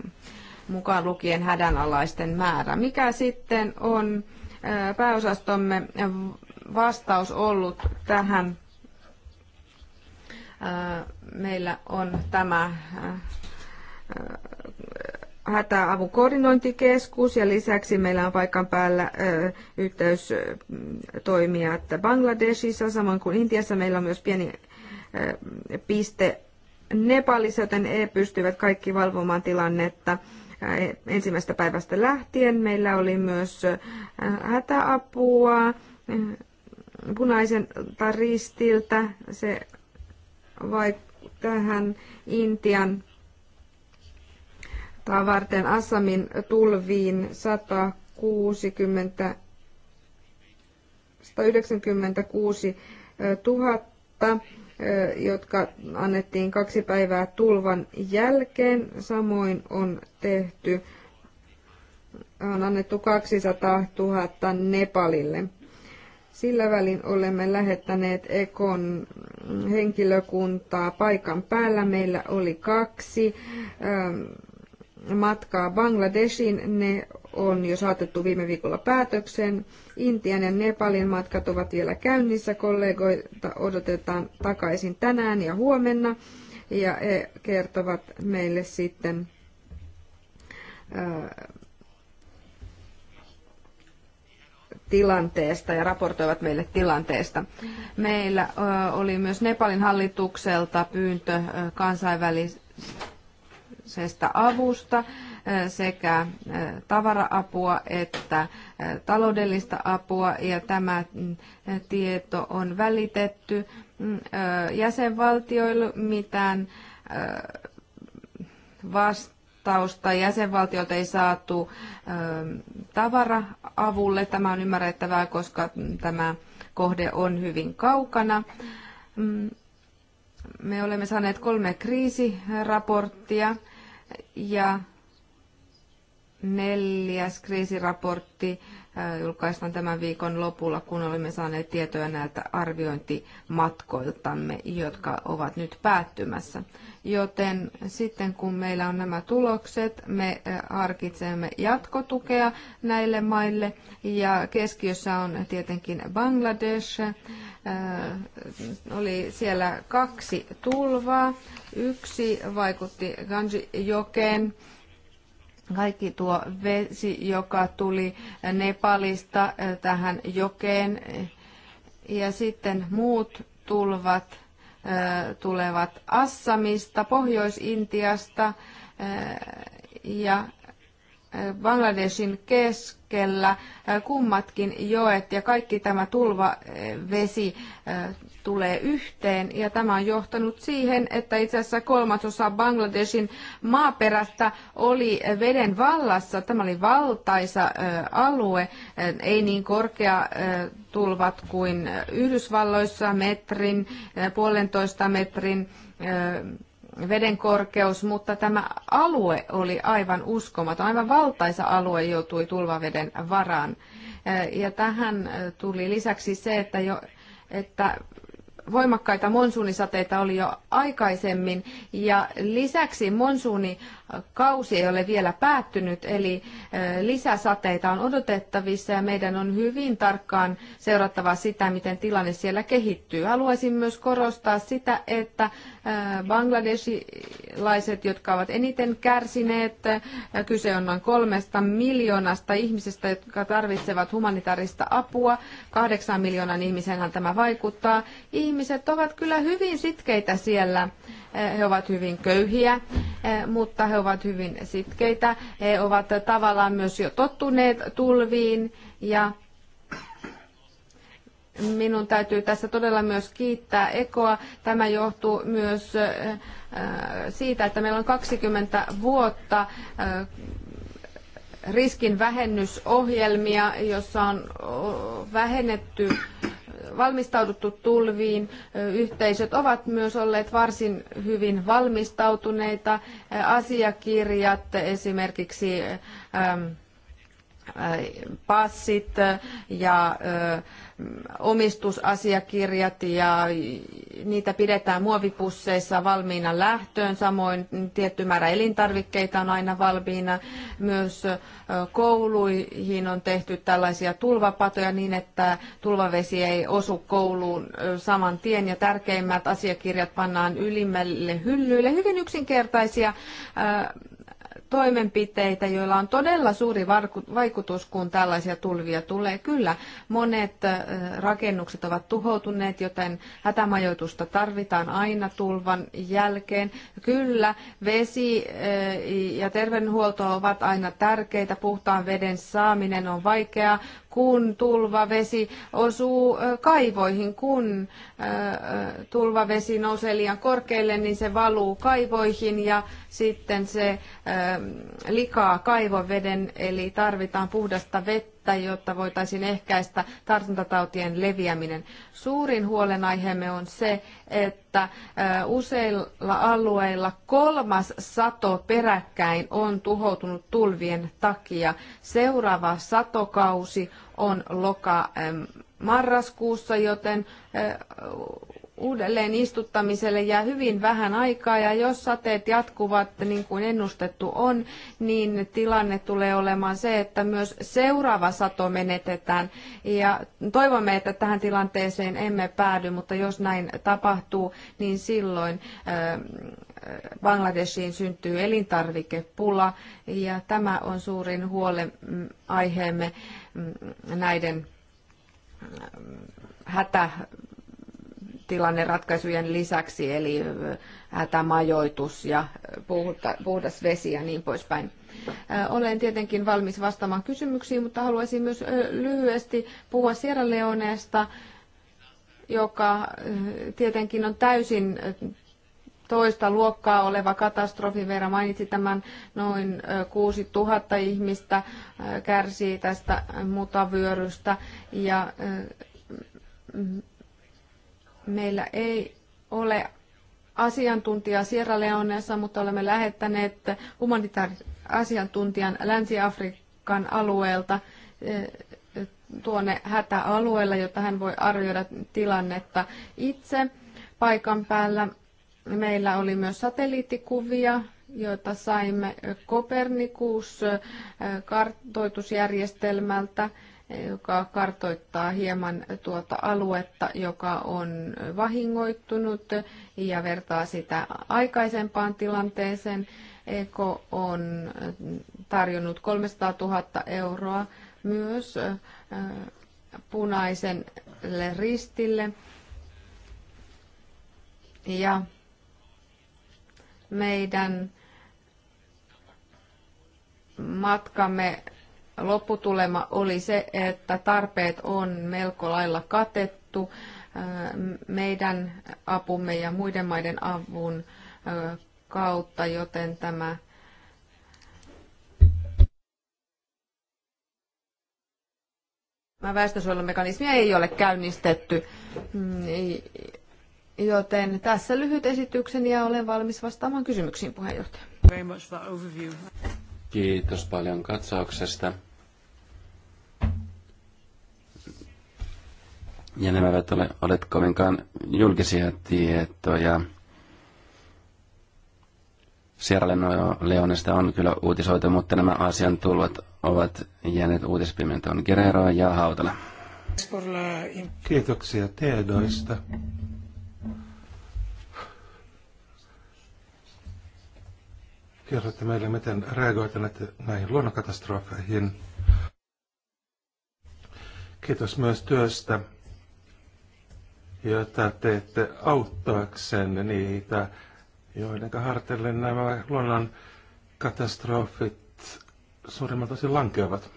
mukaan lukien hädänalaisten määrä. Mikä sitten on pääosastomme vastaus ollut tähän. Meillä on tämä äh, hätäavun koordinointikeskus ja lisäksi meillä on paikan päällä äh, yhteystoimijat Bangladesissa, samoin kuin Intiassa. Meillä on myös pieni äh, piste Nepalissa, joten he pystyvät kaikki valvomaan tilannetta ensimmäisestä päivästä lähtien. Meillä oli myös hätäapua punaisen taristiltä. Se vai tähän Intian tai varten Assamin tulviin 160 196 000 jotka annettiin kaksi päivää tulvan jälkeen. Samoin on tehty, on annettu 200 000 Nepalille. Sillä välin olemme lähettäneet Ekon henkilökuntaa paikan päällä. Meillä oli kaksi matkaa Bangladeshin. Ne on jo saatettu viime viikolla päätöksen. Intian ja Nepalin matkat ovat vielä käynnissä. Kollegoita odotetaan takaisin tänään ja huomenna. Ja he kertovat meille sitten äh, tilanteesta ja raportoivat meille tilanteesta. Meillä äh, oli myös Nepalin hallitukselta pyyntö äh, kansainvälisestä avusta sekä tavaraapua että taloudellista apua ja tämä mm, tieto on välitetty mm, jäsenvaltioille mitään vastausta jäsenvaltiot ei saatu tavaraavulle. Tämä on ymmärrettävää, koska mm, tämä kohde on hyvin kaukana. Me olemme saaneet kolme kriisiraporttia ja Neljäs kriisiraportti julkaistaan tämän viikon lopulla, kun olemme saaneet tietoja näiltä arviointimatkoiltamme, jotka ovat nyt päättymässä. Joten sitten kun meillä on nämä tulokset, me harkitsemme jatkotukea näille maille ja keskiössä on tietenkin Bangladesh. Oli siellä kaksi tulvaa. Yksi vaikutti Ganji-jokeen kaikki tuo vesi, joka tuli Nepalista eh, tähän jokeen eh, ja sitten muut tulvat eh, tulevat Assamista, Pohjois-Intiasta ja Bangladesin keskellä kummatkin joet ja kaikki tämä tulvavesi tulee yhteen ja tämä on johtanut siihen, että itse asiassa kolmasosa Bangladeshin maaperästä oli veden vallassa. Tämä oli valtaisa alue, ei niin korkea tulvat kuin Yhdysvalloissa metrin, puolentoista metrin veden korkeus, mutta tämä alue oli aivan uskomaton, aivan valtaisa alue joutui tulvaveden varaan. Ja tähän tuli lisäksi se, että, jo, että voimakkaita monsuunisateita oli jo aikaisemmin ja lisäksi monsuuni kausi ei ole vielä päättynyt, eli lisäsateita on odotettavissa ja meidän on hyvin tarkkaan seurattava sitä, miten tilanne siellä kehittyy. Haluaisin myös korostaa sitä, että bangladesilaiset, jotka ovat eniten kärsineet, kyse on noin kolmesta miljoonasta ihmisestä, jotka tarvitsevat humanitaarista apua. Kahdeksan miljoonan ihmisenhän tämä vaikuttaa. Ihmiset ovat kyllä hyvin sitkeitä siellä. He ovat hyvin köyhiä Eh, mutta he ovat hyvin sitkeitä. He ovat tavallaan myös jo tottuneet tulviin ja minun täytyy tässä todella myös kiittää Ekoa. Tämä johtuu myös eh, siitä, että meillä on 20 vuotta eh, riskin vähennysohjelmia, jossa on vähennetty valmistauduttu tulviin. Yhteisöt ovat myös olleet varsin hyvin valmistautuneita. Asiakirjat esimerkiksi ähm, passit ja omistusasiakirjat ja niitä pidetään muovipusseissa valmiina lähtöön. Samoin tietty määrä elintarvikkeita on aina valmiina. Myös kouluihin on tehty tällaisia tulvapatoja niin, että tulvavesi ei osu kouluun saman tien ja tärkeimmät asiakirjat pannaan ylimmälle hyllylle Hyvin yksinkertaisia toimenpiteitä, joilla on todella suuri vaikutus, kun tällaisia tulvia tulee. Kyllä, monet rakennukset ovat tuhoutuneet, joten hätämajoitusta tarvitaan aina tulvan jälkeen. Kyllä, vesi ja terveydenhuolto ovat aina tärkeitä, puhtaan veden saaminen on vaikeaa, kun tulvavesi osuu kaivoihin. Kun tulvavesi nousee liian korkealle, niin se valuu kaivoihin ja sitten se likaa kaivoveden, eli tarvitaan puhdasta vettä että jotta voitaisiin ehkäistä tartuntatautien leviäminen. Suurin huolenaiheemme on se, että useilla alueilla kolmas sato peräkkäin on tuhoutunut tulvien takia. Seuraava satokausi on loka marraskuussa, joten uudelleen istuttamiselle jää hyvin vähän aikaa ja jos sateet jatkuvat niin kuin ennustettu on, niin tilanne tulee olemaan se, että myös seuraava sato menetetään. Ja toivomme, että tähän tilanteeseen emme päädy, mutta jos näin tapahtuu, niin silloin äh, Bangladeshiin syntyy elintarvikepula ja tämä on suurin huolen mm, aiheemme mm, näiden mm, hätä tilanneratkaisujen lisäksi, eli hätämajoitus ja puhdas vesi ja niin poispäin. Olen tietenkin valmis vastaamaan kysymyksiin, mutta haluaisin myös lyhyesti puhua Sierra Leoneesta, joka tietenkin on täysin toista luokkaa oleva katastrofi. Veera mainitsi tämän noin 6000 ihmistä kärsii tästä mutavyörystä ja Meillä ei ole asiantuntijaa Sierra Leoneessa, mutta olemme lähettäneet humanitaarisen asiantuntijan Länsi-Afrikan alueelta eh, tuonne hätäalueella, jotta hän voi arvioida tilannetta itse paikan päällä. Meillä oli myös satelliittikuvia, joita saimme Kopernikus eh, kartoitusjärjestelmältä joka kartoittaa hieman tuota aluetta, joka on vahingoittunut ja vertaa sitä aikaisempaan tilanteeseen. Eko on tarjonnut 300 000 euroa myös punaiselle ristille. Ja meidän matkamme lopputulema oli se, että tarpeet on melko lailla katettu meidän apumme ja muiden maiden avun kautta, joten tämä Mä väestönsuojelumekanismia ei ole käynnistetty, mm, joten tässä lyhyt esitykseni ja olen valmis vastaamaan kysymyksiin puheenjohtaja. Kiitos paljon katsauksesta. Ja nämä eivät ole, ole kovinkaan julkisia tietoja. Sierra Leonesta on kyllä uutisoitu, mutta nämä asian tulvat ovat jääneet uutispimentoon Guerrero ja Hautala. Kiitoksia tiedoista. Kerrotte meille, miten reagoitte näihin luonnonkatastrofeihin. Kiitos myös työstä jota teette auttaaksenne niitä, joiden hartelle nämä luonnon katastrofit suurimmalta osin lankeavat.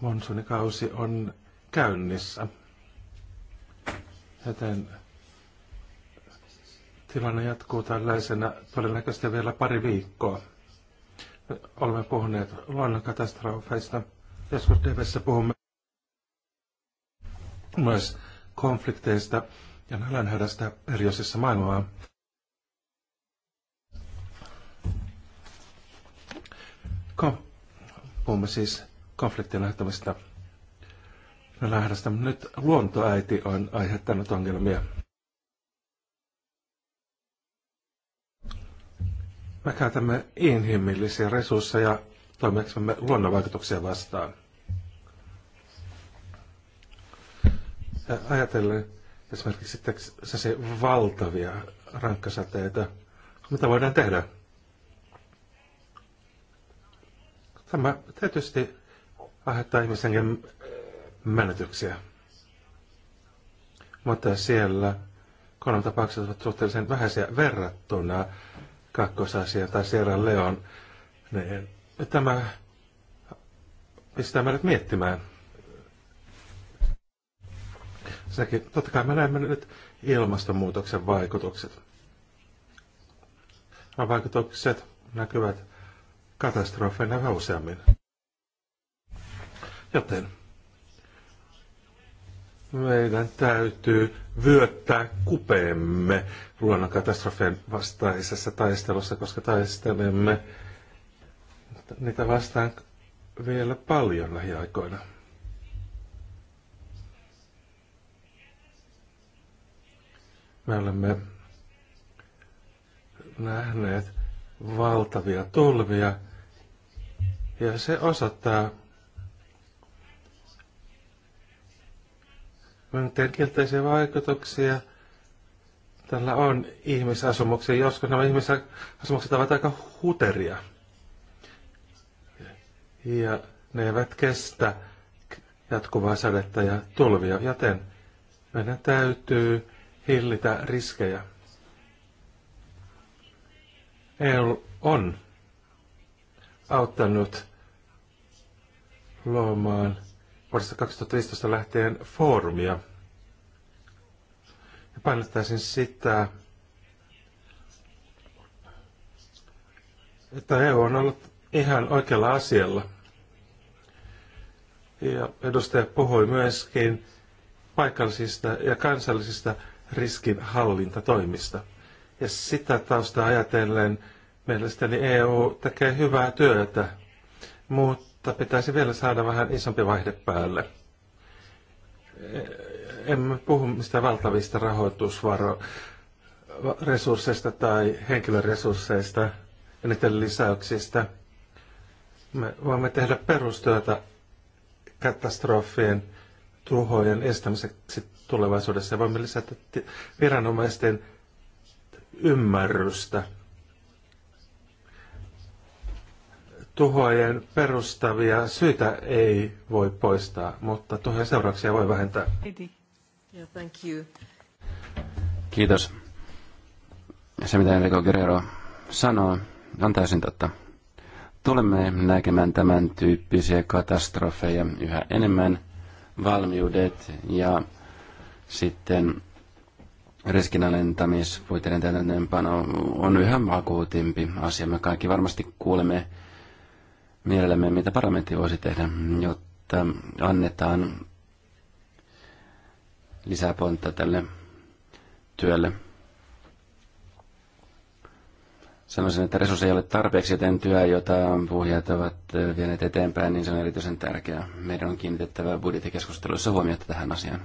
Monsunikausi on käynnissä, joten tilanne jatkuu tällaisena todennäköisesti vielä pari viikkoa. Me olemme puhuneet luonnonkatastrofeista. Joskus Devessä puhumme myös konflikteista ja nälänhädästä eri osissa maailmaa. Kom- puhumme siis konfliktien aiheuttamista nälänhädästä. Nyt luontoäiti on aiheuttanut ongelmia. Me käytämme inhimillisiä resursseja toimeksemme luonnonvaikutuksia vastaan. ajatellen esimerkiksi että se valtavia rankkasateita, mitä voidaan tehdä? Tämä tietysti aiheuttaa ihmisen menetyksiä. Mutta siellä kolme tapauksessa ovat suhteellisen vähäisiä verrattuna kakkosasia tai Sierra Leon. Niin tämä pistää meidät miettimään. Sekin, totta kai me näemme nyt ilmastonmuutoksen vaikutukset. Vaikutukset näkyvät katastrofeina yhä useammin. Joten meidän täytyy vyöttää kupeemme luonnonkatastrofien vastaisessa taistelussa, koska taistelemme niitä vastaan vielä paljon lähiaikoina. Me olemme nähneet valtavia tulvia ja se osoittaa miten kielteisiä vaikutuksia tällä on ihmisasumuksia. Joskus nämä ihmisasumukset ovat aika huteria. Ja ne eivät kestä jatkuvaa sadetta ja tulvia, joten meidän täytyy hillitä riskejä. EU on auttanut luomaan vuodesta 2015 lähtien foorumia. Ja painottaisin sitä, että EU on ollut ihan oikealla asialla. Ja edustaja puhui myöskin paikallisista ja kansallisista riskinhallintatoimista. Ja sitä taustaa ajatellen mielestäni EU tekee hyvää työtä, mutta pitäisi vielä saada vähän isompi vaihde päälle. Emme puhu mistä valtavista rahoitusvaroresursseista tai henkilöresursseista ja niiden lisäyksistä. Me voimme tehdä perustyötä katastrofien tuhojen estämiseksi tulevaisuudessa. vaan me lisätä viranomaisten ymmärrystä tuhoajan perustavia syitä ei voi poistaa, mutta tuhojen seurauksia voi vähentää. Kiitos. Se, mitä Enrico Guerrero sanoo, on täysin totta. Tulemme näkemään tämän tyyppisiä katastrofeja yhä enemmän. Valmiudet ja sitten riskinalentamispuitteiden täytäntöönpano on yhä akuutimpi asia. Me kaikki varmasti kuulemme mielellämme, mitä parlamentti voisi tehdä, jotta annetaan lisää pontta tälle työlle. Sanoisin, että resursseja ei ole tarpeeksi, joten työ, jota puhujat ovat vieneet eteenpäin, niin se on erityisen tärkeää. Meidän on kiinnitettävä budjettikeskusteluissa huomiota tähän asiaan.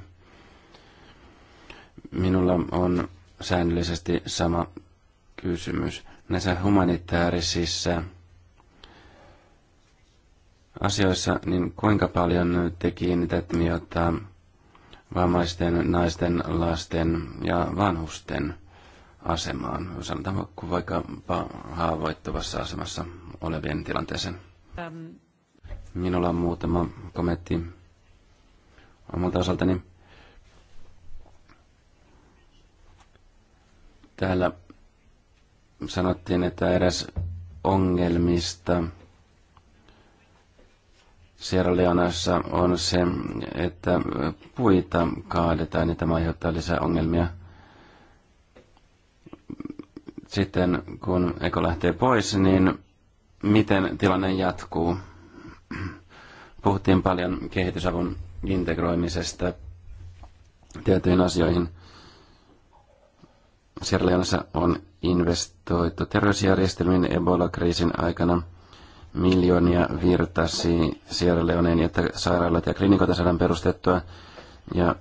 Minulla on säännöllisesti sama kysymys. Näissä humanitaarisissa asioissa, niin kuinka paljon te kiinnität miota vammaisten, naisten, lasten ja vanhusten asemaan, sanotaanko vaikka haavoittuvassa asemassa olevien tilanteeseen? Ähm. Minulla on muutama kommentti omalta osaltani. Täällä sanottiin, että eräs ongelmista Sierra Leonassa on se, että puita kaadetaan ja tämä aiheuttaa lisää ongelmia. Sitten kun eko lähtee pois, niin miten tilanne jatkuu? Puhuttiin paljon kehitysavun integroimisesta tietyihin asioihin. Sierra on investoitu terveysjärjestelmiin Ebola-kriisin aikana. Miljoonia virtasi Sierra Leoneen, että sairaalat ja klinikoita saadaan perustettua. Ja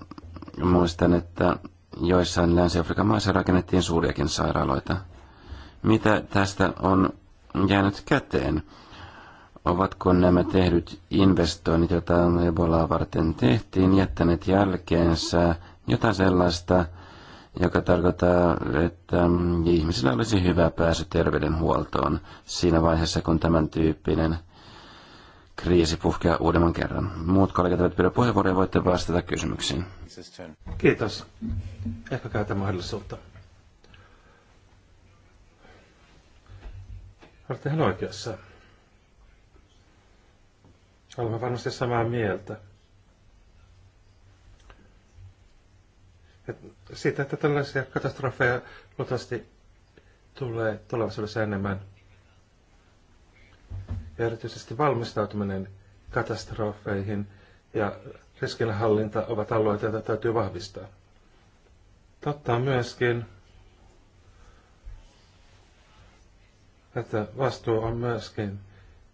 muistan, että joissain Länsi-Afrikan maissa rakennettiin suuriakin sairaaloita. Mitä tästä on jäänyt käteen? Ovatko nämä tehdyt investoinnit, joita Ebolaa varten tehtiin, jättäneet jälkeensä jotain sellaista, joka tarkoittaa, että mm, ihmisillä olisi hyvä pääsy terveydenhuoltoon siinä vaiheessa, kun tämän tyyppinen kriisi puhkeaa uudemman kerran. Muut kollegat eivät pidä puheenvuoroja, voitte vastata kysymyksiin. Kiitos. Ehkä käytän mahdollisuutta. Olette ihan oikeassa. Olemme varmasti samaa mieltä. siitä, että tällaisia katastrofeja luultavasti tulee tulevaisuudessa enemmän. Ja erityisesti valmistautuminen katastrofeihin ja riskinhallinta ovat alueita, joita täytyy vahvistaa. Totta on myöskin, että vastuu on myöskin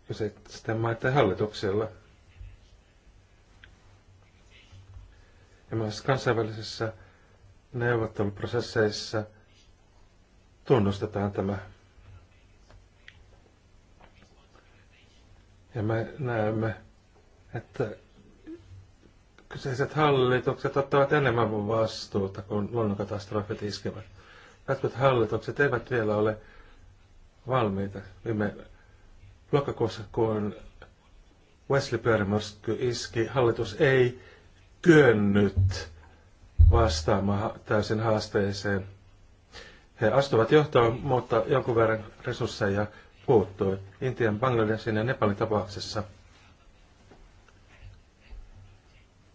kyseisten maiden hallituksilla. Ja myös kansainvälisessä neuvotteluprosesseissa tunnustetaan tämä. Ja me näemme, että kyseiset hallitukset ottavat enemmän vastuuta, kun luonnonkatastrofit iskevät. Jotkut hallitukset eivät vielä ole valmiita. Viime lokakuussa, kun Wesley Pyörimorsky iski, hallitus ei kyönnyt vastaamaan täysin haasteeseen. He astuvat johtoon, mutta jonkun verran resursseja puuttui Intian, Bangladesin ja Nepalin tapauksessa.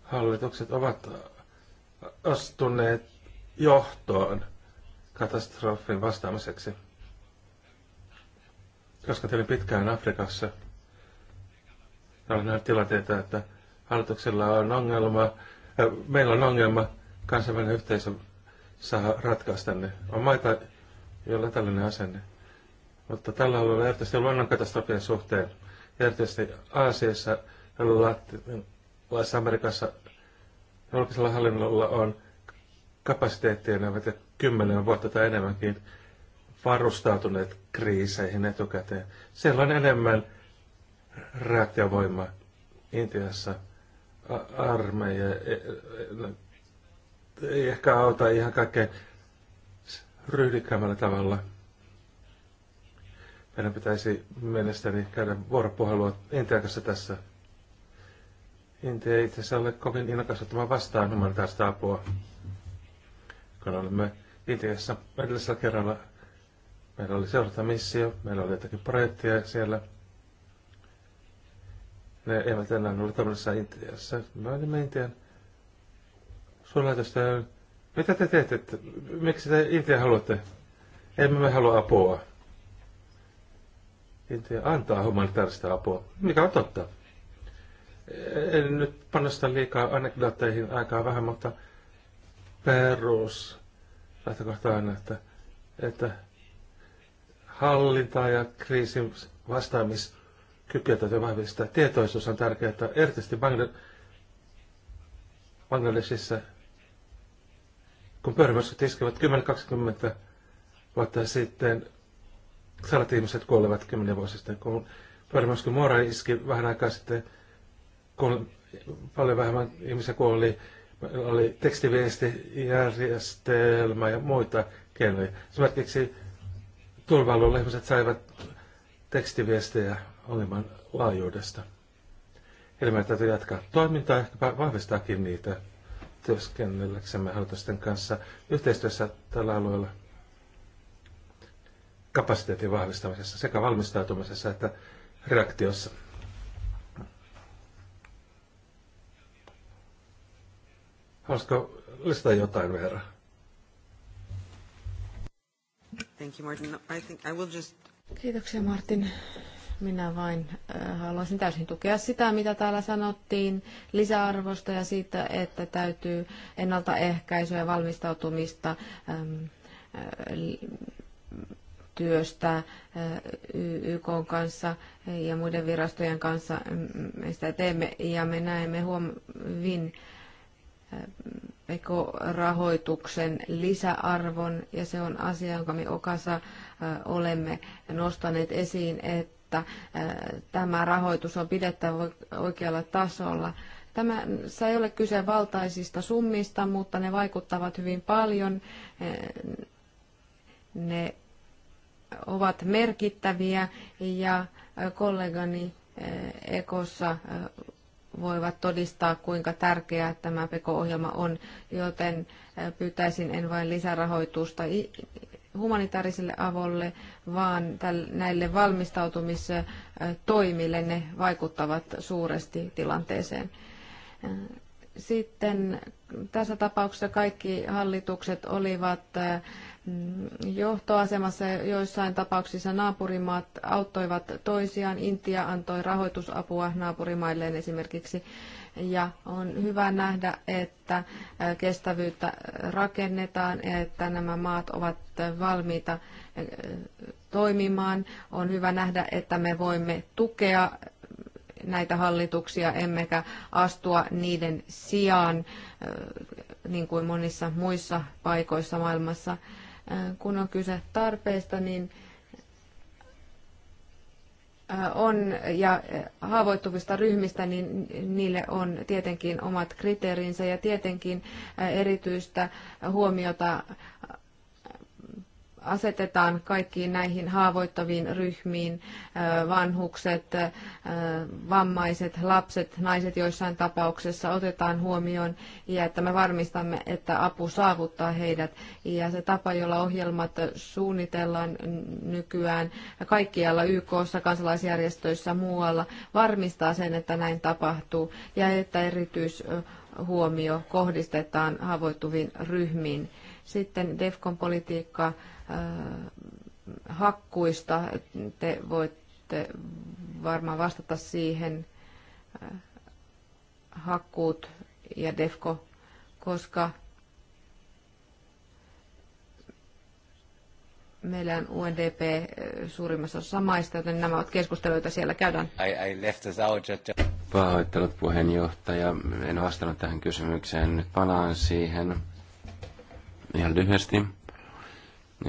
Hallitukset ovat astuneet johtoon katastrofin vastaamiseksi. Kaskentelin pitkään Afrikassa. Olen nähnyt tilanteita, että hallituksella on ongelma, äh, meillä on ongelma kansainvälinen yhteisö saa ratkaista ne. On maita, joilla on tällainen asenne. Mutta tällä alueella erityisesti luonnonkatastrofien suhteen, erityisesti Aasiassa, Latinalaisessa Amerikassa, julkisella hallinnolla on kapasiteettia näitä kymmenen vuotta tai enemmänkin varustautuneet kriiseihin etukäteen. Siellä on enemmän reaktiovoimaa Intiassa, armeija, e- e- ei ehkä auta ihan kaikkein ryhdikkäimmällä tavalla. Meidän pitäisi mielestäni käydä vuoropuhelua Intian kanssa tässä. Intia ei itse asiassa ole kovin innokas ottamaan vastaan humanitaarista apua. Kun olimme Intiassa edellisellä kerralla, meillä oli seurantamissio, meillä oli jotakin projekteja siellä. Ne eivät enää ole tämmöisessä Intiassa. Me olimme Intian tästä, mitä te teette? Miksi te Intia haluatte? Emme me halua apua. Intia antaa humanitaarista apua, mikä on totta. En nyt panosta liikaa anekdootteihin aikaa vähän, mutta perus lähtökohta aina, että, että hallinta ja kriisin vastaamiskykyä täytyy vahvistaa. Tietoisuus on tärkeää, että erityisesti Bangladesissa kun pyörämyrskyt iskevät 10-20 vuotta sitten, sadat ihmiset kuolevat 10 vuotta sitten, kun pyörämyrsky muora iski vähän aikaa sitten, kun paljon vähemmän ihmisiä kuoli, oli tekstiviestijärjestelmä ja muita keinoja. Esimerkiksi turvailulla ihmiset saivat tekstiviestejä ongelman laajuudesta. Eli meidän täytyy jatkaa toimintaa, ehkä vahvistaakin niitä työskennelläksemme hallitusten kanssa yhteistyössä tällä alueella kapasiteetin vahvistamisessa sekä valmistautumisessa että reaktiossa. Haluaisitko lisätä jotain verran? Kiitoksia Martin. Minä vain äh, haluaisin täysin tukea sitä, mitä täällä sanottiin lisäarvosta ja siitä, että täytyy ennaltaehkäisyä ja valmistautumista ähm, äh, työstä äh, YK kanssa ja muiden virastojen kanssa. Me sitä teemme ja me näemme hyvin rahoituksen lisäarvon ja se on asia, jonka me Okasa olemme nostaneet esiin, että että tämä rahoitus on pidettävä oikealla tasolla. Tämä ei ole kyse valtaisista summista, mutta ne vaikuttavat hyvin paljon. Ne ovat merkittäviä ja kollegani Ekossa voivat todistaa, kuinka tärkeä tämä PEKO-ohjelma on, joten pyytäisin en vain lisärahoitusta humanitaariselle avolle, vaan näille valmistautumistoimille ne vaikuttavat suuresti tilanteeseen. Sitten tässä tapauksessa kaikki hallitukset olivat Mm, johtoasemassa joissain tapauksissa naapurimaat auttoivat toisiaan. Intia antoi rahoitusapua naapurimailleen esimerkiksi. Ja on hyvä nähdä, että äh, kestävyyttä rakennetaan, että nämä maat ovat valmiita äh, toimimaan. On hyvä nähdä, että me voimme tukea äh, näitä hallituksia, emmekä astua niiden sijaan, niin kuin monissa muissa paikoissa maailmassa. Äh, kun on kyse tarpeesta, niin äh, on ja äh, haavoittuvista ryhmistä, niin niille on tietenkin omat kriteerinsä ja tietenkin erityistä huomiota asetetaan kaikkiin näihin haavoittaviin ryhmiin, vanhukset, vammaiset, lapset, naiset joissain tapauksessa otetaan huomioon ja että me varmistamme, että apu saavuttaa heidät. Ja se tapa, jolla ohjelmat suunnitellaan nykyään kaikkialla YKssa, kansalaisjärjestöissä muualla, varmistaa sen, että näin tapahtuu ja että erityishuomio kohdistetaan haavoittuviin ryhmiin. Sitten DEFCON-politiikka Äh, hakkuista. Te voitte varmaan vastata siihen äh, hakkuut ja DEFCO, koska meillä on UNDP äh, suurimmassa osassa maista, joten nämä ovat keskusteluita siellä käydään. I, I left this out just... Pahoittelut puheenjohtaja, en vastannut tähän kysymykseen. Nyt palaan siihen ihan lyhyesti.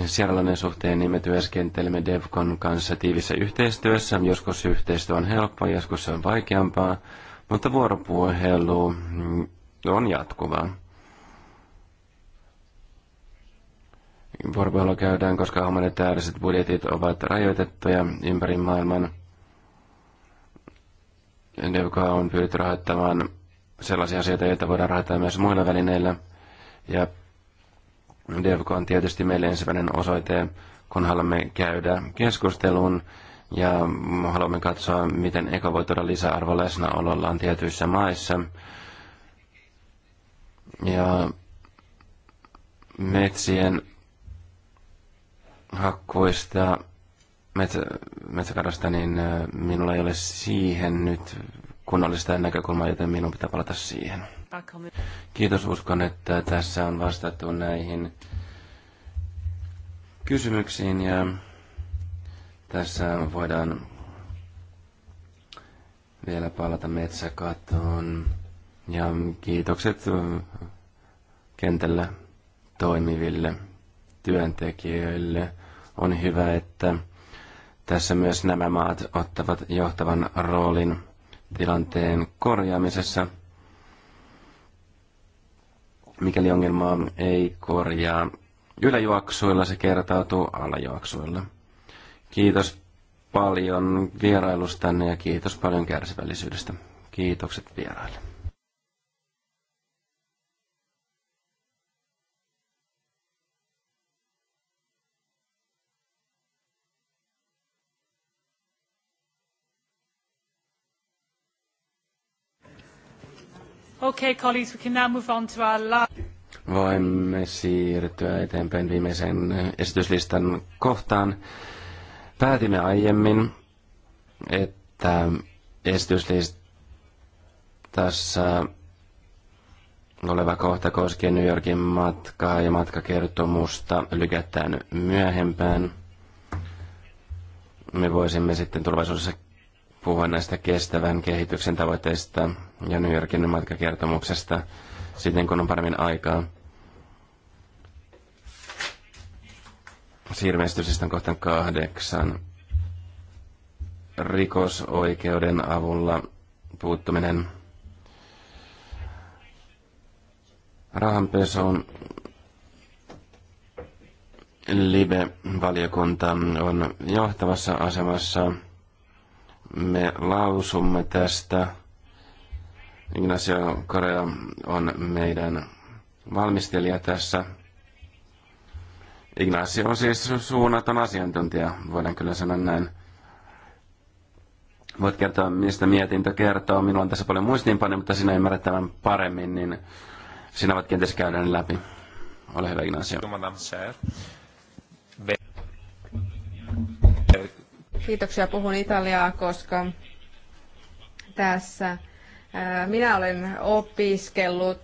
Sierralainen suhteen niin me työskentelemme DevCon kanssa tiivissä yhteistyössä. Joskus yhteistyö on helppoa, joskus se on vaikeampaa, mutta vuoropuhelu mm, on jatkuvaa. Vuoropuhelu käydään, koska humanitaariset budjetit ovat rajoitettuja ympäri maailman. DevCon on pyytänyt rahoittamaan sellaisia asioita, joita voidaan rahoittaa myös muilla välineillä. Ja DevCo on tietysti meille ensimmäinen osoite, kun haluamme käydä keskustelun ja haluamme katsoa, miten eka voi tuoda lisäarvo läsnäolollaan tietyissä maissa. Ja metsien hakkuista, metsä, metsäkadosta, niin äh, minulla ei ole siihen nyt kunnollista näkökulmaa, joten minun pitää palata siihen. Kiitos, uskon, että tässä on vastattu näihin kysymyksiin ja tässä voidaan vielä palata metsäkatoon. Ja kiitokset kentällä toimiville työntekijöille. On hyvä, että tässä myös nämä maat ottavat johtavan roolin tilanteen korjaamisessa – Mikäli ongelmaa ei korjaa yläjuoksuilla, se kertautuu alajuoksuilla. Kiitos paljon vierailustanne ja kiitos paljon kärsivällisyydestä. Kiitokset vieraille. Okay, colleagues, we can now move on to our Voimme siirtyä eteenpäin viimeisen esityslistan kohtaan. Päätimme aiemmin, että esityslistassa oleva kohta koskee New Yorkin matkaa ja matkakertomusta lykätään myöhempään. Me voisimme sitten tulevaisuudessa puhua näistä kestävän kehityksen tavoitteista ja New Yorkin matkakertomuksesta sitten, kun on paremmin aikaa. Siirmeistysistä on kohtaan kahdeksan. Rikosoikeuden avulla puuttuminen on Live-valiokunta on johtavassa asemassa – me lausumme tästä. Ignacio Korea on meidän valmistelija tässä. Ignacio on siis suunnaton asiantuntija, voidaan kyllä sanoa näin. Voit kertoa, mistä mietintö kertoo. Minulla on tässä paljon muistiinpanoja, mutta sinä ymmärrät tämän paremmin, niin sinä voit kenties käydä ne läpi. Ole hyvä, Ignacio. Madame Kiitoksia, puhun italiaa, koska tässä minä olen opiskellut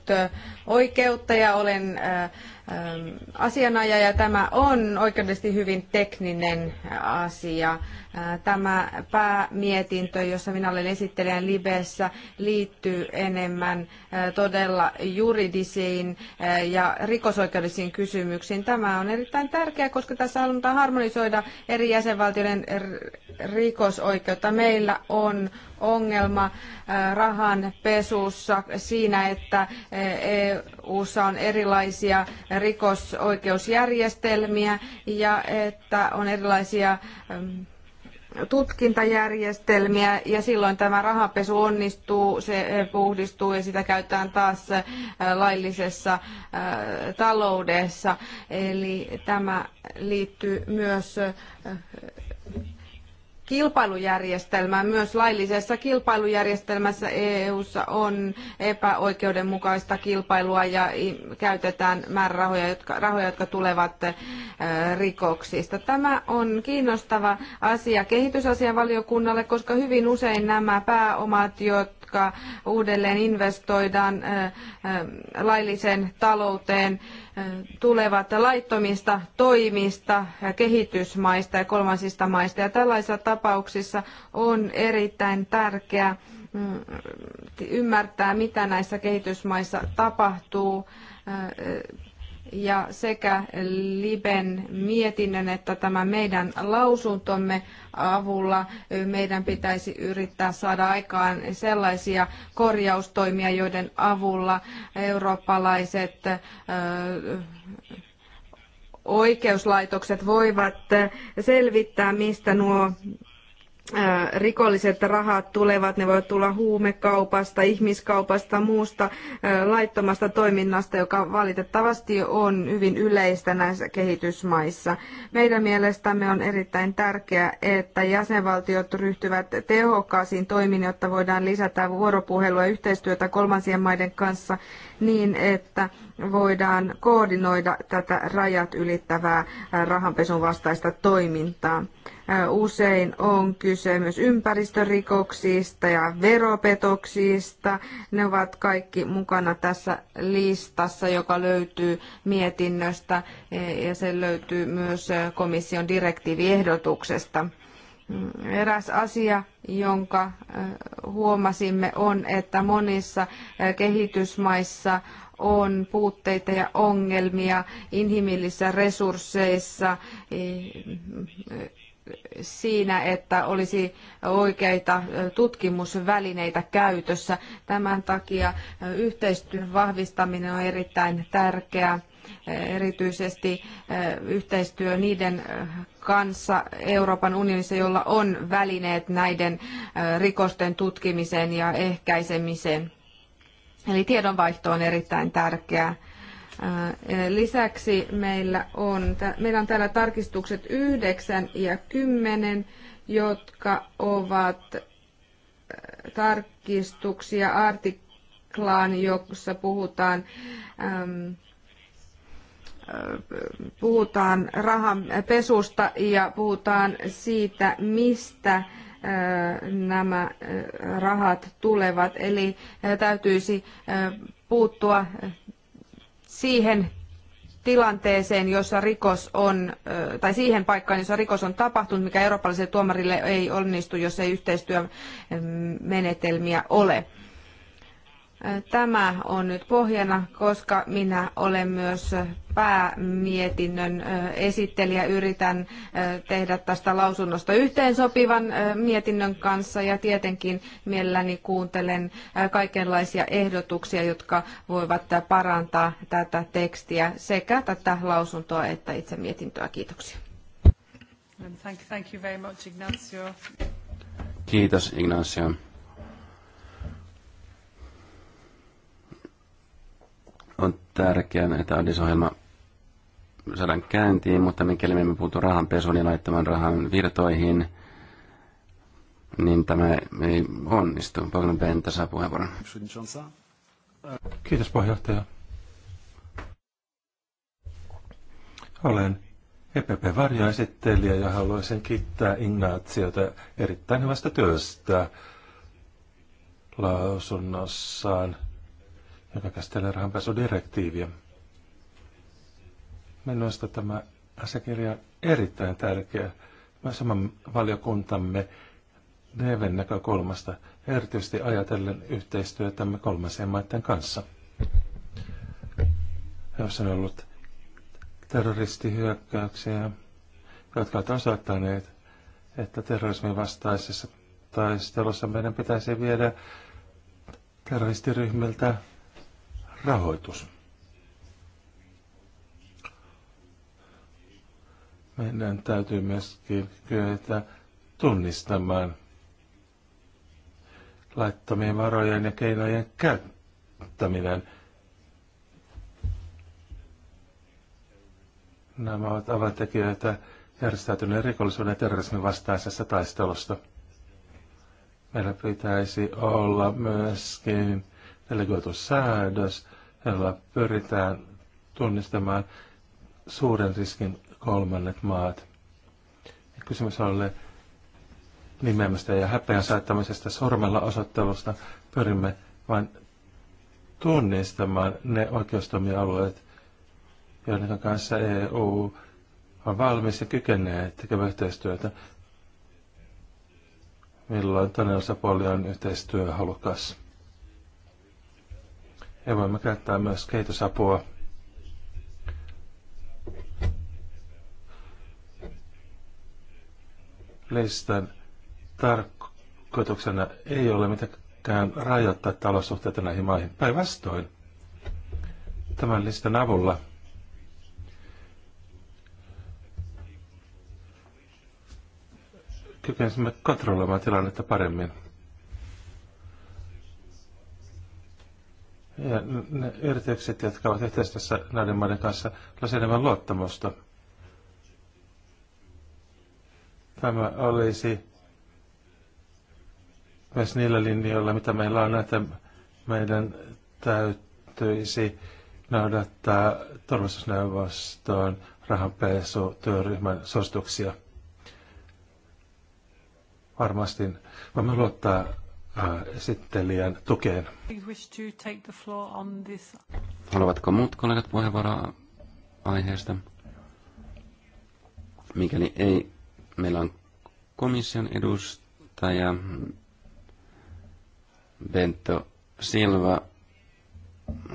oikeutta ja olen Ähm, asianajaja ja tämä on oikeudellisesti hyvin tekninen äh, asia. Äh, tämä päämietintö, jossa minä olen esittelijän Libessä, liittyy enemmän äh, todella juridisiin ja rikosoikeudellisiin kysymyksiin. Tämä on erittäin tärkeää, koska tässä halutaan harmonisoida eri jäsenvaltioiden rikosoikeutta. Meillä on ongelma rahan pesussa siinä, että EU:ssa on erilaisia rikosoikeusjärjestelmiä ja että on erilaisia ähm, tutkintajärjestelmiä ja silloin tämä rahapesu onnistuu, se puhdistuu ja sitä käytetään taas äh, laillisessa äh, taloudessa. Eli tämä liittyy myös äh, kilpailujärjestelmää. Myös laillisessa kilpailujärjestelmässä EU:ssa on epäoikeudenmukaista kilpailua ja käytetään määrärahoja, jotka, rahoja, jotka tulevat rikoksista. Tämä on kiinnostava asia kehitysasiavaliokunnalle, koska hyvin usein nämä pääomat, jotka jotka uudelleen investoidaan lailliseen talouteen, tulevat laittomista toimista, kehitysmaista ja kolmansista maista. Ja tällaisissa tapauksissa on erittäin tärkeää mm, ymmärtää, mitä näissä kehitysmaissa tapahtuu ja sekä Liben mietinnön että tämän meidän lausuntomme avulla meidän pitäisi yrittää saada aikaan sellaisia korjaustoimia, joiden avulla eurooppalaiset oikeuslaitokset voivat selvittää, mistä nuo rikolliset rahat tulevat, ne voivat tulla huumekaupasta, ihmiskaupasta, muusta laittomasta toiminnasta, joka valitettavasti on hyvin yleistä näissä kehitysmaissa. Meidän mielestämme on erittäin tärkeää, että jäsenvaltiot ryhtyvät tehokkaisiin toimiin, jotta voidaan lisätä vuoropuhelua ja yhteistyötä kolmansien maiden kanssa niin, että voidaan koordinoida tätä rajat ylittävää rahanpesun vastaista toimintaa. Usein on kyse myös ympäristörikoksista ja veropetoksista. Ne ovat kaikki mukana tässä listassa, joka löytyy mietinnöstä e, ja se löytyy myös komission direktiiviehdotuksesta. Mm, eräs asia, jonka huomasimme, on, että monissa kehitysmaissa on puutteita ja ongelmia inhimillisissä resursseissa, e, siinä, että olisi oikeita tutkimusvälineitä käytössä. Tämän takia yhteistyön vahvistaminen on erittäin tärkeää, erityisesti eh, yhteistyö niiden eh, kanssa Euroopan unionissa, jolla on välineet näiden eh, rikosten tutkimiseen ja ehkäisemiseen. Eli tiedonvaihto on erittäin tärkeää. Lisäksi meillä on, meillä on täällä tarkistukset 9 ja 10, jotka ovat tarkistuksia artiklaan, jossa puhutaan, puhutaan rahan pesusta ja puhutaan siitä, mistä nämä rahat tulevat. Eli täytyisi puuttua siihen tilanteeseen, jossa rikos on, tai siihen paikkaan, jossa rikos on tapahtunut, mikä eurooppalaiselle tuomarille ei onnistu, jos ei yhteistyömenetelmiä ole. Tämä on nyt pohjana, koska minä olen myös päämietinnön esittelijä. Yritän tehdä tästä lausunnosta yhteensopivan mietinnön kanssa ja tietenkin mielelläni kuuntelen kaikenlaisia ehdotuksia, jotka voivat parantaa tätä tekstiä sekä tätä lausuntoa että itse mietintöä. Kiitoksia. Thank, you very much, Ignacio. Kiitos Ignacio. On tärkeää, että Addis-ohjelma saadaan käyntiin, mutta mikäli me emme puutu rahanpesuun ja laittamaan rahan virtoihin, niin tämä ei onnistu. Pavlen Benta saa puheenvuoron. Kiitos puheenjohtaja. Olen EPP-varjoesittelijä ja haluaisin kiittää Ignaatiota erittäin hyvästä työstä lausunnossaan joka käsittelee rahanpesudirektiiviä. Minusta tämä asiakirja on erittäin tärkeä. Mä saman valiokuntamme Neven näkökulmasta, erityisesti ajatellen yhteistyötämme kolmansien maiden kanssa. Jos on ollut terroristihyökkäyksiä, jotka ovat osoittaneet, että terrorismin vastaisessa taistelussa meidän pitäisi viedä terroristiryhmiltä rahoitus. Meidän täytyy myöskin kyetä tunnistamaan laittomien varojen ja keinojen käyttäminen. Nämä ovat avaintekijöitä järjestäytyneen rikollisuuden ja terrorismin vastaisessa taistelusta. Meillä pitäisi olla myöskin delegoitu säädös, jolla pyritään tunnistamaan suuren riskin kolmannet maat. Kysymys on nimeämästä ja häpeän saattamisesta sormella osoittelusta. Pyrimme vain tunnistamaan ne oikeustoimialueet, joiden kanssa EU on valmis ja kykenee tekemään yhteistyötä, milloin toinen osapuoli on yhteistyöhalukas. Ja voimme käyttää myös kehitysapua listan tarkoituksena ei ole mitenkään rajoittaa taloussuhteita näihin maihin. Päinvastoin tämän listan avulla kykensimme kontrolloimaan tilannetta paremmin. Ja ne yritykset, jotka ovat yhteistyössä näiden maiden kanssa, olisi enemmän luottamusta. Tämä olisi myös niillä linjoilla, mitä meillä on, että meidän täytyisi noudattaa turvallisuusneuvoston rahanpesutyöryhmän suosituksia. Varmasti voimme luottaa esittelijän tukeen. Haluavatko muut kollegat puheenvuoroa aiheesta? Mikäli ei, meillä on komission edustaja Bento Silva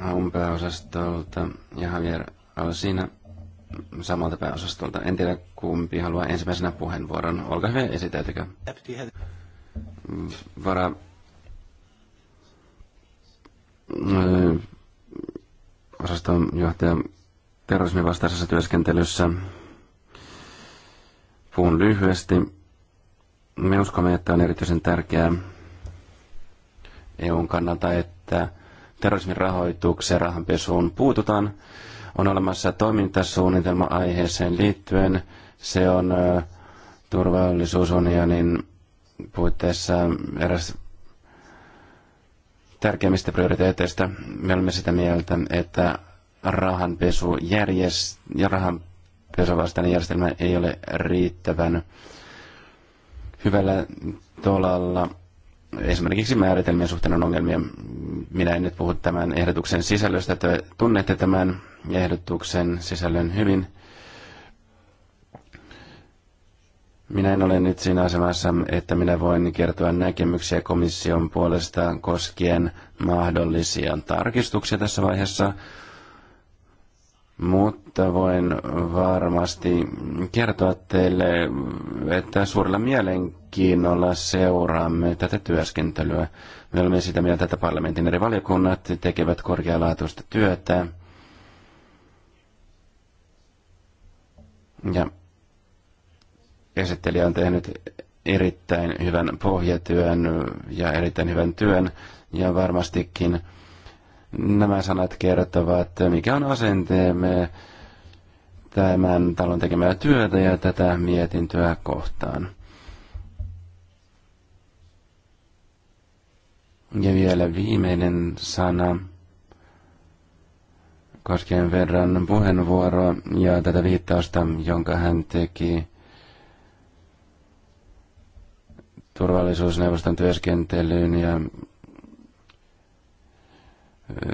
on pääosastolta ja Javier Alsina samalta pääosastolta. En tiedä kumpi haluaa ensimmäisenä puheenvuoron. Olkaa hyvä, esitäytykö. Vara osastonjohtaja terrorismin vastaisessa työskentelyssä. Puhun lyhyesti. Me uskomme, että on erityisen tärkeää EUn kannalta, että terrorismin rahoitukseen ja rahanpesuun puututaan. On olemassa toimintasuunnitelma aiheeseen liittyen. Se on turvallisuusunionin puitteissa eräs tärkeimmistä prioriteeteista. Me olemme sitä mieltä, että rahanpesu järjest... ja rahanpesuvastainen järjestelmä ei ole riittävän hyvällä tolalla. Esimerkiksi määritelmien suhteen on ongelmia. Minä en nyt puhu tämän ehdotuksen sisällöstä. Te tunnette tämän ehdotuksen sisällön hyvin – Minä en ole nyt siinä asemassa, että minä voin kertoa näkemyksiä komission puolesta koskien mahdollisia tarkistuksia tässä vaiheessa, mutta voin varmasti kertoa teille, että suurella mielenkiinnolla seuraamme tätä työskentelyä. Me olemme sitä mieltä, että parlamentin eri valiokunnat tekevät korkealaatuista työtä. Ja esittelijä on tehnyt erittäin hyvän pohjatyön ja erittäin hyvän työn, ja varmastikin nämä sanat kertovat, mikä on asenteemme tämän talon tekemää työtä ja tätä mietintöä kohtaan. Ja vielä viimeinen sana koskien verran puheenvuoroa ja tätä viittausta, jonka hän teki turvallisuusneuvoston työskentelyyn ja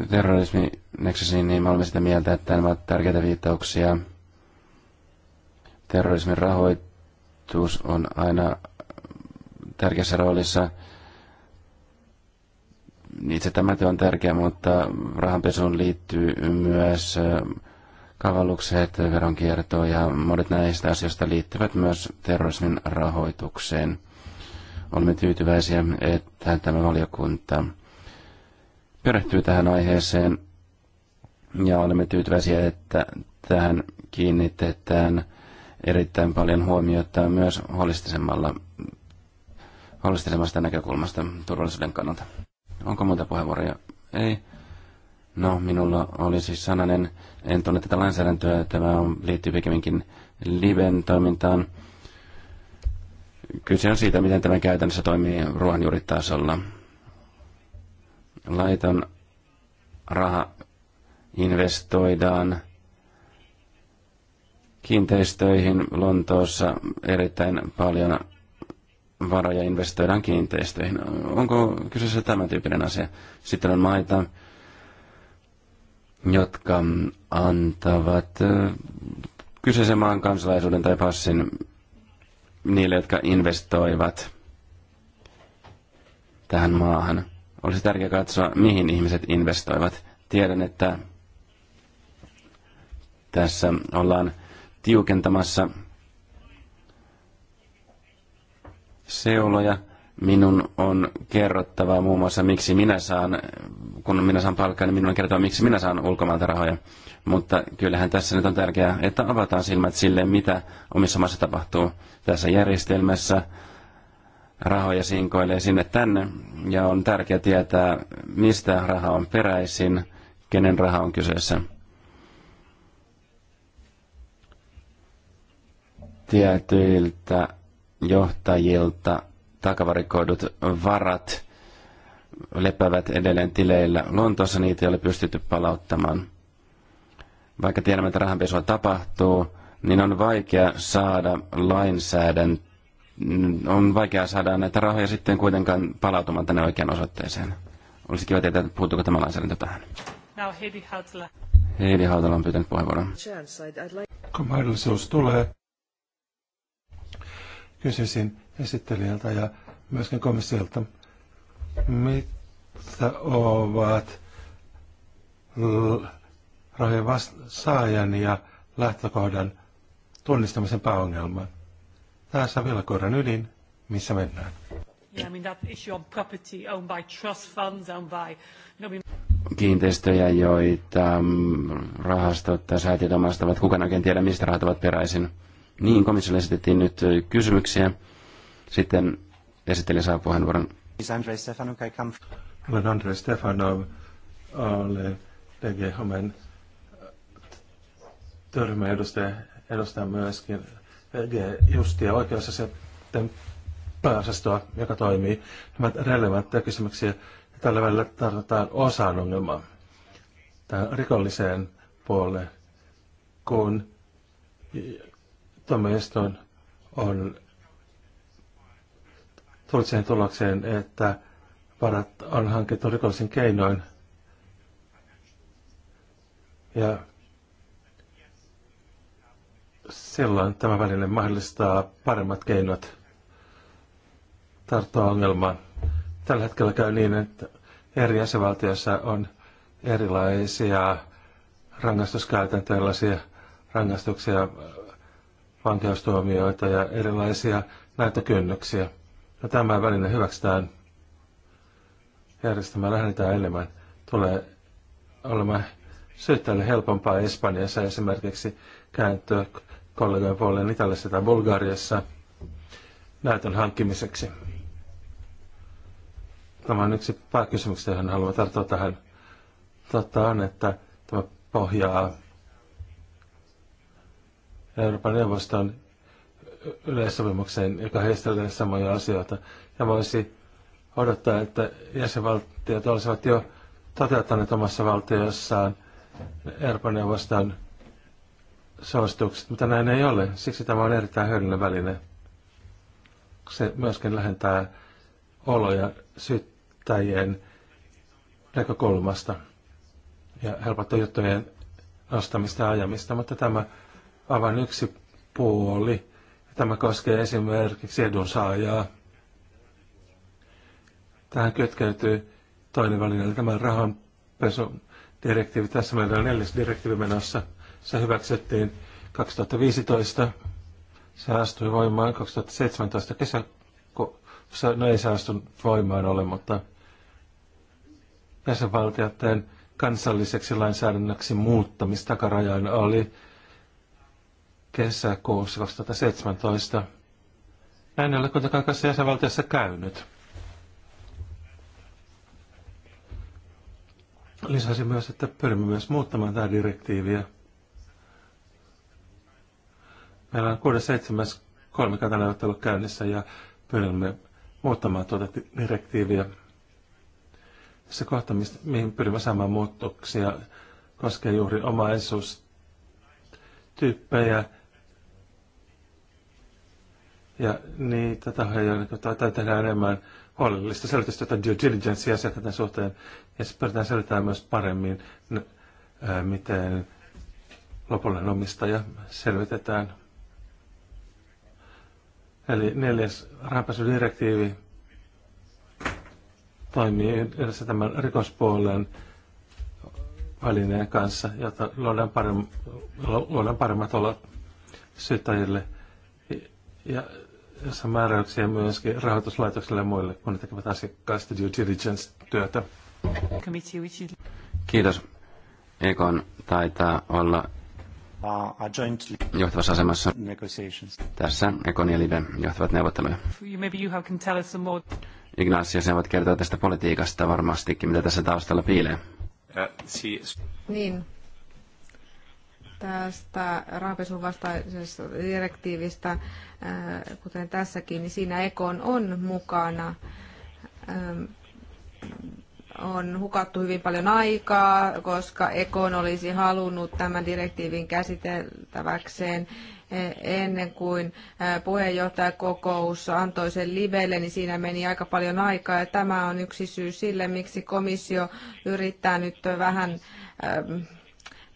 terrorismi Nexusiin, niin me olemme sitä mieltä, että nämä ovat tärkeitä viittauksia. Terrorismin rahoitus on aina tärkeässä roolissa. Itse tämä on tärkeä, mutta rahanpesuun liittyy myös kavallukset, veronkierto ja monet näistä asioista liittyvät myös terrorismin rahoitukseen. Olemme tyytyväisiä, että tämä valiokunta perehtyy tähän aiheeseen ja olemme tyytyväisiä, että tähän kiinnitetään erittäin paljon huomiota myös holistisemmalla, holistisemmasta näkökulmasta turvallisuuden kannalta. Onko muuta puheenvuoroja? Ei. No, minulla oli siis sananen, en tunne tätä lainsäädäntöä, tämä liittyy pikemminkin Liben toimintaan. Kyse on siitä, miten tämä käytännössä toimii ruohonjuuritasolla. Laiton raha investoidaan kiinteistöihin Lontoossa erittäin paljon varoja investoidaan kiinteistöihin. Onko kyseessä tämä tyyppinen asia? Sitten on maita, jotka antavat kyseisen maan kansalaisuuden tai passin niille, jotka investoivat tähän maahan. Olisi tärkeää katsoa, mihin ihmiset investoivat. Tiedän, että tässä ollaan tiukentamassa seuloja. Minun on kerrottava muun muassa, miksi minä saan kun minä saan palkkaa, niin minulle kertoo, miksi minä saan ulkomailta rahoja. Mutta kyllähän tässä nyt on tärkeää, että avataan silmät sille, mitä omissa maissa tapahtuu tässä järjestelmässä. Rahoja sinkoilee sinne tänne ja on tärkeää tietää, mistä raha on peräisin, kenen raha on kyseessä. Tietyiltä johtajilta takavarikoidut varat – lepävät edelleen tileillä. Lontoossa niitä ei ole pystytty palauttamaan. Vaikka tiedämme, että rahanpesua tapahtuu, niin on vaikea saada lainsäädäntöä on vaikea saada näitä rahoja sitten kuitenkaan palautumaan tänne oikeaan osoitteeseen. Olisi kiva tietää, että puuttuuko tämä lainsäädäntö tähän. Now Heidi Hautala. Heidi Hautala on pyytänyt puheenvuoron. Kun mahdollisuus tulee, kysyisin esittelijältä ja myöskin komissiolta, mitä ovat rahojen saajan ja lähtökohdan tunnistamisen pääongelman? Tässä koiran ydin, missä mennään. kiinteistöjä, joita mm, rahastot tai säätiöt omastavat. Kukaan oikein tiedä, mistä rahat ovat peräisin. Niin, komissiolle esitettiin nyt kysymyksiä. Sitten esittelijä saa puheenvuoron. Andrei Stefanuk, okay come... Olen Andrei Stefanov, olen DG Homen työryhmän edustaja, edustan myöskin DG Justia se pääosastoa, joka toimii. Nämä relevantteja kysymyksiä tällä välillä tarvitaan osaan ongelmaa tähän rikolliseen puoleen, kun tuomioistuin on tullut siihen tulokseen, että varat on hankittu rikollisin keinoin. Ja silloin tämä väline mahdollistaa paremmat keinot tarttua ongelmaan. Tällä hetkellä käy niin, että eri jäsenvaltioissa on erilaisia rangaistuskäytäntöjä, erilaisia rangaistuksia, vankeustuomioita ja erilaisia näitä kynnyksiä ja tämä väline hyväksytään järjestämään, lähdetään enemmän. Tulee olemaan syyttäjälle helpompaa Espanjassa esimerkiksi kääntyä kollegojen puoleen Italiassa tai Bulgariassa näytön hankkimiseksi. Tämä on yksi pääkysymyksistä, johon haluan tarttua tähän. Totta on, että tämä pohjaa Euroopan neuvoston yleissopimukseen, joka heistelee samoja asioita. Ja voisi odottaa, että jäsenvaltiot olisivat jo toteuttaneet omassa valtiossaan Euroopan neuvoston suositukset, mutta näin ei ole. Siksi tämä on erittäin hyödyllinen väline. Se myöskin lähentää oloja syyttäjien näkökulmasta ja helpottaa juttujen nostamista ja ajamista, mutta tämä on vain yksi puoli Tämä koskee esimerkiksi edunsaajaa. Tähän kytkeytyy toinen väline, eli tämä rahanpesudirektiivi. Tässä meillä on neljäs direktiivi menossa. Se hyväksyttiin 2015. Se astui voimaan 2017 kesäkuussa. No ei se astunut voimaan ole, mutta jäsenvaltioiden kansalliseksi lainsäädännöksi muuttamistakarajan oli kesäkuussa 2017. Näin ei ole kuitenkaan kanssa jäsenvaltiossa käynyt. Lisäsi myös, että pyrimme myös muuttamaan tämä direktiiviä. Meillä on 6.7.3. kolmikantaneuvottelu käynnissä ja pyrimme muuttamaan tuota direktiiviä. Se kohta, mihin pyrimme saamaan muutoksia, koskee juuri omaisuustyyppejä ja niitä tahoja, joita tehdään enemmän huolellista selvitystä tai due diligence asioiden suhteen. Ja sitten pyritään selvittämään myös paremmin, miten lopullinen omistaja selvitetään. Eli neljäs rahanpesudirektiivi toimii yhdessä tämän rikospuolen välineen kanssa, jotta luodaan, parem, luodaan paremmat olot syyttäjille. Ja jossa määräyksiä myöskin rahoituslaitoksille ja muille, kun ne tekevät asiakkaista due diligence-työtä. Kiitos. Ekon taitaa olla uh, johtavassa asemassa tässä Ekon ja Liben johtavat neuvotteluja. Ignacio, sinä voit kertoa tästä politiikasta varmastikin, mitä tässä taustalla piilee. Niin, tästä rahanpesun vastaisesta direktiivistä, äh, kuten tässäkin, niin siinä Ekon on mukana. Ähm, on hukattu hyvin paljon aikaa, koska Ekon olisi halunnut tämän direktiivin käsiteltäväkseen äh, ennen kuin äh, puheenjohtajakokous antoi sen livelle, niin siinä meni aika paljon aikaa. Ja tämä on yksi syy sille, miksi komissio yrittää nyt vähän ähm,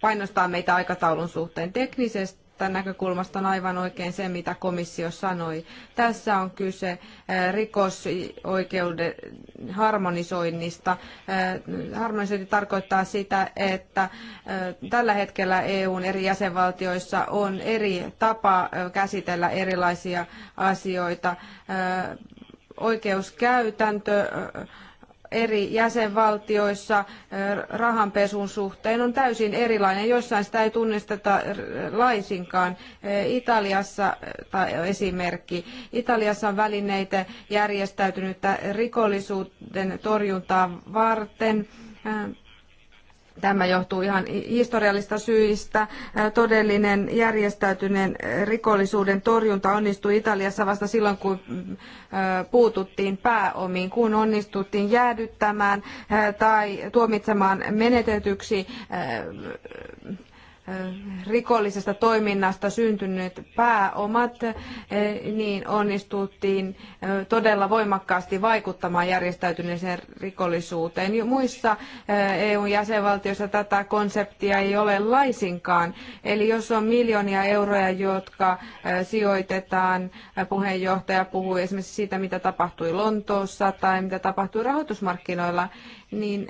painostaa meitä aikataulun suhteen teknisesti näkökulmasta on aivan oikein se, mitä komissio sanoi. Tässä on kyse eh, rikosoikeuden harmonisoinnista. Eh, harmonisointi tarkoittaa sitä, että eh, tällä hetkellä EUn eri jäsenvaltioissa on eri tapa käsitellä erilaisia asioita. Oikeuskäytäntö eri jäsenvaltioissa eh, rahanpesun suhteen on täysin erilainen. Joissain sitä ei tunnisteta laisinkaan. Eh, Italiassa, eh, tai esimerkki, Italiassa on välineitä järjestäytynyttä rikollisuuden torjuntaa varten. Tämä johtuu ihan historiallista syistä. Todellinen järjestäytyneen rikollisuuden torjunta onnistui Italiassa vasta silloin, kun puututtiin pääomiin, kun onnistuttiin jäädyttämään tai tuomitsemaan menetetyksi rikollisesta toiminnasta syntyneet pääomat, niin onnistuttiin todella voimakkaasti vaikuttamaan järjestäytyneeseen rikollisuuteen. Muissa EU-jäsenvaltioissa tätä konseptia ei ole laisinkaan. Eli jos on miljoonia euroja, jotka sijoitetaan, puheenjohtaja puhui esimerkiksi siitä, mitä tapahtui Lontoossa tai mitä tapahtui rahoitusmarkkinoilla, niin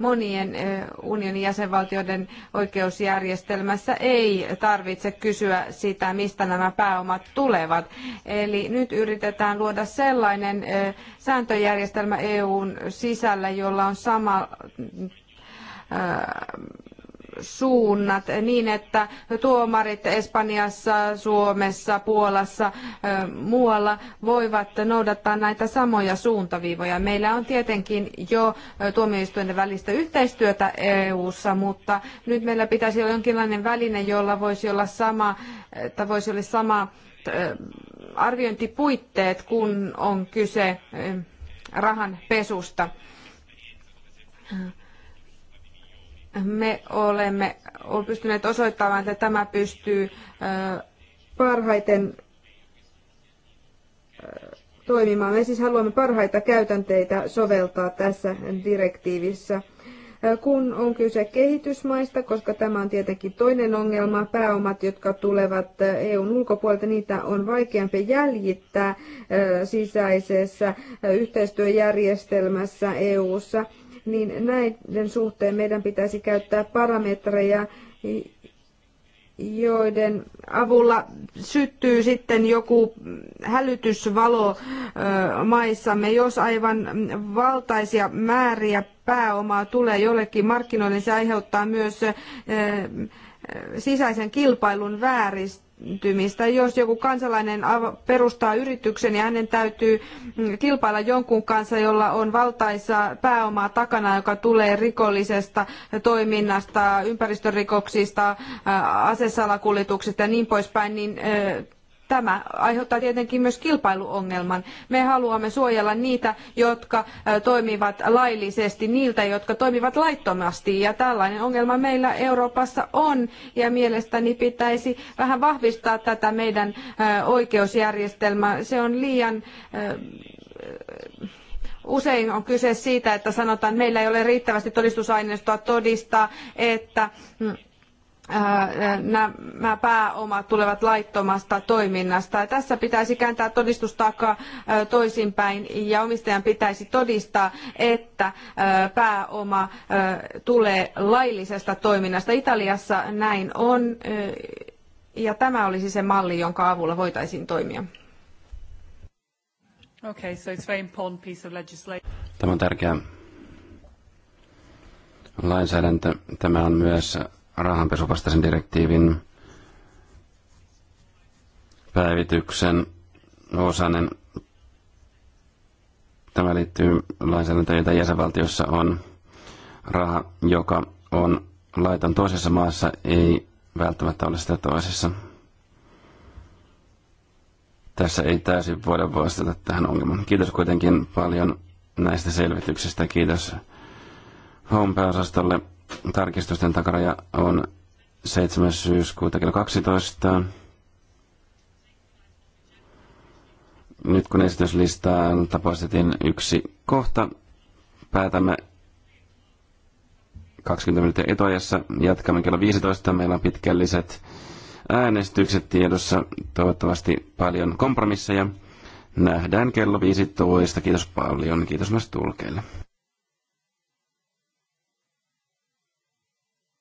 monien unionin jäsenvaltioiden oikeusjärjestelmässä ei tarvitse kysyä sitä, mistä nämä pääomat tulevat. Eli nyt yritetään luoda sellainen sääntöjärjestelmä EUn sisällä, jolla on sama suunnat niin, että tuomarit Espanjassa, Suomessa, Puolassa, muualla voivat noudattaa näitä samoja suuntaviivoja. Meillä on tietenkin jo tuomioistuinten välistä yhteistyötä EU-ssa, mutta nyt meillä pitäisi olla jonkinlainen väline, jolla voisi olla sama, että voisi olla sama arviointipuitteet, kun on kyse rahan pesusta me olemme pystyneet osoittamaan, että tämä pystyy parhaiten toimimaan. Me siis haluamme parhaita käytänteitä soveltaa tässä direktiivissä. Kun on kyse kehitysmaista, koska tämä on tietenkin toinen ongelma, pääomat, jotka tulevat EUn ulkopuolelta, niitä on vaikeampi jäljittää sisäisessä yhteistyöjärjestelmässä EUssa niin näiden suhteen meidän pitäisi käyttää parametreja, joiden avulla syttyy sitten joku hälytysvalo maissamme, jos aivan valtaisia määriä pääomaa tulee jollekin markkinoille, niin se aiheuttaa myös sisäisen kilpailun vääristymää yhdistymistä. Jos joku kansalainen perustaa yrityksen, niin hänen täytyy mm, kilpailla jonkun kanssa, jolla on valtaisa pääomaa takana, joka tulee rikollisesta toiminnasta, ympäristörikoksista, asesalakuljetuksista ja niin poispäin, niin Tämä aiheuttaa tietenkin myös kilpailuongelman. Me haluamme suojella niitä, jotka toimivat laillisesti, niiltä, jotka toimivat laittomasti. Ja tällainen ongelma meillä Euroopassa on. Ja mielestäni pitäisi vähän vahvistaa tätä meidän oikeusjärjestelmää. Se on liian usein on kyse siitä, että sanotaan, että meillä ei ole riittävästi todistusaineistoa todistaa, että mm, nämä pääomat tulevat laittomasta toiminnasta. Tässä pitäisi kääntää todistustaakka toisinpäin ja omistajan pitäisi todistaa, että pääoma tulee laillisesta toiminnasta. Italiassa näin on ja tämä olisi se malli, jonka avulla voitaisiin toimia. Okay, so it's very important piece of legislation. Tämä on tärkeä lainsäädäntö. Tämä on myös rahanpesuvastaisen direktiivin päivityksen osainen. Tämä liittyy lainsäädäntöön, jota jäsenvaltiossa on. Raha, joka on laiton toisessa maassa, ei välttämättä ole sitä toisessa. Tässä ei täysin voida vastata tähän ongelmaan. Kiitos kuitenkin paljon näistä selvityksistä. Kiitos home Tarkistusten takaraja on 7. syyskuuta kello 12. Nyt kun esityslistaan tapasitin yksi kohta, päätämme 20 minuuttia etuajassa. Jatkamme kello 15. Meillä on pitkälliset äänestykset tiedossa. Toivottavasti paljon kompromisseja. Nähdään kello 15. Kiitos paljon. Kiitos myös tulkeille.